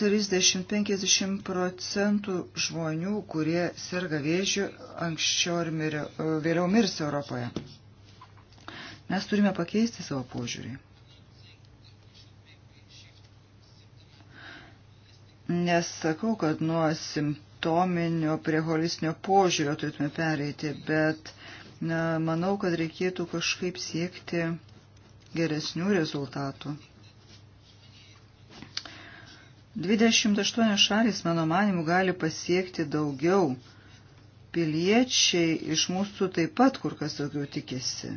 30-50 procentų žmonių, kurie serga vėžiu, anksčiau ir mirio, e, vėliau mirs Europoje. Mes turime pakeisti savo požiūrį. Nesakau, kad nuo simptominio prie holistinio požiūrio turėtume pereiti, bet na, manau, kad reikėtų kažkaip siekti geresnių rezultatų. 28 šalis, mano manimu, gali pasiekti daugiau. Piliečiai iš mūsų taip pat kur kas daugiau tikėsi.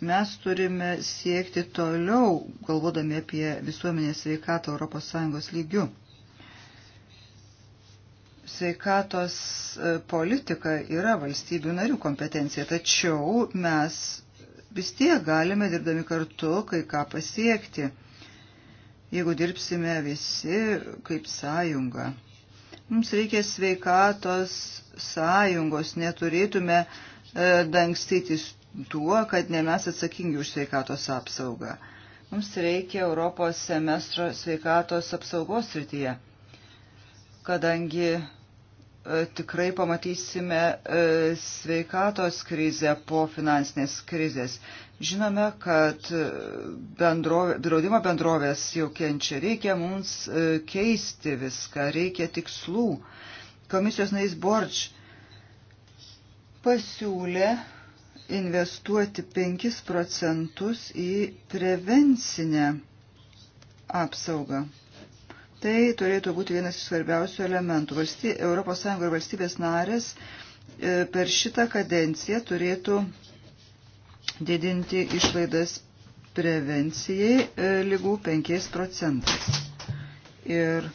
Mes turime siekti toliau, galvodami apie visuomenės sveikatą ES lygių. Sveikatos e, politika yra valstybių narių kompetencija, tačiau mes vis tiek galime dirbdami kartu kai ką pasiekti jeigu dirbsime visi kaip sąjunga. Mums reikia sveikatos sąjungos, neturėtume e, dangstytis tuo, kad ne mes atsakingi už sveikatos apsaugą. Mums reikia Europos semestro sveikatos apsaugos srityje, kadangi E, tikrai pamatysime e, sveikatos krizę po finansinės krizės. Žinome, kad e, bendrovė, draudimo bendrovės jau kenčia. Reikia mums keisti viską, reikia tikslų. Komisijos narys Borč pasiūlė investuoti 5 procentus į prevencinę apsaugą. Tai turėtų būti vienas iš svarbiausių elementų. Valsty, ES ir valstybės narės e, per šitą kadenciją turėtų didinti išlaidas prevencijai e, lygų 5 procentais. Ir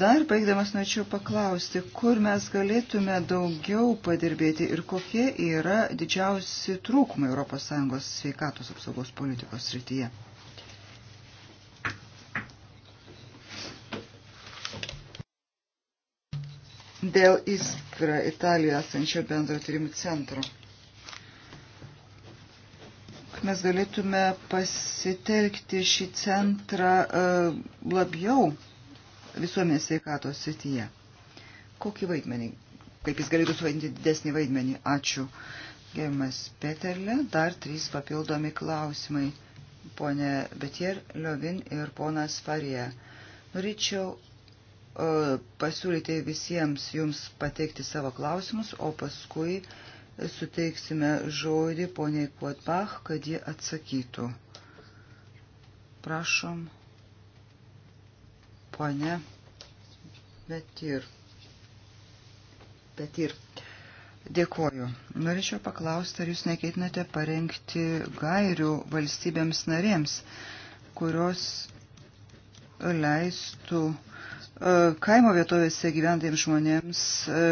Dar baigdamas norėčiau paklausti, kur mes galėtume daugiau padirbėti ir kokie yra didžiausi trūkumai ES sveikatos apsaugos politikos srityje. dėl ISKRA Italijoje esančio bendro tyrimų centro. Mes galėtume pasitelkti šį centrą e, labiau visuomenės sveikatos sityje. Kokį vaidmenį? Kaip jis galėtų suvaidinti didesnį vaidmenį? Ačiū. Gerimas Peterle, dar trys papildomi klausimai. Pone Betier, Liovin ir ponas Farija. Norėčiau E, pasiūlyti visiems jums pateikti savo klausimus, o paskui suteiksime žodį poniai Kuotbach, kad ji atsakytų. Prašom, ponė, bet ir. Bet ir. Dėkoju. Norėčiau paklausti, ar jūs nekeitinate parengti gairių valstybėms narėms, kurios leistų uh, E, kaimo vietovėse gyventiems žmonėms e,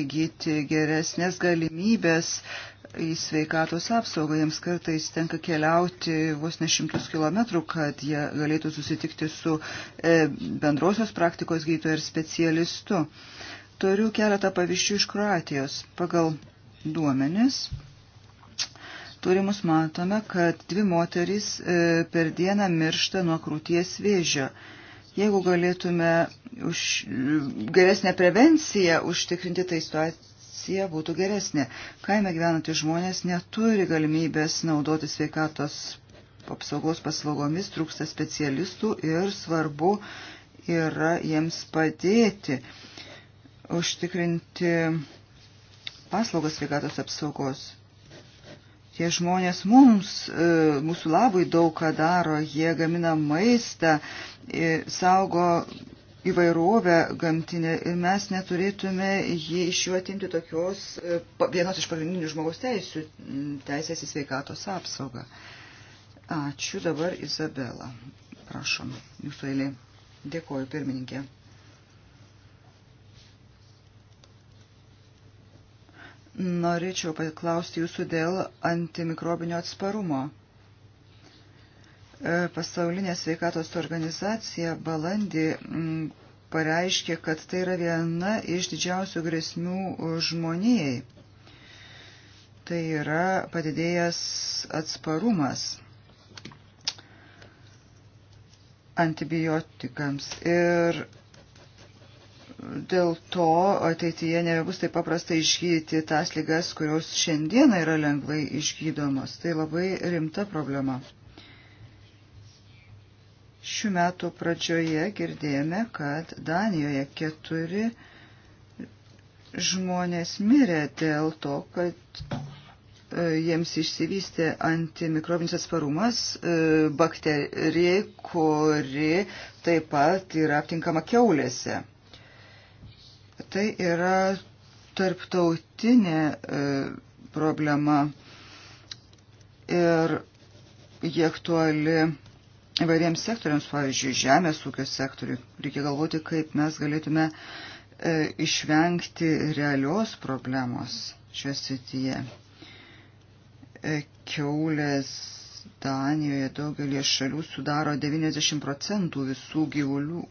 įgyti geresnės galimybės į sveikatos apsaugą. Jiems kartais tenka keliauti vos ne šimtus kilometrų, kad jie galėtų susitikti su e, bendrosios praktikos gydytoju ir specialistu. Turiu keletą pavyzdžių iš Kroatijos. Pagal duomenis turimus matome, kad dvi moterys per dieną miršta nuo krūties vėžio. Jeigu galėtume už geresnę prevenciją užtikrinti, tai situacija būtų geresnė. Kaime gyvenantys žmonės neturi galimybės naudoti sveikatos apsaugos paslaugomis, trūksta specialistų ir svarbu yra jiems padėti užtikrinti paslaugas sveikatos apsaugos. Tie žmonės mums, e, mūsų labui daug ką daro, jie gamina maistą, e, saugo įvairovę gamtinę ir mes neturėtume jį iš jų atimti tokios e, vienos iš pagrindinių žmogaus teisų, teisės į sveikatos apsaugą. Ačiū dabar Izabela. Prašom, jūsų eilė. Dėkuoju, pirmininkė. Norėčiau paklausti jūsų dėl antimikrobinio atsparumo. E, pasaulinė sveikatos organizacija balandį pareiškė, kad tai yra viena iš didžiausių grėsmių žmonijai. Tai yra padidėjęs atsparumas antibiotikams. Ir dėl to ateityje nebebus taip paprasta išgydyti tas lygas, kurios šiandieną yra lengvai išgydomos. Tai labai rimta problema. Šių metų pradžioje girdėjome, kad Danijoje keturi žmonės mirė dėl to, kad e, jiems išsivystė antimikrobinis atsparumas e, bakterijai, kuri taip pat yra aptinkama keulėse tai yra tarptautinė e, problema ir jie aktuali įvairiems sektoriams, pavyzdžiui, žemės ūkio sektoriui. Reikia galvoti, kaip mes galėtume e, išvengti realios problemos šioje srityje. E, kiaulės Danijoje daugelie šalių sudaro 90 procentų visų gyvulių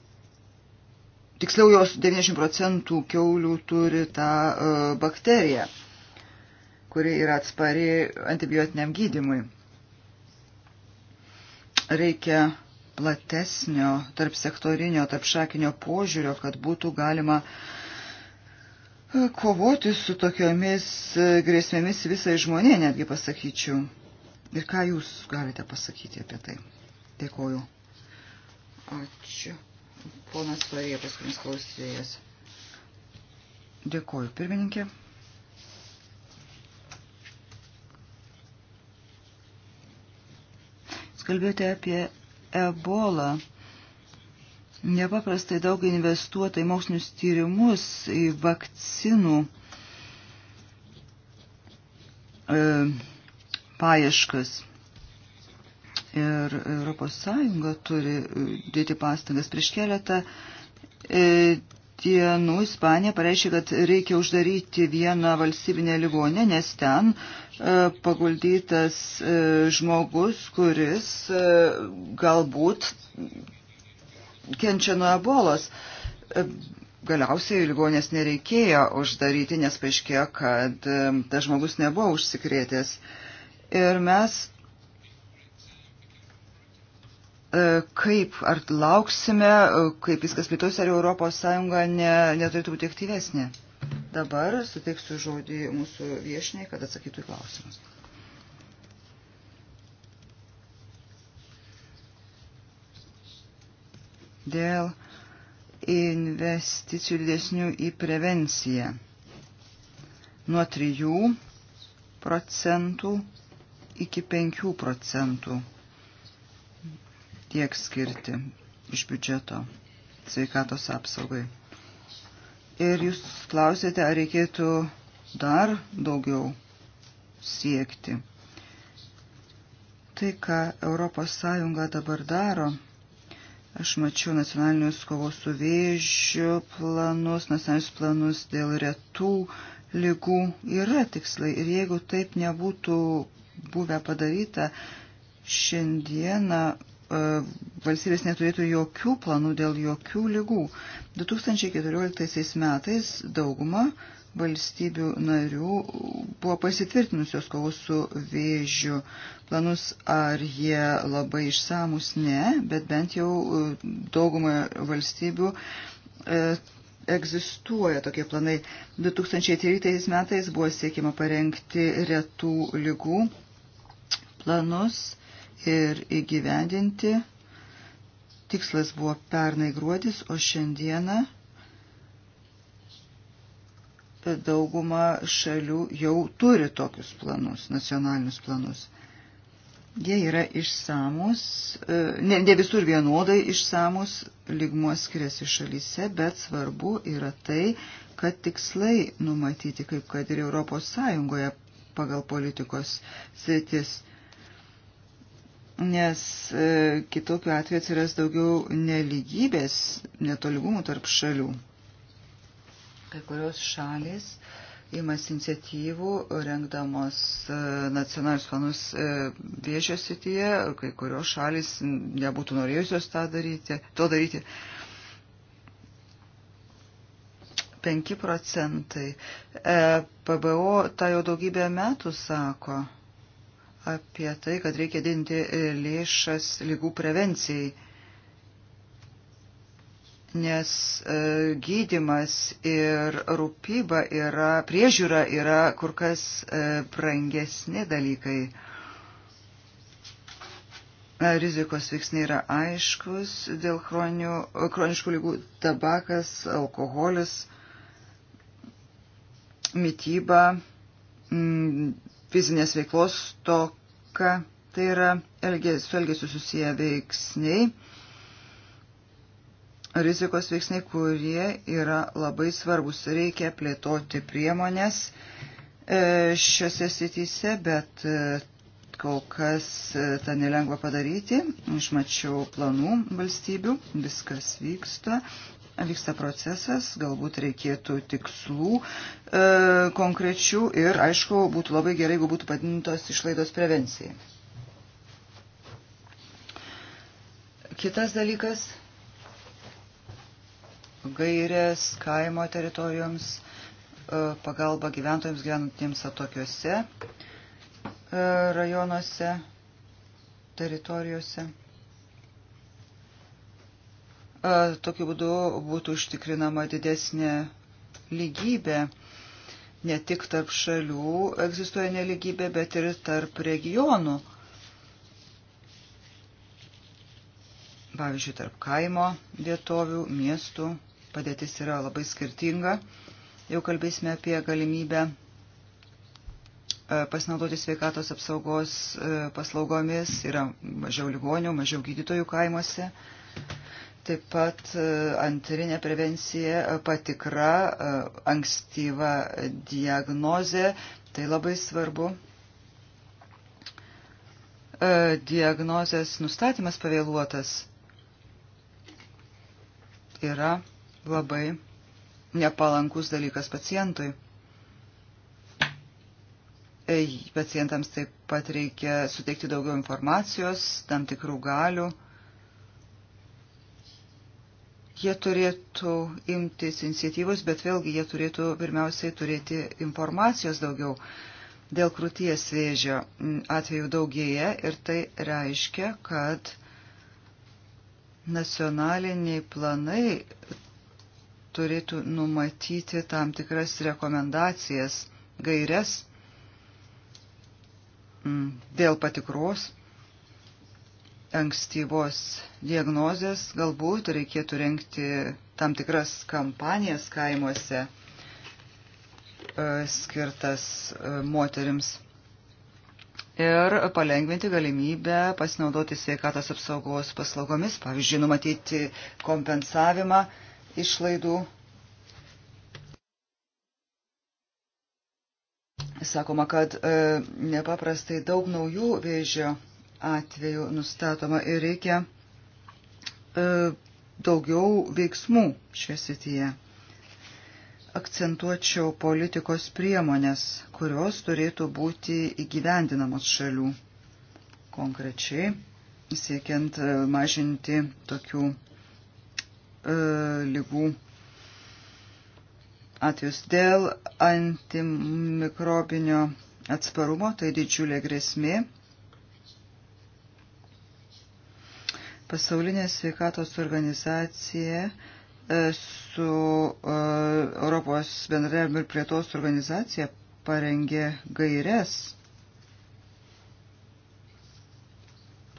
tiksliau jos 90 procentų keulių turi tą e, bakteriją, kuri yra atspari antibiotiniam gydimui. Reikia platesnio, tarp sektorinio, tarp šakinio požiūrio, kad būtų galima e, kovoti su tokiomis e, grėsmėmis visai žmonė, netgi pasakyčiau. Ir ką jūs galite pasakyti apie tai? Dėkoju. Ačiū. Ponas Parija, paskutinis klausytojas. Dėkoju, pirmininkė. Jūs kalbėjote apie ebolą. Nepaprastai daug investuota į mokslinius tyrimus, į vakcinų e, paieškas ir ES turi e, dėti pastangas. Prieš keletą e, dienų Ispanija pareiškė, kad reikia uždaryti vieną valstybinę ligonę, nes ten e, paguldytas žmogus, kuris galbūt kenčia nuo ebolos. Galiausiai ligonės nereikėjo uždaryti, nes paaiškėjo, kad tas žmogus nebuvo užsikrėtęs. Ir mes E, kaip, ar lauksime, e, kaip viskas plėtos, ar ES ne, neturėtų būti aktyvesnė. Dabar suteiksiu žodį mūsų viešiniai, kad atsakytų į klausimus. Dėl investicijų didesnių į prevenciją. Nuo 3 procentų iki 5 procentų tiek skirti iš biudžeto sveikatos apsaugai. Ir jūs klausėte, ar reikėtų dar daugiau siekti. Tai, ką ES dabar daro, aš mačiau nacionalinius kovos su vėžiu planus, nacionalinius planus dėl retų lygų, yra tikslai. Ir jeigu taip nebūtų buvę padaryta, šiandieną E, valstybės neturėtų jokių planų dėl jokių lygų. 2014 metais dauguma valstybių narių buvo pasitvirtinusios kovos su vėžiu planus, ar jie labai išsamus, ne, bet bent jau e, daugumą valstybių e, egzistuoja tokie planai. 2013 metais buvo siekiama parengti retų lygų planus ir įgyvendinti. Tikslas buvo pernai gruodis, o šiandieną dauguma šalių jau turi tokius planus, nacionalinius planus. Jie yra išsamus, e, ne, ne visur vienodai išsamus, lygmuo skiriasi šalyse, bet svarbu yra tai, kad tikslai numatyti, kaip kad ir Europos Sąjungoje pagal politikos sritis nes e, kitokiu atveju atsiras daugiau neligybės, netolygumų tarp šalių. Kai kurios šalis įmas iniciatyvų, rengdamos e, nacionalinius planus e, vėžio sityje, kai kurios šalis nebūtų norėjusios tą daryti, to daryti. 5 procentai. PBO tą jau daugybę metų sako apie tai, kad reikia dinti lėšas lygų prevencijai, nes e, gydimas ir rūpyba yra, priežiūra yra kur kas e, brangesni dalykai e, rizikos veiksniai yra aiškus dėl chronių, chroniškų lygų - tabakas, alkoholis, mytyba, fizinės veiklos toka, tai yra elgės, su elgesiu susiję veiksniai, rizikos veiksniai, kurie yra labai svarbus. Reikia plėtoti priemonės e, šiose sityse, bet e, kol kas e, tą nelengva padaryti. Išmačiau planų valstybių, viskas vyksta vyksta procesas, galbūt reikėtų tikslų e, konkrečių ir, aišku, būtų labai gerai, jeigu būtų padintos išlaidos prevencijai. Kitas dalykas - gairės kaimo teritorijoms, e, pagalba gyventojams gyvenantiems atokiuose e, rajonuose, teritorijose. Tokiu būdu būtų užtikrinama didesnė lygybė. Ne tik tarp šalių egzistuoja neligybė, bet ir tarp regionų. Pavyzdžiui, tarp kaimo vietovių, miestų padėtis yra labai skirtinga. Jau kalbėsime apie galimybę pasinaudoti sveikatos apsaugos paslaugomis, yra mažiau ligonių, mažiau gydytojų kaimuose. Taip pat e, antrinė prevencija, e, patikra, e, ankstyva diagnozė, tai labai svarbu. Diagnozės nustatymas pavėluotas yra labai nepalankus dalykas pacientui. Pacientams taip pat reikia suteikti daugiau informacijos, tam tikrų galių. Jie turėtų imtis iniciatyvos, bet vėlgi jie turėtų pirmiausiai turėti informacijos daugiau dėl krūties vėžio mm, atvejų daugėja ir tai reiškia, kad nacionaliniai planai turėtų numatyti tam tikras rekomendacijas, gairias mm, dėl patikros ankstyvos diagnozės, galbūt reikėtų renkti tam tikras kampanijas kaimuose e, skirtas e, moterims ir palengvinti galimybę pasinaudoti sveikatos apsaugos paslaugomis, pavyzdžiui, numatyti kompensavimą išlaidų. Sakoma, kad e, nepaprastai daug naujų vėžio atveju nustatoma ir reikia e, daugiau veiksmų šioje srityje. Akcentuočiau politikos priemonės, kurios turėtų būti įgyvendinamos šalių. Konkrečiai, siekiant e, mažinti tokių e, lygų atvejus dėl antimikrobinio atsparumo, tai didžiulė grėsmė Pasaulinė sveikatos organizacija e, su e, Europos bendradarbiavimo ir plėtos organizacija parengė gairias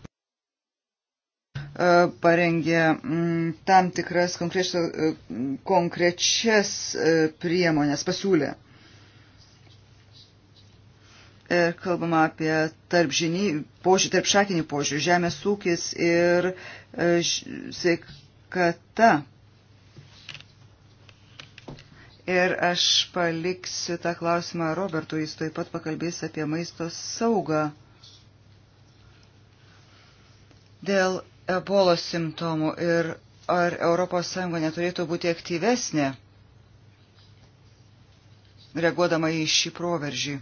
e, parengė mm, tam tikras konkrečias, konkrečias priemonės, pasiūlė. E, kalbama apie tarp žinį, požiūrį, tarp šakinį požiūrį, žemės ūkis ir e, sveikata. Ir aš paliksiu tą klausimą Robertui, jis taip pat pakalbės apie maisto saugą. Dėl ebolos simptomų ir ar ES neturėtų būti aktyvesnė, reaguodama į šį proveržį.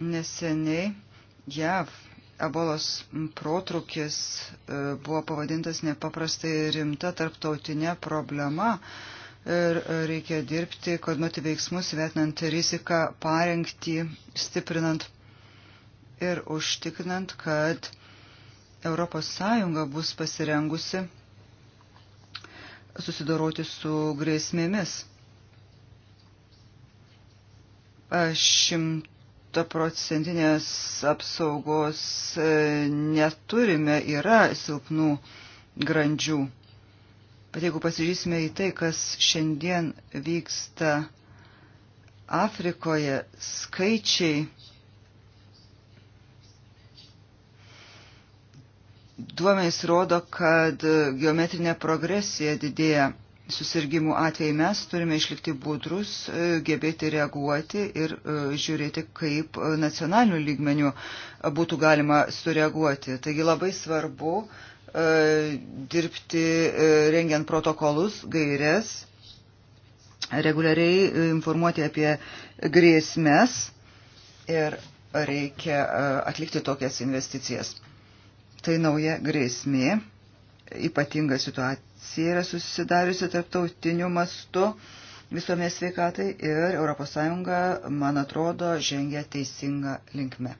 Neseniai JAV ebolos protrukis e, buvo pavadintas nepaprastai rimta tarptautinė problema ir e, reikia dirbti, koordinuoti veiksmus, vertinant riziką, parengti, stiprinant ir užtikrinant, kad ES bus pasirengusi susidoroti su grėsmėmis. Šimt ta procentinės apsaugos e, neturime, yra silpnų grandžių. Bet jeigu pasižiūrėsime į tai, kas šiandien vyksta Afrikoje, skaičiai duomenys rodo, kad geometrinė progresija didėja susirgymų atvejai mes turime išlikti budrus, e, gebėti reaguoti ir e, žiūrėti, kaip e, nacionaliniu lygmeniu būtų galima sureaguoti. Taigi labai svarbu dirbti rengiant protokolus, gairias, reguliariai informuoti apie grėsmės ir reikia atlikti tokias investicijas. Tai nauja grėsmė ypatinga situacija yra susidariusi tarptautiniu mastu visuomės sveikatai ir ES, man atrodo, žengia teisinga linkme.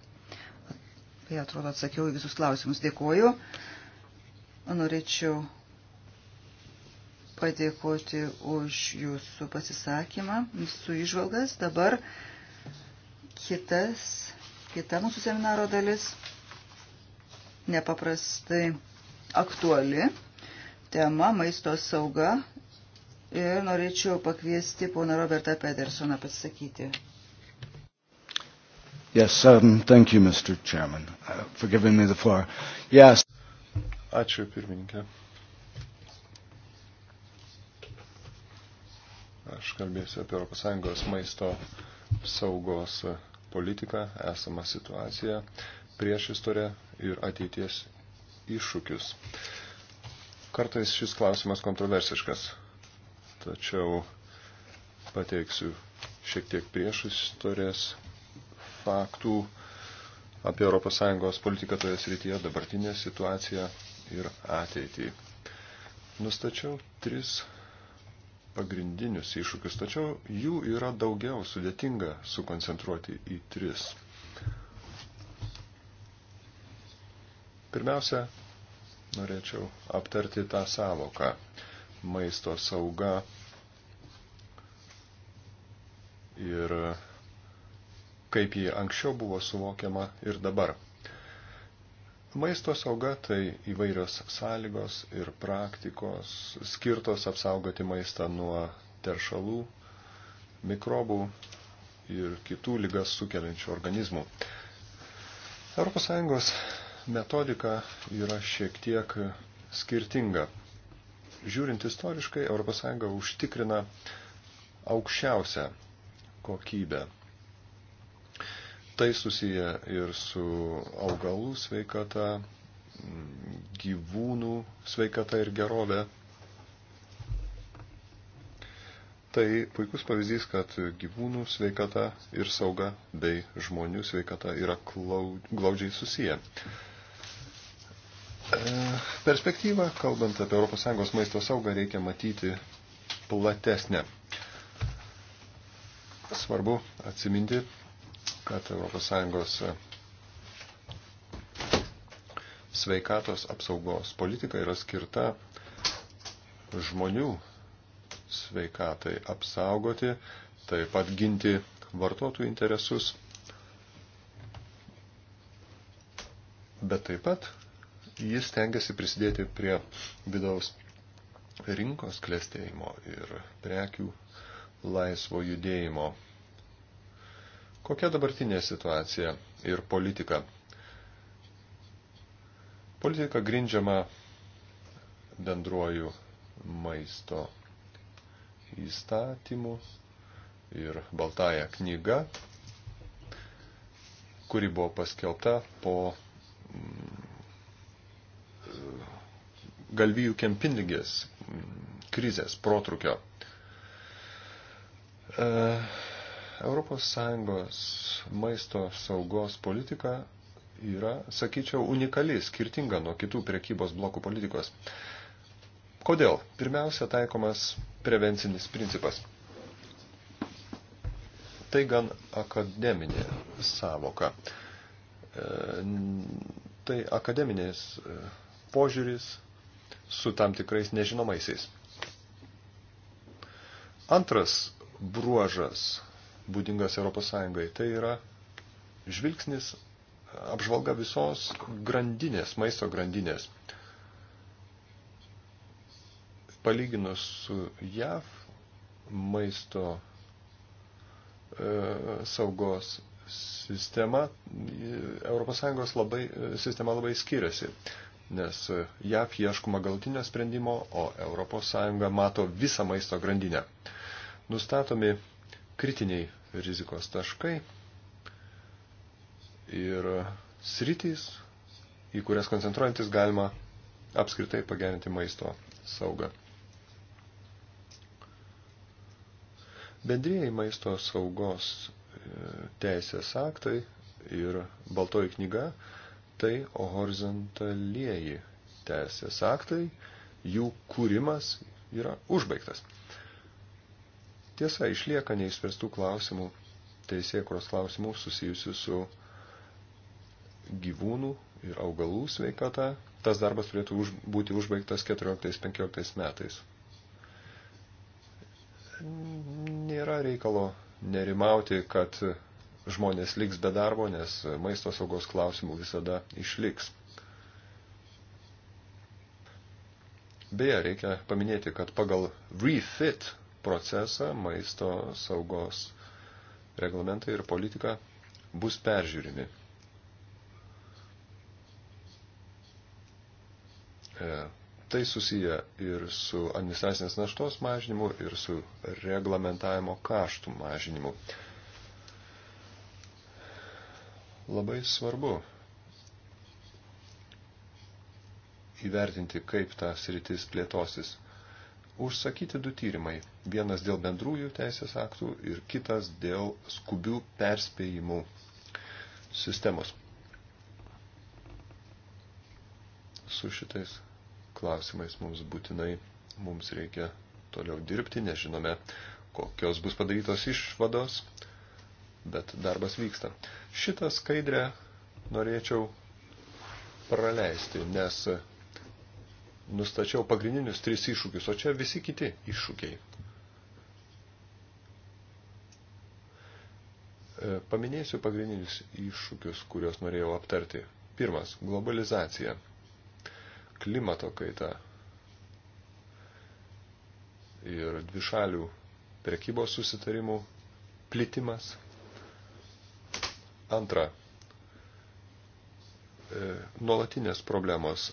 Tai atrodo atsakiau į visus klausimus. Dėkuoju. Norėčiau padėkoti už jūsų pasisakymą, jūsų išvalgas. Dabar kitas, kita mūsų seminaro dalis. Nepaprastai aktuali tema maisto sauga ir norėčiau pakviesti poną Robertą Pedersoną pasisakyti. Yes, um, thank you, Mr. Chairman, uh, for giving me the floor. Yes. Ačiū, pirmininkė. Aš kalbėsiu apie ES maisto saugos politiką, esamą situaciją, prieš istorę ir ateities iššūkius. Kartais šis klausimas kontroversiškas, tačiau pateiksiu šiek tiek prieš istorijas faktų apie ES politiką toje srityje, dabartinę situaciją ir ateitį. Nustačiau tris pagrindinius iššūkius, tačiau jų yra daugiau sudėtinga sukoncentruoti į tris. Pirmiausia, norėčiau aptarti tą savoką maisto sauga ir kaip ji anksčiau buvo suvokiama ir dabar. Maisto sauga tai įvairios sąlygos ir praktikos skirtos apsaugoti maistą nuo teršalų, mikrobų ir kitų lygas sukeliančių organizmų. ES metodika yra šiek tiek skirtinga. Žiūrint istoriškai, ES užtikrina aukščiausią kokybę. Tai susiję ir su augalų sveikata, gyvūnų sveikata ir gerovė. Tai puikus pavyzdys, kad gyvūnų sveikata ir sauga bei žmonių sveikata yra glaudžiai susiję. Perspektyvą, kalbant apie ES maisto saugą, reikia matyti platesnę. Svarbu atsiminti, kad ES sveikatos apsaugos politika yra skirta žmonių sveikatai apsaugoti, taip pat ginti vartotojų interesus, bet taip pat jis tengiasi prisidėti prie vidaus rinkos klėstėjimo ir prekių laisvo judėjimo. Kokia dabartinė situacija ir politika? Politika grindžiama bendruoju maisto įstatymu ir baltaja knyga, kuri buvo paskelbta po mm, galvijų kempinligės mm, krizės protrukio. ES maisto saugos politika yra, sakyčiau, unikali, skirtinga nuo kitų prekybos blokų politikos. Kodėl? Pirmiausia, taikomas prevencinis principas. Tai gan akademinė savoka. E, tai akademinės e, požiūris su tam tikrais nežinomaisiais. Antras bruožas būdingas ES tai yra žvilgsnis apžvalga visos grandinės, maisto grandinės. Palyginus su JAV maisto e, saugos sistema, ES labai, e, sistema labai skiriasi. E, nes JAV ieškoma galutinio sprendimo, o ES mato visą maisto grandinę. Nustatomi kritiniai rizikos taškai ir sritys, į kurias koncentruojantis galima apskritai pagerinti maisto saugą. Bendrėjai maisto saugos e, teisės aktai ir baltoji knyga tai horizontalieji teisės aktai, jų kūrimas yra užbaigtas. Tiesa, išlieka neišspręstų klausimų, teisėkros klausimų susijusių su gyvūnų ir augalų sveikata. Tas darbas turėtų už, būti užbaigtas 14-15 metais. Nėra reikalo nerimauti, kad žmonės liks be darbo, nes maisto saugos klausimų visada išliks. Beje, reikia paminėti, kad pagal refit procesą maisto saugos reglamentai ir politika bus peržiūrimi. E, tai susiję ir su administracinės naštos mažinimu, ir su reglamentavimo kaštų mažinimu. Labai svarbu įvertinti, kaip ta sritis plėtosis. Užsakyti du tyrimai. Vienas dėl bendrųjų teisės aktų ir kitas dėl skubių perspėjimų sistemos. Su šitais klausimais mums būtinai mums reikia toliau dirbti, nežinome, kokios bus padarytos išvados, bet darbas vyksta. Šitą skaidrę norėčiau praleisti, nes nustačiau pagrindinius tris iššūkius, o čia visi kiti iššūkiai. E, paminėsiu pagrindinius iššūkius, kuriuos norėjau aptarti. Pirmas – globalizacija, klimato kaita ir dvišalių prekybos susitarimų plitimas – Antra, e, nuolatinės problemos.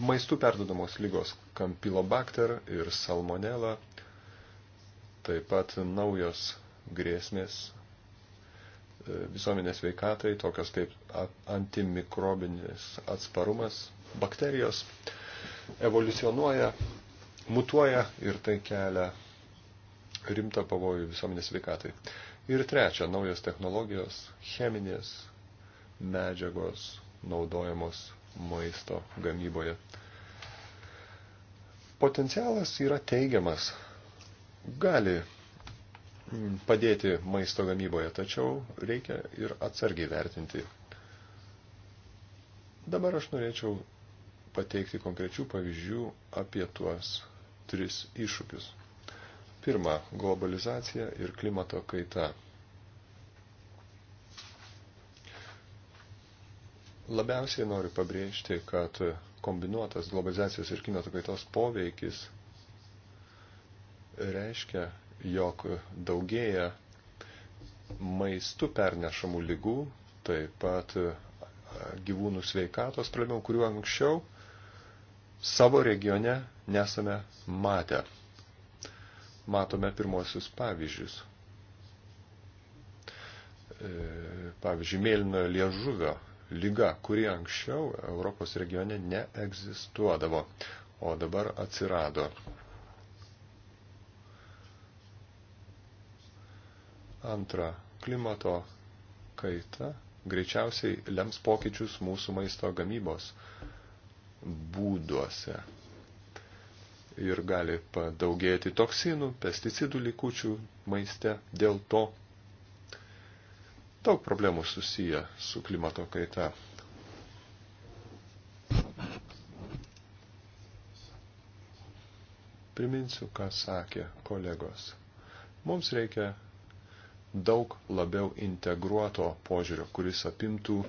Maistų perdodamos lygos kampilobakter ir salmonela, taip pat naujos grėsmės e, visuomenės veikatai, tokios kaip antimikrobinis atsparumas, bakterijos evoliucionuoja, mutuoja ir tai kelia rimtą pavojų visuomenės veikatai. Ir trečia, naujos technologijos, cheminės medžiagos naudojamos maisto gamyboje. Potencialas yra teigiamas. Gali padėti maisto gamyboje, tačiau reikia ir atsargiai vertinti. Dabar aš norėčiau pateikti konkrečių pavyzdžių apie tuos tris iššūkius. Pirma, globalizacija ir klimato kaita. Labiausiai noriu pabrėžti, kad kombinuotas globalizacijos ir klimato kaitos poveikis reiškia, jog daugėja maistu pernešamų lygų, taip pat gyvūnų sveikatos problemų, kurių anksčiau savo regione nesame matę matome pirmosius pavyzdžius. E, pavyzdžiui, mėlynojo liežuvio lyga, kuri anksčiau Europos regione neegzistuodavo, o dabar atsirado. Antra, klimato kaita greičiausiai lems pokyčius mūsų maisto gamybos būduose ir gali padaugėti toksinų, pesticidų likučių maiste. Dėl to daug problemų susiję su klimato kaita. Priminsiu, ką sakė kolegos. Mums reikia daug labiau integruoto požiūrio, kuris apimtų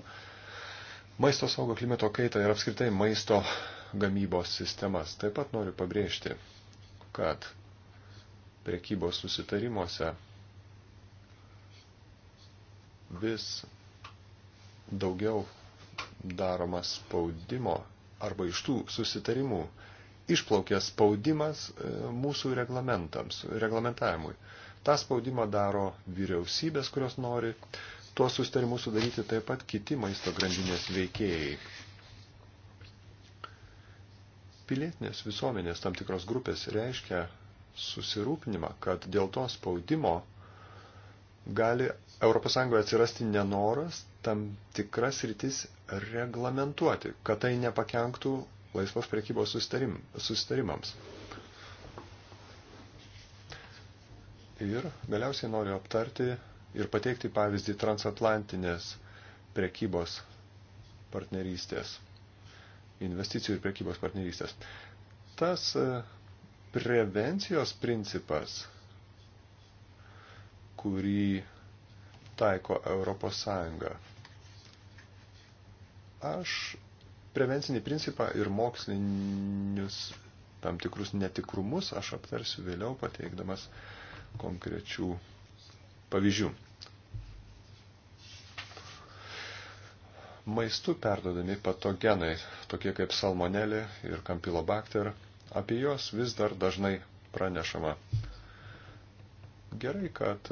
maisto saugo klimato kaitą ir apskritai maisto gamybos sistemas. Taip pat noriu pabrėžti, kad prekybos susitarimuose vis daugiau daromas spaudimo arba iš tų susitarimų išplaukia spaudimas e, mūsų reglamentams, reglamentavimui. Ta spaudimą daro vyriausybės, kurios nori tuos susitarimus sudaryti taip pat kiti maisto grandinės veikėjai. Pilietinės visuomenės tam tikros grupės reiškia susirūpinimą, kad dėl to spaudimo gali ES atsirasti nenoras tam tikras rytis reglamentuoti, kad tai nepakenktų laisvos prekybos sustarim, sustarimams. Ir galiausiai noriu aptarti ir pateikti pavyzdį transatlantinės prekybos partnerystės investicijų ir prekybos partnerystės. Tas e, prevencijos principas, kurį taiko Europos Sąjunga. Aš prevencinį principą ir mokslinius tam tikrus netikrumus aš aptarsiu vėliau pateikdamas konkrečių pavyzdžių. Maistu perdodami patogenai, tokie kaip salmonelė ir kampilobakter, apie juos vis dar dažnai pranešama. Gerai, kad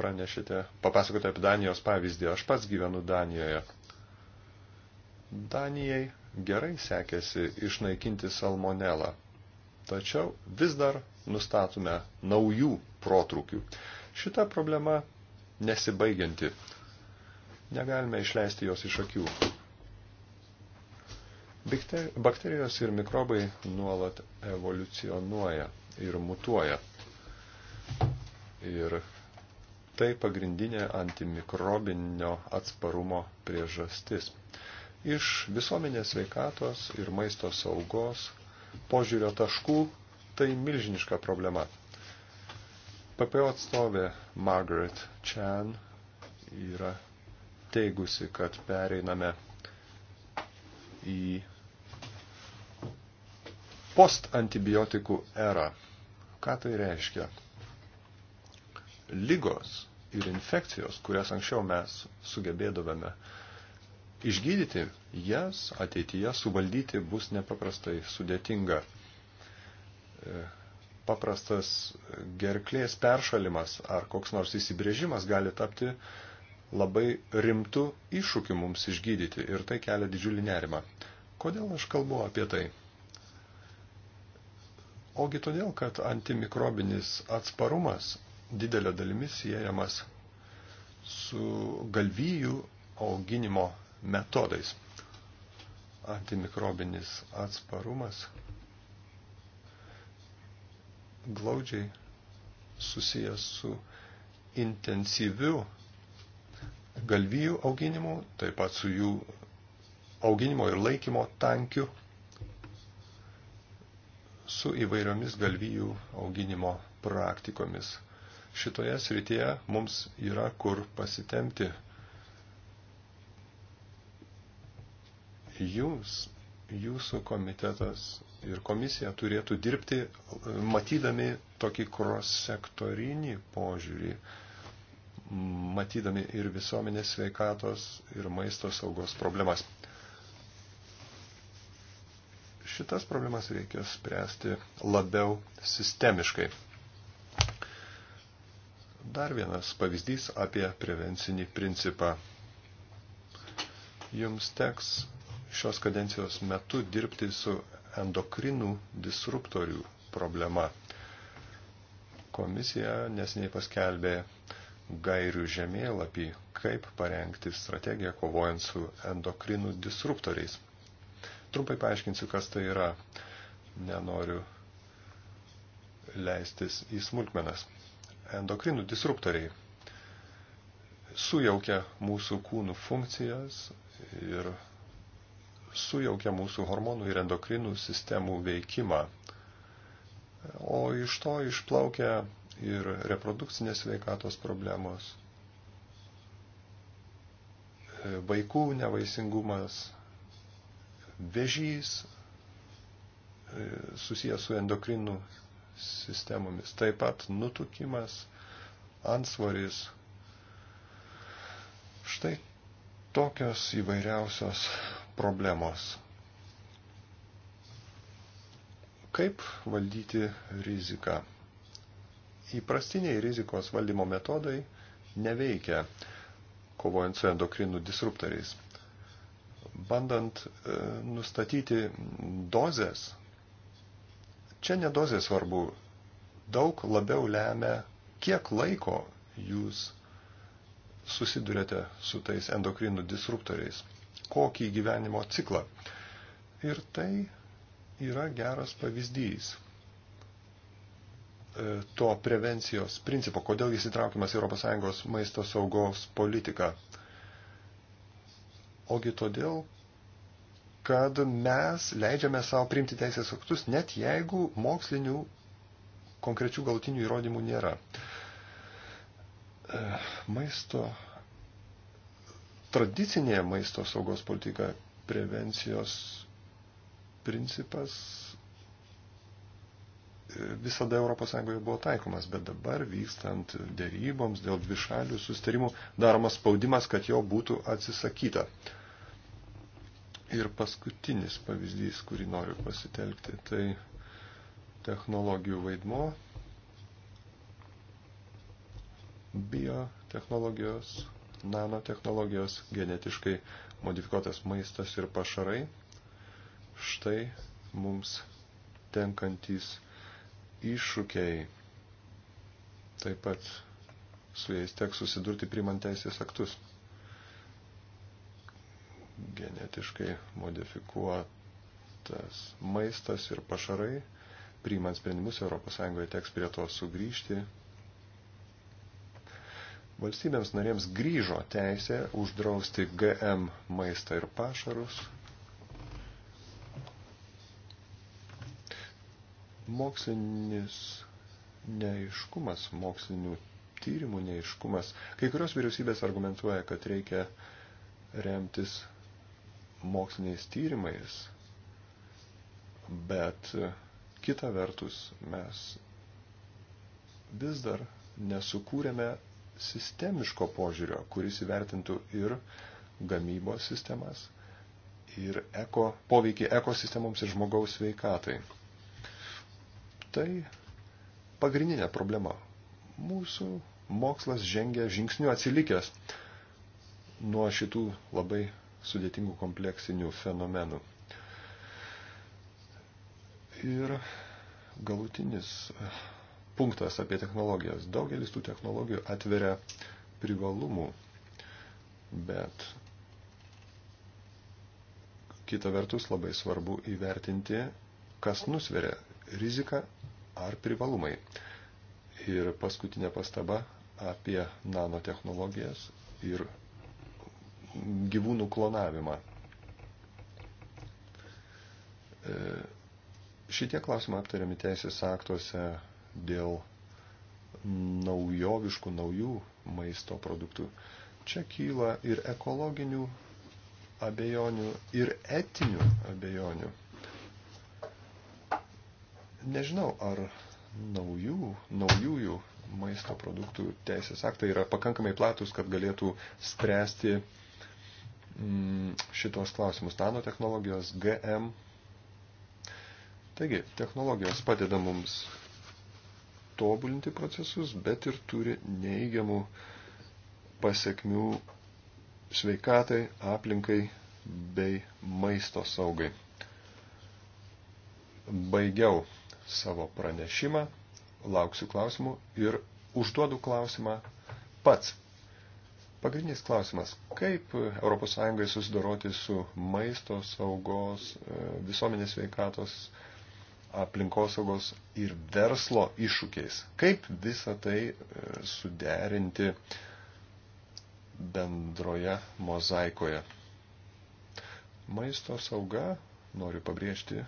pranešite, papasakote apie Danijos pavyzdį. Aš pats gyvenu Danijoje. Danijai gerai sekėsi išnaikinti salmonelą, tačiau vis dar nustatome naujų protrukių. Šita problema nesibaigianti. Negalime išleisti jos iš akių. Bakterijos ir mikrobai nuolat evoliucionuoja ir mutuoja. Ir tai pagrindinė antimikrobinio atsparumo priežastis. Iš visuomenės veikatos ir maisto saugos požiūrio taškų tai milžiniška problema. PPO atstovė Margaret Chan yra teigusi, kad pereiname į postantibiotikų erą. Ką tai reiškia? Lygos ir infekcijos, kurias anksčiau mes sugebėdavome išgydyti, jas ateityje suvaldyti bus nepaprastai sudėtinga. E, paprastas gerklės peršalimas ar koks nors įsibrėžimas gali tapti uh, labai rimtų iššūkių mums išgydyti ir tai kelia didžiulį nerimą. Kodėl aš kalbu apie tai? Ogi todėl, kad antimikrobinis atsparumas didelio dalimi siejamas su galvijų auginimo metodais. Antimikrobinis atsparumas glaudžiai susijęs su intensyviu galvijų auginimu, taip pat su jų auginimo ir laikymo tankiu, su įvairiomis galvijų auginimo praktikomis. Šitoje srityje mums yra kur pasitemti. Jūs, jūsų komitetas ir komisija turėtų dirbti matydami tokį cross sektorinį požiūrį matydami ir visuomenės sveikatos, ir maisto saugos problemas. Šitas problemas reikia spręsti labiau sistemiškai. Dar vienas pavyzdys apie prevencinį principą. Jums teks šios kadencijos metu dirbti su endokrinų disruptorių problema. Komisija nesiniai paskelbė gairių žemėlapį, kaip parengti strategiją kovojant su endokrinų disruptoriais. Trumpai paaiškinsiu, kas tai yra. Nenoriu leistis į smulkmenas. Endokrinų disruptoriai sujaukia mūsų kūnų funkcijas ir sujaukia mūsų hormonų ir endokrinų sistemų veikimą. O iš to išplaukia ir reprodukcinės sveikatos problemos, e, vaikų nevaisingumas, vežys e, susijęs su endokrinų sistemomis, taip pat nutukimas, ansvaris. Štai tokios įvairiausios problemos. Kaip valdyti riziką? Įprastiniai rizikos valdymo metodai neveikia kovojant su endokrinų disruptoriais. Bandant e, nustatyti dozes, čia ne dozė svarbu, daug labiau lemia, kiek laiko jūs susidurėte su tais endokrinų disruptoriais, kokį gyvenimo ciklą. Ir tai yra geras pavyzdys E, to prevencijos principo, kodėl jis įtraukiamas ES maisto saugos politiką. Ogi todėl, kad mes leidžiame savo priimti teisės aktus, net jeigu mokslinių konkrečių galtinių įrodymų nėra. E, maisto, tradicinė maisto saugos politika, prevencijos principas visada ES buvo taikomas, bet dabar vykstant dėryboms dėl dvišalių sustarimų daromas spaudimas, kad jo būtų atsisakyta. Ir paskutinis pavyzdys, kurį noriu pasitelkti, tai technologijų vaidmo, biotechnologijos, nanotehnologijos, genetiškai modifikuotas maistas ir pašarai. Štai mums tenkantys iššūkiai. Taip pat su jais teks susidurti primant teisės aktus. Genetiškai modifikuotas maistas ir pašarai, priimant sprendimus ES teks prie to sugrįžti. Valstybėms narėms grįžo teisė uždrausti GM maistą ir pašarus, mokslinis neiškumas, mokslinių tyrimų neiškumas. Kai kurios vyriausybės argumentuoja, kad reikia remtis moksliniais tyrimais, bet e, kita vertus mes vis dar nesukūrėme sistemiško požiūrio, kuris įvertintų ir gamybos sistemas, ir eko, poveikį ekosistemoms ir žmogaus sveikatai tai pagrindinė problema. Mūsų mokslas žengia žingsniu atsilikęs nuo šitų labai sudėtingų kompleksinių fenomenų. Ir galutinis e, punktas apie technologijas. Daugelis tų technologijų atveria privalumų, bet kita vertus labai svarbu įvertinti, kas nusveria riziką ar privalumai. Ir paskutinė pastaba apie nanotehnologijas ir gyvūnų klonavimą. E, šitie klausimai aptariami teisės aktuose dėl naujoviškų, naujų maisto produktų. Čia kyla ir ekologinių abejonių, ir etinių abejonių. Nežinau, ar naujų, naujųjų maisto produktų teisės aktai yra pakankamai platus, kad galėtų spręsti mm, šitos klausimus. Nanotehnologijos, GM. Taigi, technologijos padeda mums tobulinti procesus, bet ir turi neįgiamų pasiekmių sveikatai, aplinkai bei maisto saugai. Baigiau savo pranešimą, lauksiu klausimų ir užduodu klausimą pats. Pagrindinis klausimas, kaip ES susidoroti su maisto saugos, e, visuomenės veikatos, aplinkosaugos ir verslo iššūkiais. Kaip visą tai e, suderinti bendroje mozaikoje. Maisto sauga, noriu pabrėžti,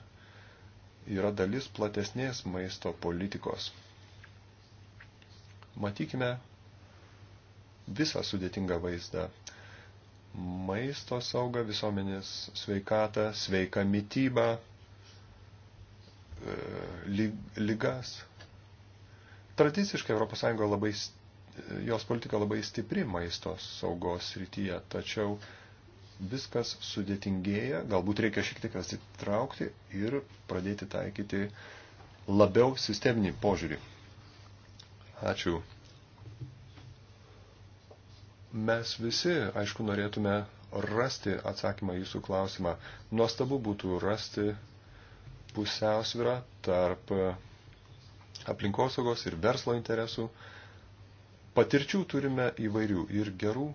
yra dalis platesnės maisto politikos. Matykime visą sudėtingą vaizdą. Maisto sauga, visuomenės sveikata, sveika mytyba, e, lygas. Tradiciškai ES labai, e, jos politika labai stipri maisto saugos srityje, tačiau viskas sudėtingėja, galbūt reikia šiek tiek atsitraukti ir pradėti taikyti labiau sisteminį požiūrį. Ačiū. Mes visi, aišku, norėtume rasti atsakymą į jūsų klausimą. Nuostabu būtų rasti pusiausvyrą tarp aplinkosaugos ir verslo interesų. Patirčių turime įvairių ir gerų,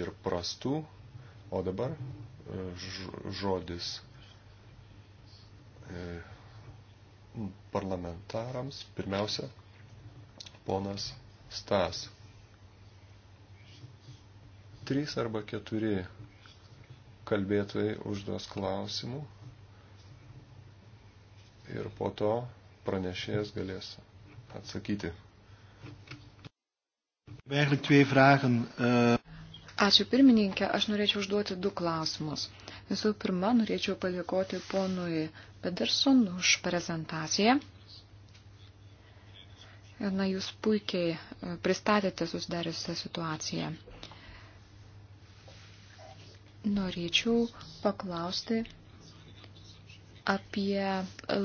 ir prastų, O dabar e, žodis e, parlamentarams. Pirmiausia, ponas Stas. Trys arba keturi kalbėtojai užduos klausimų ir po to pranešėjas galės atsakyti. Eigenlijk twee vragen. Uh... Ačiū pirmininkė, aš norėčiau užduoti du klausimus. Visų pirma, norėčiau padėkoti ponui Pederson už prezentaciją. Na, jūs puikiai e, pristatėte susidariusią situaciją. Norėčiau paklausti apie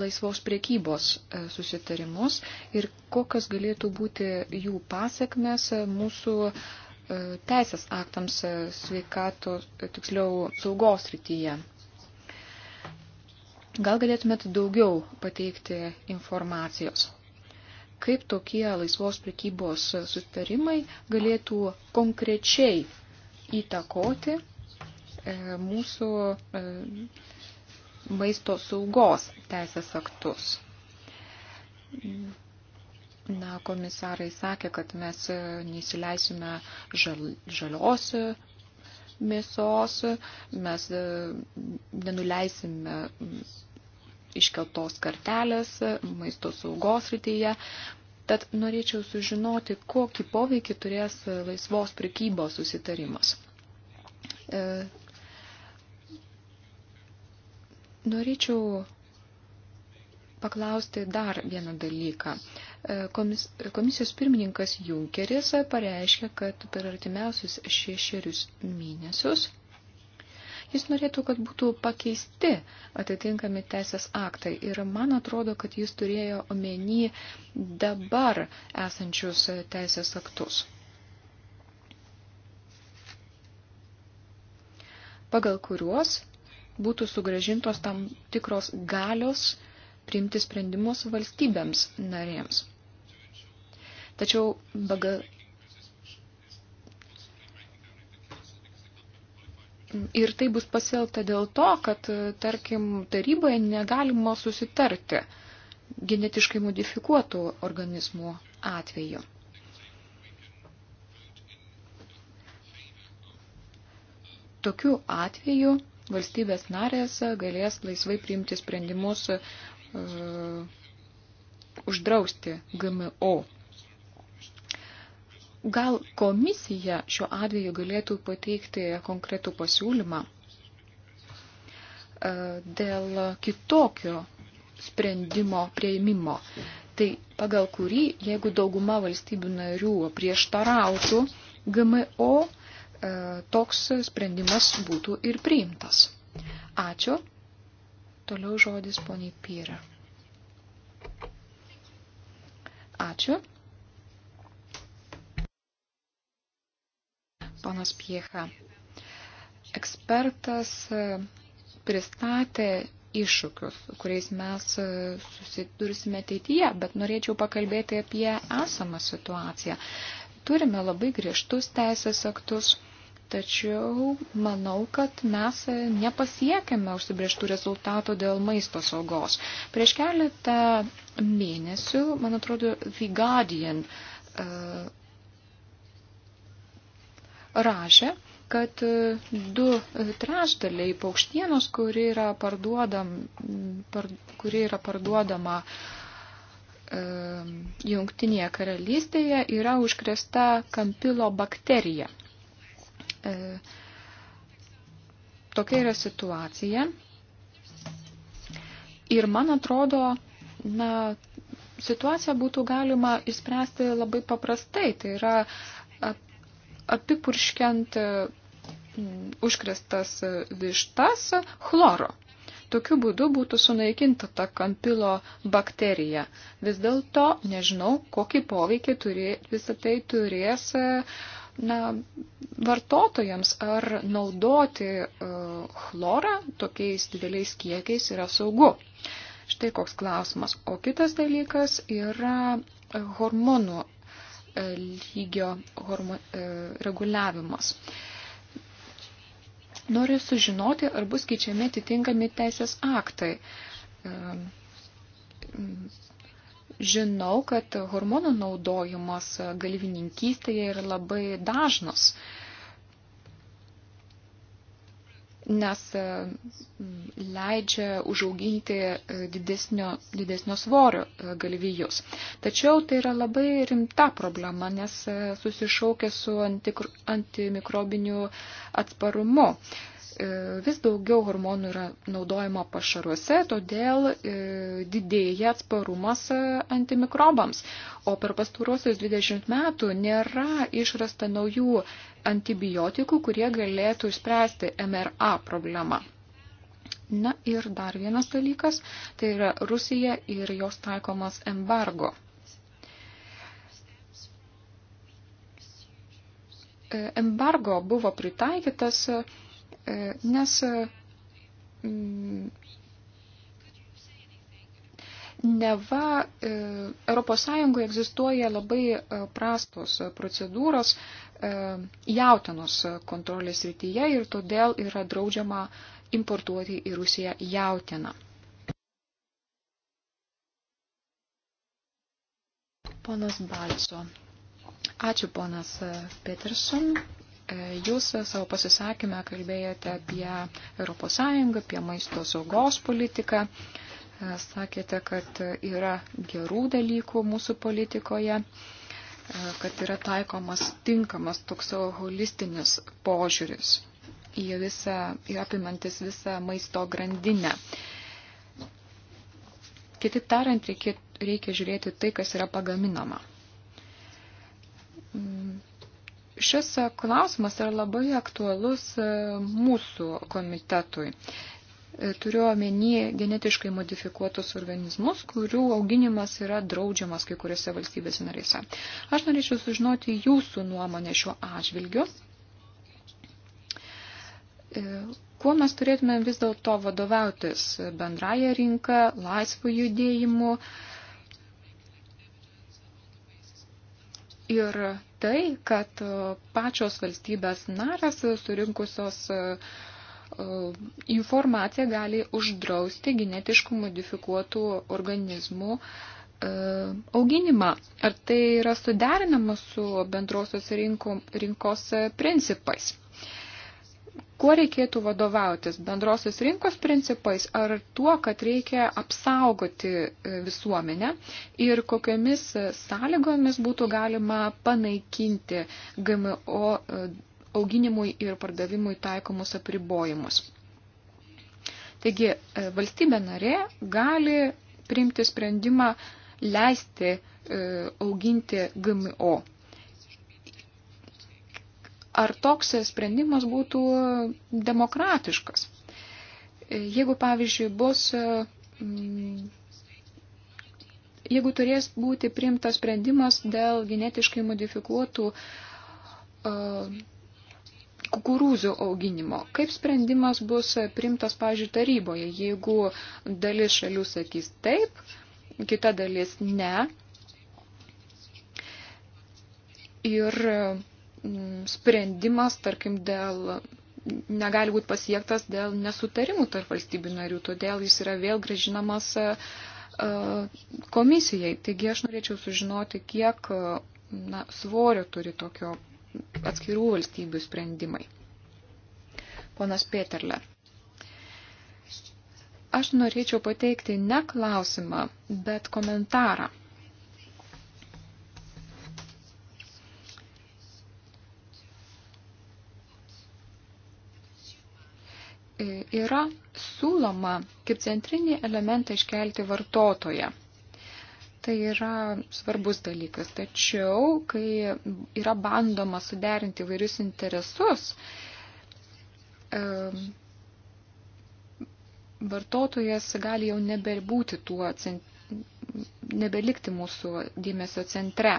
laisvos priekybos e, susitarimus ir kokios galėtų būti jų pasiekmes e, mūsų uh, E, teisės aktams e, sveikato, e, tiksliau, saugos rytyje. Gal galėtumėte daugiau pateikti informacijos? Kaip tokie laisvos prekybos sutarimai galėtų konkrečiai įtakoti mūsų maisto saugos teisės aktus? Na, komisarai sakė, kad mes e, neįsileisime žal, žalios e, mėsos, mes e, nenuleisime mm, iškeltos kartelės maisto saugos rytyje. Tad norėčiau sužinoti, kokį poveikį turės laisvos prekybos susitarimas. Norėčiau paklausti dar vieną dalyką. E, Komis, komisijos pirmininkas Junkeris pareiškia, kad per artimiausius šešerius mėnesius jis norėtų, kad būtų pakeisti atitinkami teisės aktai. Ir man atrodo, kad jis turėjo omeny dabar esančius teisės aktus. pagal kuriuos būtų sugražintos tam tikros galios priimti sprendimus valstybėms narėms. Tačiau baga... Ir tai bus pasielgta dėl to, kad, tarkim, taryboje negalima susitarti genetiškai modifikuotų organizmų atveju. Tokiu atveju valstybės narės galės laisvai priimti sprendimus uh, uždrausti GMO Gal komisija šiuo atveju galėtų pateikti konkretų pasiūlymą e, dėl kitokio sprendimo prieimimo, tai pagal kurį, jeigu dauguma valstybių narių prieštarautų GMO, e, toks sprendimas būtų ir priimtas. Ačiū. Toliau žodis poniai Pyra. Ačiū. panas Piecha. Ekspertas e, pristatė iššūkius, kuriais mes e, susidursime ateityje, bet norėčiau pakalbėti apie esamą situaciją. Turime labai griežtus teisės aktus, tačiau manau, kad mes e, nepasiekėme užsibrieštų rezultatų dėl maisto saugos. Prieš keletą mėnesių, man atrodo, The Guardian rašė, kad e, du e, trešdaliai paukštienos, kuri yra, parduodam, par, kuri yra parduodama e, jungtinėje karalystėje, yra užkresta kampilo bakterija. E, tokia yra situacija. Ir man atrodo, na, situaciją būtų galima išspręsti labai paprastai. Tai yra apipurškiant e, užkrestas vištas chloro. Tokiu būdu būtų sunaikinta ta kampilo bakterija. Vis dėlto nežinau, kokį poveikį turi, visą tai turės e, na, vartotojams, ar naudoti uh, chlorą tokiais dideliais kiekiais yra saugu. Štai koks klausimas. O kitas dalykas yra hormonų E, lygio hormo, e, reguliavimas. Noriu sužinoti, ar bus keičiami atitinkami teisės aktai. E, žinau, kad hormonų naudojimas galvininkystėje yra labai dažnas nes e, leidžia užauginti e, didesnio, didesnio svorio e, galvijus. Tačiau tai yra labai rimta problema, nes susišaukia su antikru, antimikrobiniu atsparumu. Vis daugiau hormonų yra naudojama pašaruose, todėl didėja atsparumas antimikrobams. O per pastaruosius 20 metų nėra išrasta naujų antibiotikų, kurie galėtų išspręsti MRA problemą. Na ir dar vienas dalykas, tai yra Rusija ir jos taikomas embargo. E, embargo buvo pritaikytas, e, nes mm, neva ES egzistuoja labai e, prastos procedūros, E, jautinos kontrolės rytyje ir todėl yra draudžiama importuoti į Rusiją jautiną. Ponas Balco. Ačiū, ponas Peterson. E, jūs savo pasisakymę kalbėjote apie ES, apie maisto saugos politiką. E, sakėte, kad yra gerų dalykų mūsų politikoje kad yra taikomas tinkamas toks holistinis požiūris į visą, į apimantis visą maisto grandinę. Kitaip tariant, reikia, reikia žiūrėti tai, kas yra pagaminama. Šis klausimas yra labai aktualus mūsų komitetui. E, turiu omeny genetiškai modifikuotus organizmus, kurių auginimas yra draudžiamas kai kuriuose valstybėse narėse. Aš norėčiau sužinoti jūsų nuomonę šiuo atžvilgiu. E, kuo mes turėtume vis dėlto vadovautis bendraja rinka, laisvų judėjimų ir tai, kad pačios valstybės narės surinkusios uh, E, informacija gali uždrausti genetiškų modifikuotų organizmų e, auginimą. Ar tai yra suderinama su bendrosios rinko, rinkos principais? Kuo reikėtų vadovautis? Bendrosios rinkos principais ar tuo, kad reikia apsaugoti e, visuomenę ir kokiamis sąlygomis būtų galima panaikinti GMO auginimui ir pardavimui taikomus apribojimus. Taigi e, valstybė narė gali priimti sprendimą leisti e, auginti GMO. Ar toks sprendimas būtų demokratiškas? E, jeigu, pavyzdžiui, bus, mm, jeigu turės būti priimtas sprendimas dėl genetiškai modifikuotų kukurūzų auginimo. Kaip sprendimas bus primtas, pažiūrėjau, taryboje, jeigu dalis šalių sakys taip, kita dalis ne. Ir mm, sprendimas, tarkim, dėl negali būti pasiektas dėl nesutarimų tarp valstybių narių, todėl jis yra vėl gražinamas e, komisijai. Taigi aš norėčiau sužinoti, kiek na, svorio turi tokio atskirų valstybių sprendimai. Ponas Peterle. Aš norėčiau pateikti ne klausimą, bet komentarą. Yra siūloma kaip centrinį elementą iškelti vartotoje – Tai yra svarbus dalykas. Tačiau, kai yra bandoma suderinti vairius interesus, vartotojas gali jau nebebūti tuo, nebelikti mūsų dėmesio centre.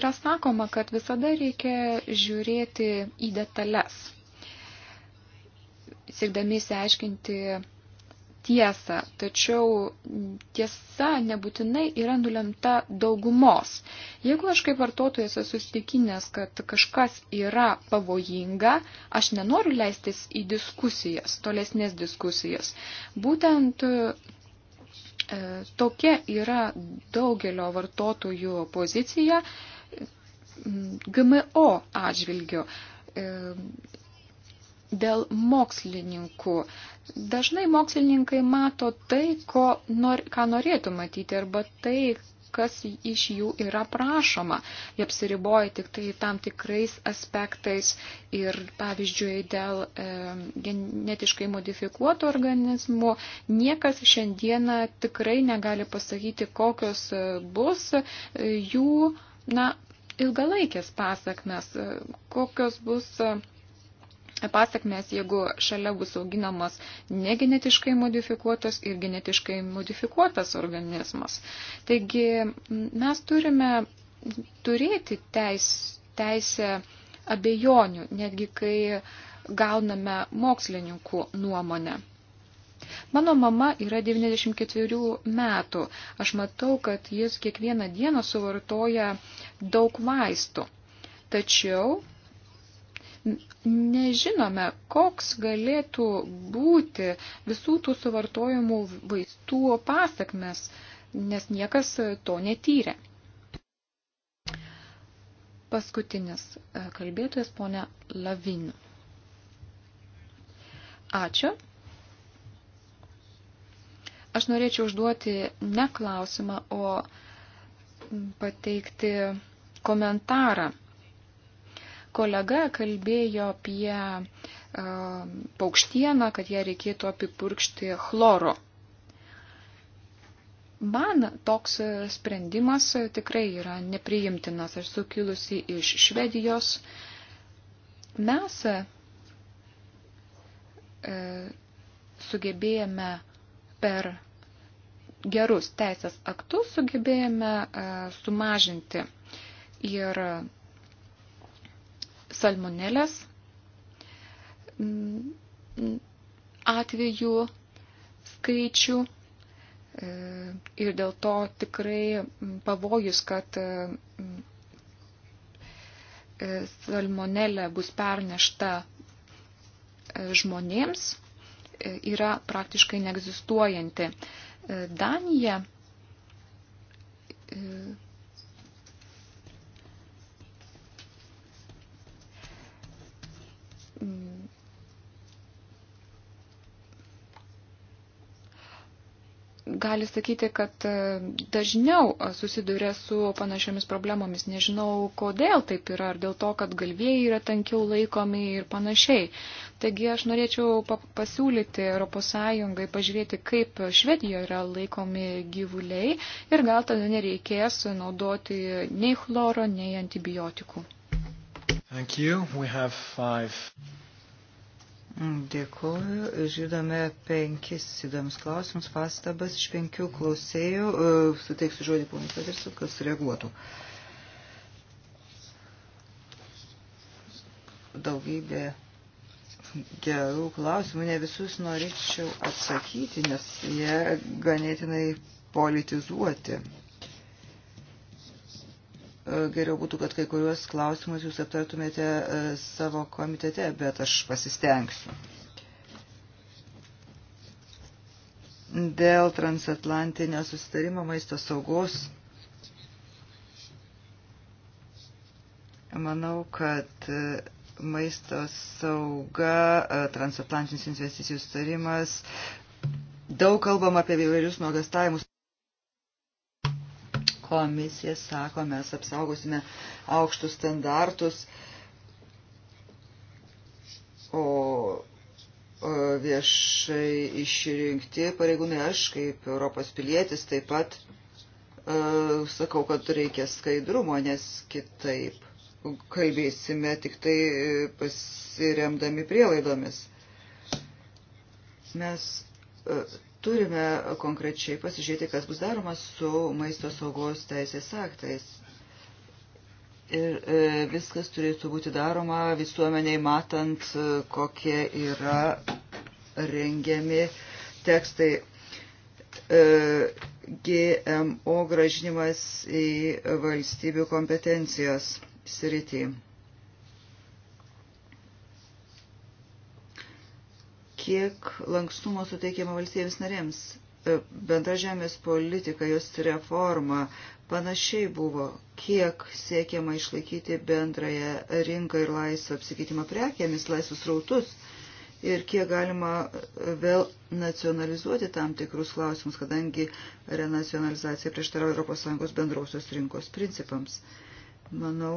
Yra sakoma, kad visada reikia žiūrėti į detalės, siekdami įsiaiškinti tiesą, tačiau tiesa nebūtinai yra nulemta daugumos. Jeigu aš kaip vartotojas esu stikinęs, kad kažkas yra pavojinga, aš nenoriu leistis į diskusijas, tolesnės diskusijas. Būtent e, tokia yra daugelio vartotojų pozicija GMO atžvilgiu e, dėl mokslininkų. Dažnai mokslininkai mato tai, ko, nor, ką norėtų matyti, arba tai, kas iš jų yra prašoma. Jie apsiriboja tik tai tam tikrais aspektais ir, pavyzdžiui, dėl e, genetiškai modifikuotų organizmų niekas šiandieną tikrai negali pasakyti, kokios e, bus e, jų na, ilgalaikės pasakmes, e, kokios bus. E, pasakmes, jeigu šalia bus auginamos negenetiškai modifikuotos ir genetiškai modifikuotas organizmas. Taigi mes turime turėti teis, teisę abejonių, netgi kai gauname mokslininkų nuomonę. Mano mama yra 94 metų. Aš matau, kad jis kiekvieną dieną suvartoja daug vaistų. Tačiau nežinome, koks galėtų būti visų tų suvartojimų vaistų pasakmes, nes niekas to netyrė. Paskutinis e, kalbėtojas ponia Lavin. Ačiū. Aš norėčiau užduoti ne klausimą, o pateikti komentarą Kolega kalbėjo apie e, paukštieną, kad ją reikėtų apipurkšti chloro. Man toks sprendimas tikrai yra nepriimtinas. Aš sukilusi iš Švedijos. Mes e, sugebėjome per gerus teisės aktus sugebėjome e, sumažinti ir salmonelės mm, atvejų skaičių e, ir dėl to tikrai mm, pavojus, kad e, mm, e, salmonelė bus pernešta žmonėms, yra praktiškai neegzistuojanti. Danija Mm. gali sakyti, kad e, dažniau e, susiduria su panašiomis problemomis. Nežinau, kodėl taip yra, ar dėl to, kad galvėjai yra tankiau laikomi ir panašiai. Taigi aš norėčiau pasiūlyti ES pažiūrėti, kaip Švedijoje yra laikomi gyvuliai ir gal tada nereikės naudoti nei chloro, nei antibiotikų. Thank you. We have five. Dėkuoju. Žiūrime penkis įdomius klausimus, pastabas iš penkių klausėjų. E, suteiksiu žodį ponui Petersu, kas reaguotų. Daugybė gerų klausimų, ne visus norėčiau atsakyti, nes jie ganėtinai politizuoti geriau būtų, kad kai kuriuos klausimus jūs aptartumėte e, savo komitete, bet aš pasistengsiu. Dėl transatlantinio susitarimo maisto saugos manau, kad e, maisto sauga, e, transatlantinis investicijų sutarimas, daug kalbam apie įvairius nuogastavimus. Komisija sako, mes apsaugosime aukštus standartus, o viešai išrinkti pareigūnai aš kaip Europos pilietis taip pat e, sakau, kad reikia skaidrumo, nes kitaip kalbėsime tik tai e, pasiremdami prielaidomis. Mes e, turime konkrečiai pasižiūrėti, kas bus daroma su maisto saugos teisės aktais. Ir e, viskas turėtų būti daroma visuomeniai matant, e, kokie yra rengiami tekstai. E, GMO gražinimas į valstybių kompetencijos sritį. kiek lankstumo suteikiama valstybėms narėms. E, bendra žemės politika, jos reforma panašiai buvo, kiek siekiama išlaikyti bendrąją rinką ir laisvą apsikeitimą prekėmis, laisvus rautus ir kiek galima vėl nacionalizuoti tam tikrus klausimus, kadangi renacionalizacija prieštarauja ES bendrausios rinkos principams. Manau,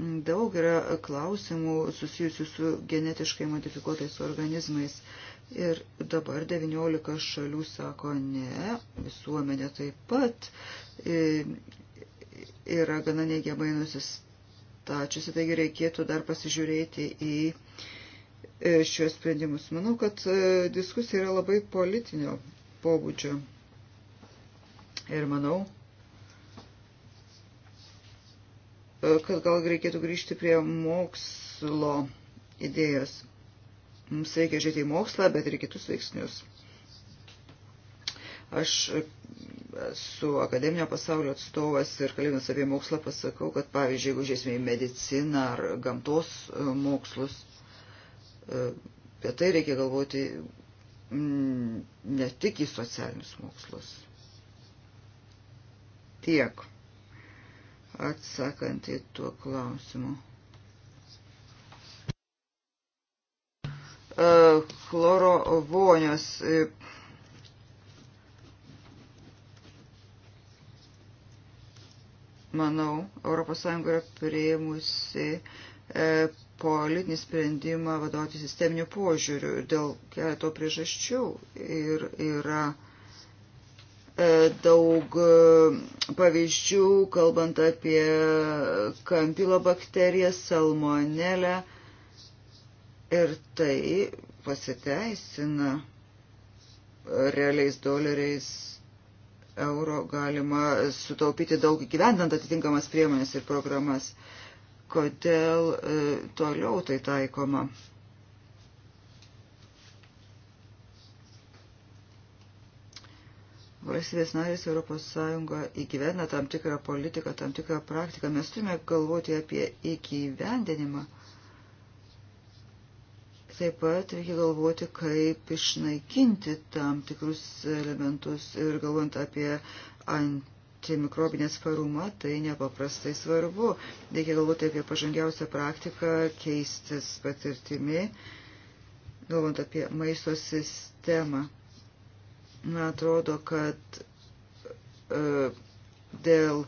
Daug yra klausimų susijusių su genetiškai modifikuotais organizmais. Ir dabar 19 šalių sako ne, visuomenė taip pat e, yra gana neigiamai nusistačiusi, taigi reikėtų dar pasižiūrėti į e, šios sprendimus. Manau, kad e, diskusija yra labai politinio pobūdžio. Ir manau, kad gal reikėtų grįžti prie mokslo idėjos. Mums reikia žiūrėti į mokslą, bet ir kitus veiksnius. Aš su akademinio pasaulio atstovas ir kalbėdamas apie mokslą pasakau, kad pavyzdžiui, jeigu žiūrėsime į mediciną ar gamtos e, mokslus, e, apie tai reikia galvoti mm, ne tik į socialinius mokslus. Tiek atsakant į tuo klausimu. E, chloro vonios. E, manau, ES yra prieimusi e, politinį sprendimą vadovauti sisteminiu požiūriu dėl keleto priežasčių ir yra. yra E, daug e, pavyzdžių, kalbant apie kampilo bakteriją, salmonelę. Ir tai pasiteisina realiais doleriais euro galima sutaupyti daug gyvendant atitinkamas priemonės ir programas. Kodėl e, toliau tai taikoma? valstybės narės Europos Sąjunga įgyvena tam tikrą politiką, tam tikrą praktiką. Mes turime galvoti apie įgyvendinimą. Taip pat reikia galvoti, kaip išnaikinti tam tikrus elementus ir galvant apie antimikrobinę sparumą, tai nepaprastai svarbu. Reikia galvoti apie pažangiausią praktiką, keistis patirtimi, galvant apie maisto sistemą Man atrodo, kad e, dėl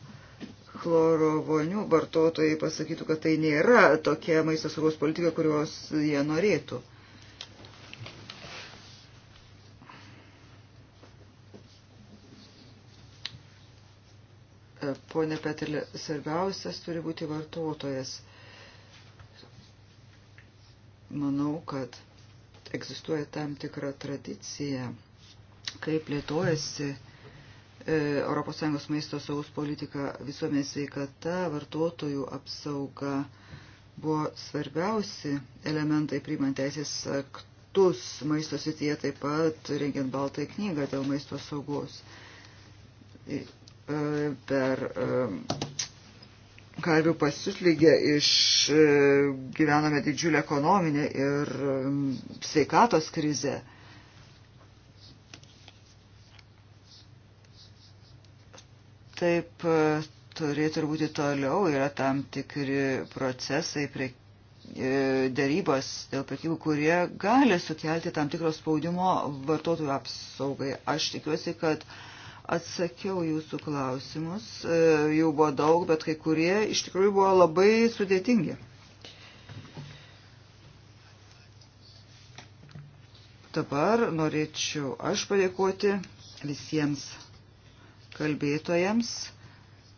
chloro vonių vartotojai pasakytų, kad tai nėra tokia maisto saugos politika, kurios jie norėtų. E, Pone Petelė, svarbiausias turi būti vartotojas. Manau, kad egzistuoja tam tikra tradicija kaip plėtojasi e, ES maisto saus politika visuomenės veikata, vartotojų apsauga buvo svarbiausi elementai priimant teisės aktus maisto srityje, taip pat rengiant baltą knygą dėl maisto saugos. E, e, per karvių pasislygę išgyvename didžiulę ekonominę ir sveikatos krizę. Taip e, turėtų ir būti toliau, yra tam tikri procesai prie e, dėrybos dėl prekybų, kurie gali sukelti tam tikros spaudimo vartotojų apsaugai. Aš tikiuosi, kad atsakiau jūsų klausimus, e, jų buvo daug, bet kai kurie iš tikrųjų buvo labai sudėtingi. Dabar norėčiau aš padėkoti visiems kalbėtojams,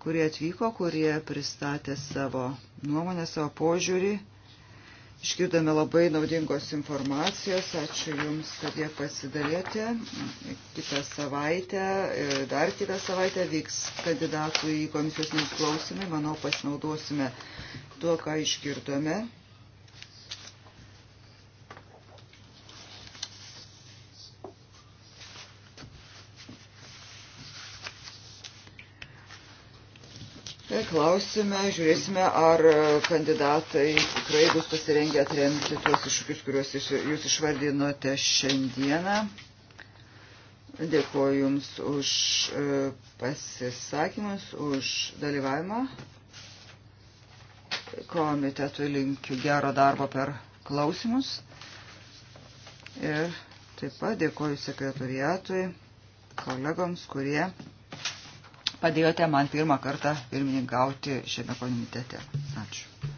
kurie atvyko, kurie pristatė savo nuomonę, savo požiūrį. Išgirdome labai naudingos informacijos. Ačiū Jums, kad jie pasidalėte. Kitą savaitę, e, dar kitą savaitę vyks kandidatų į komisijos klausimai. Manau, pasinaudosime tuo, ką išgirdome. klausime, žiūrėsime, ar kandidatai tikrai bus pasirengę atremti tuos iššūkius, kuriuos jūs išvardinote šiandieną. Dėkuoju Jums už e, pasisakymus, už dalyvavimą. Komitetui linkiu gero darbo per klausimus. Ir taip pat dėkuoju sekretoriatui, kolegoms, kurie padėjote man pirmą kartą pirmininkauti šiame komitete. Ačiū.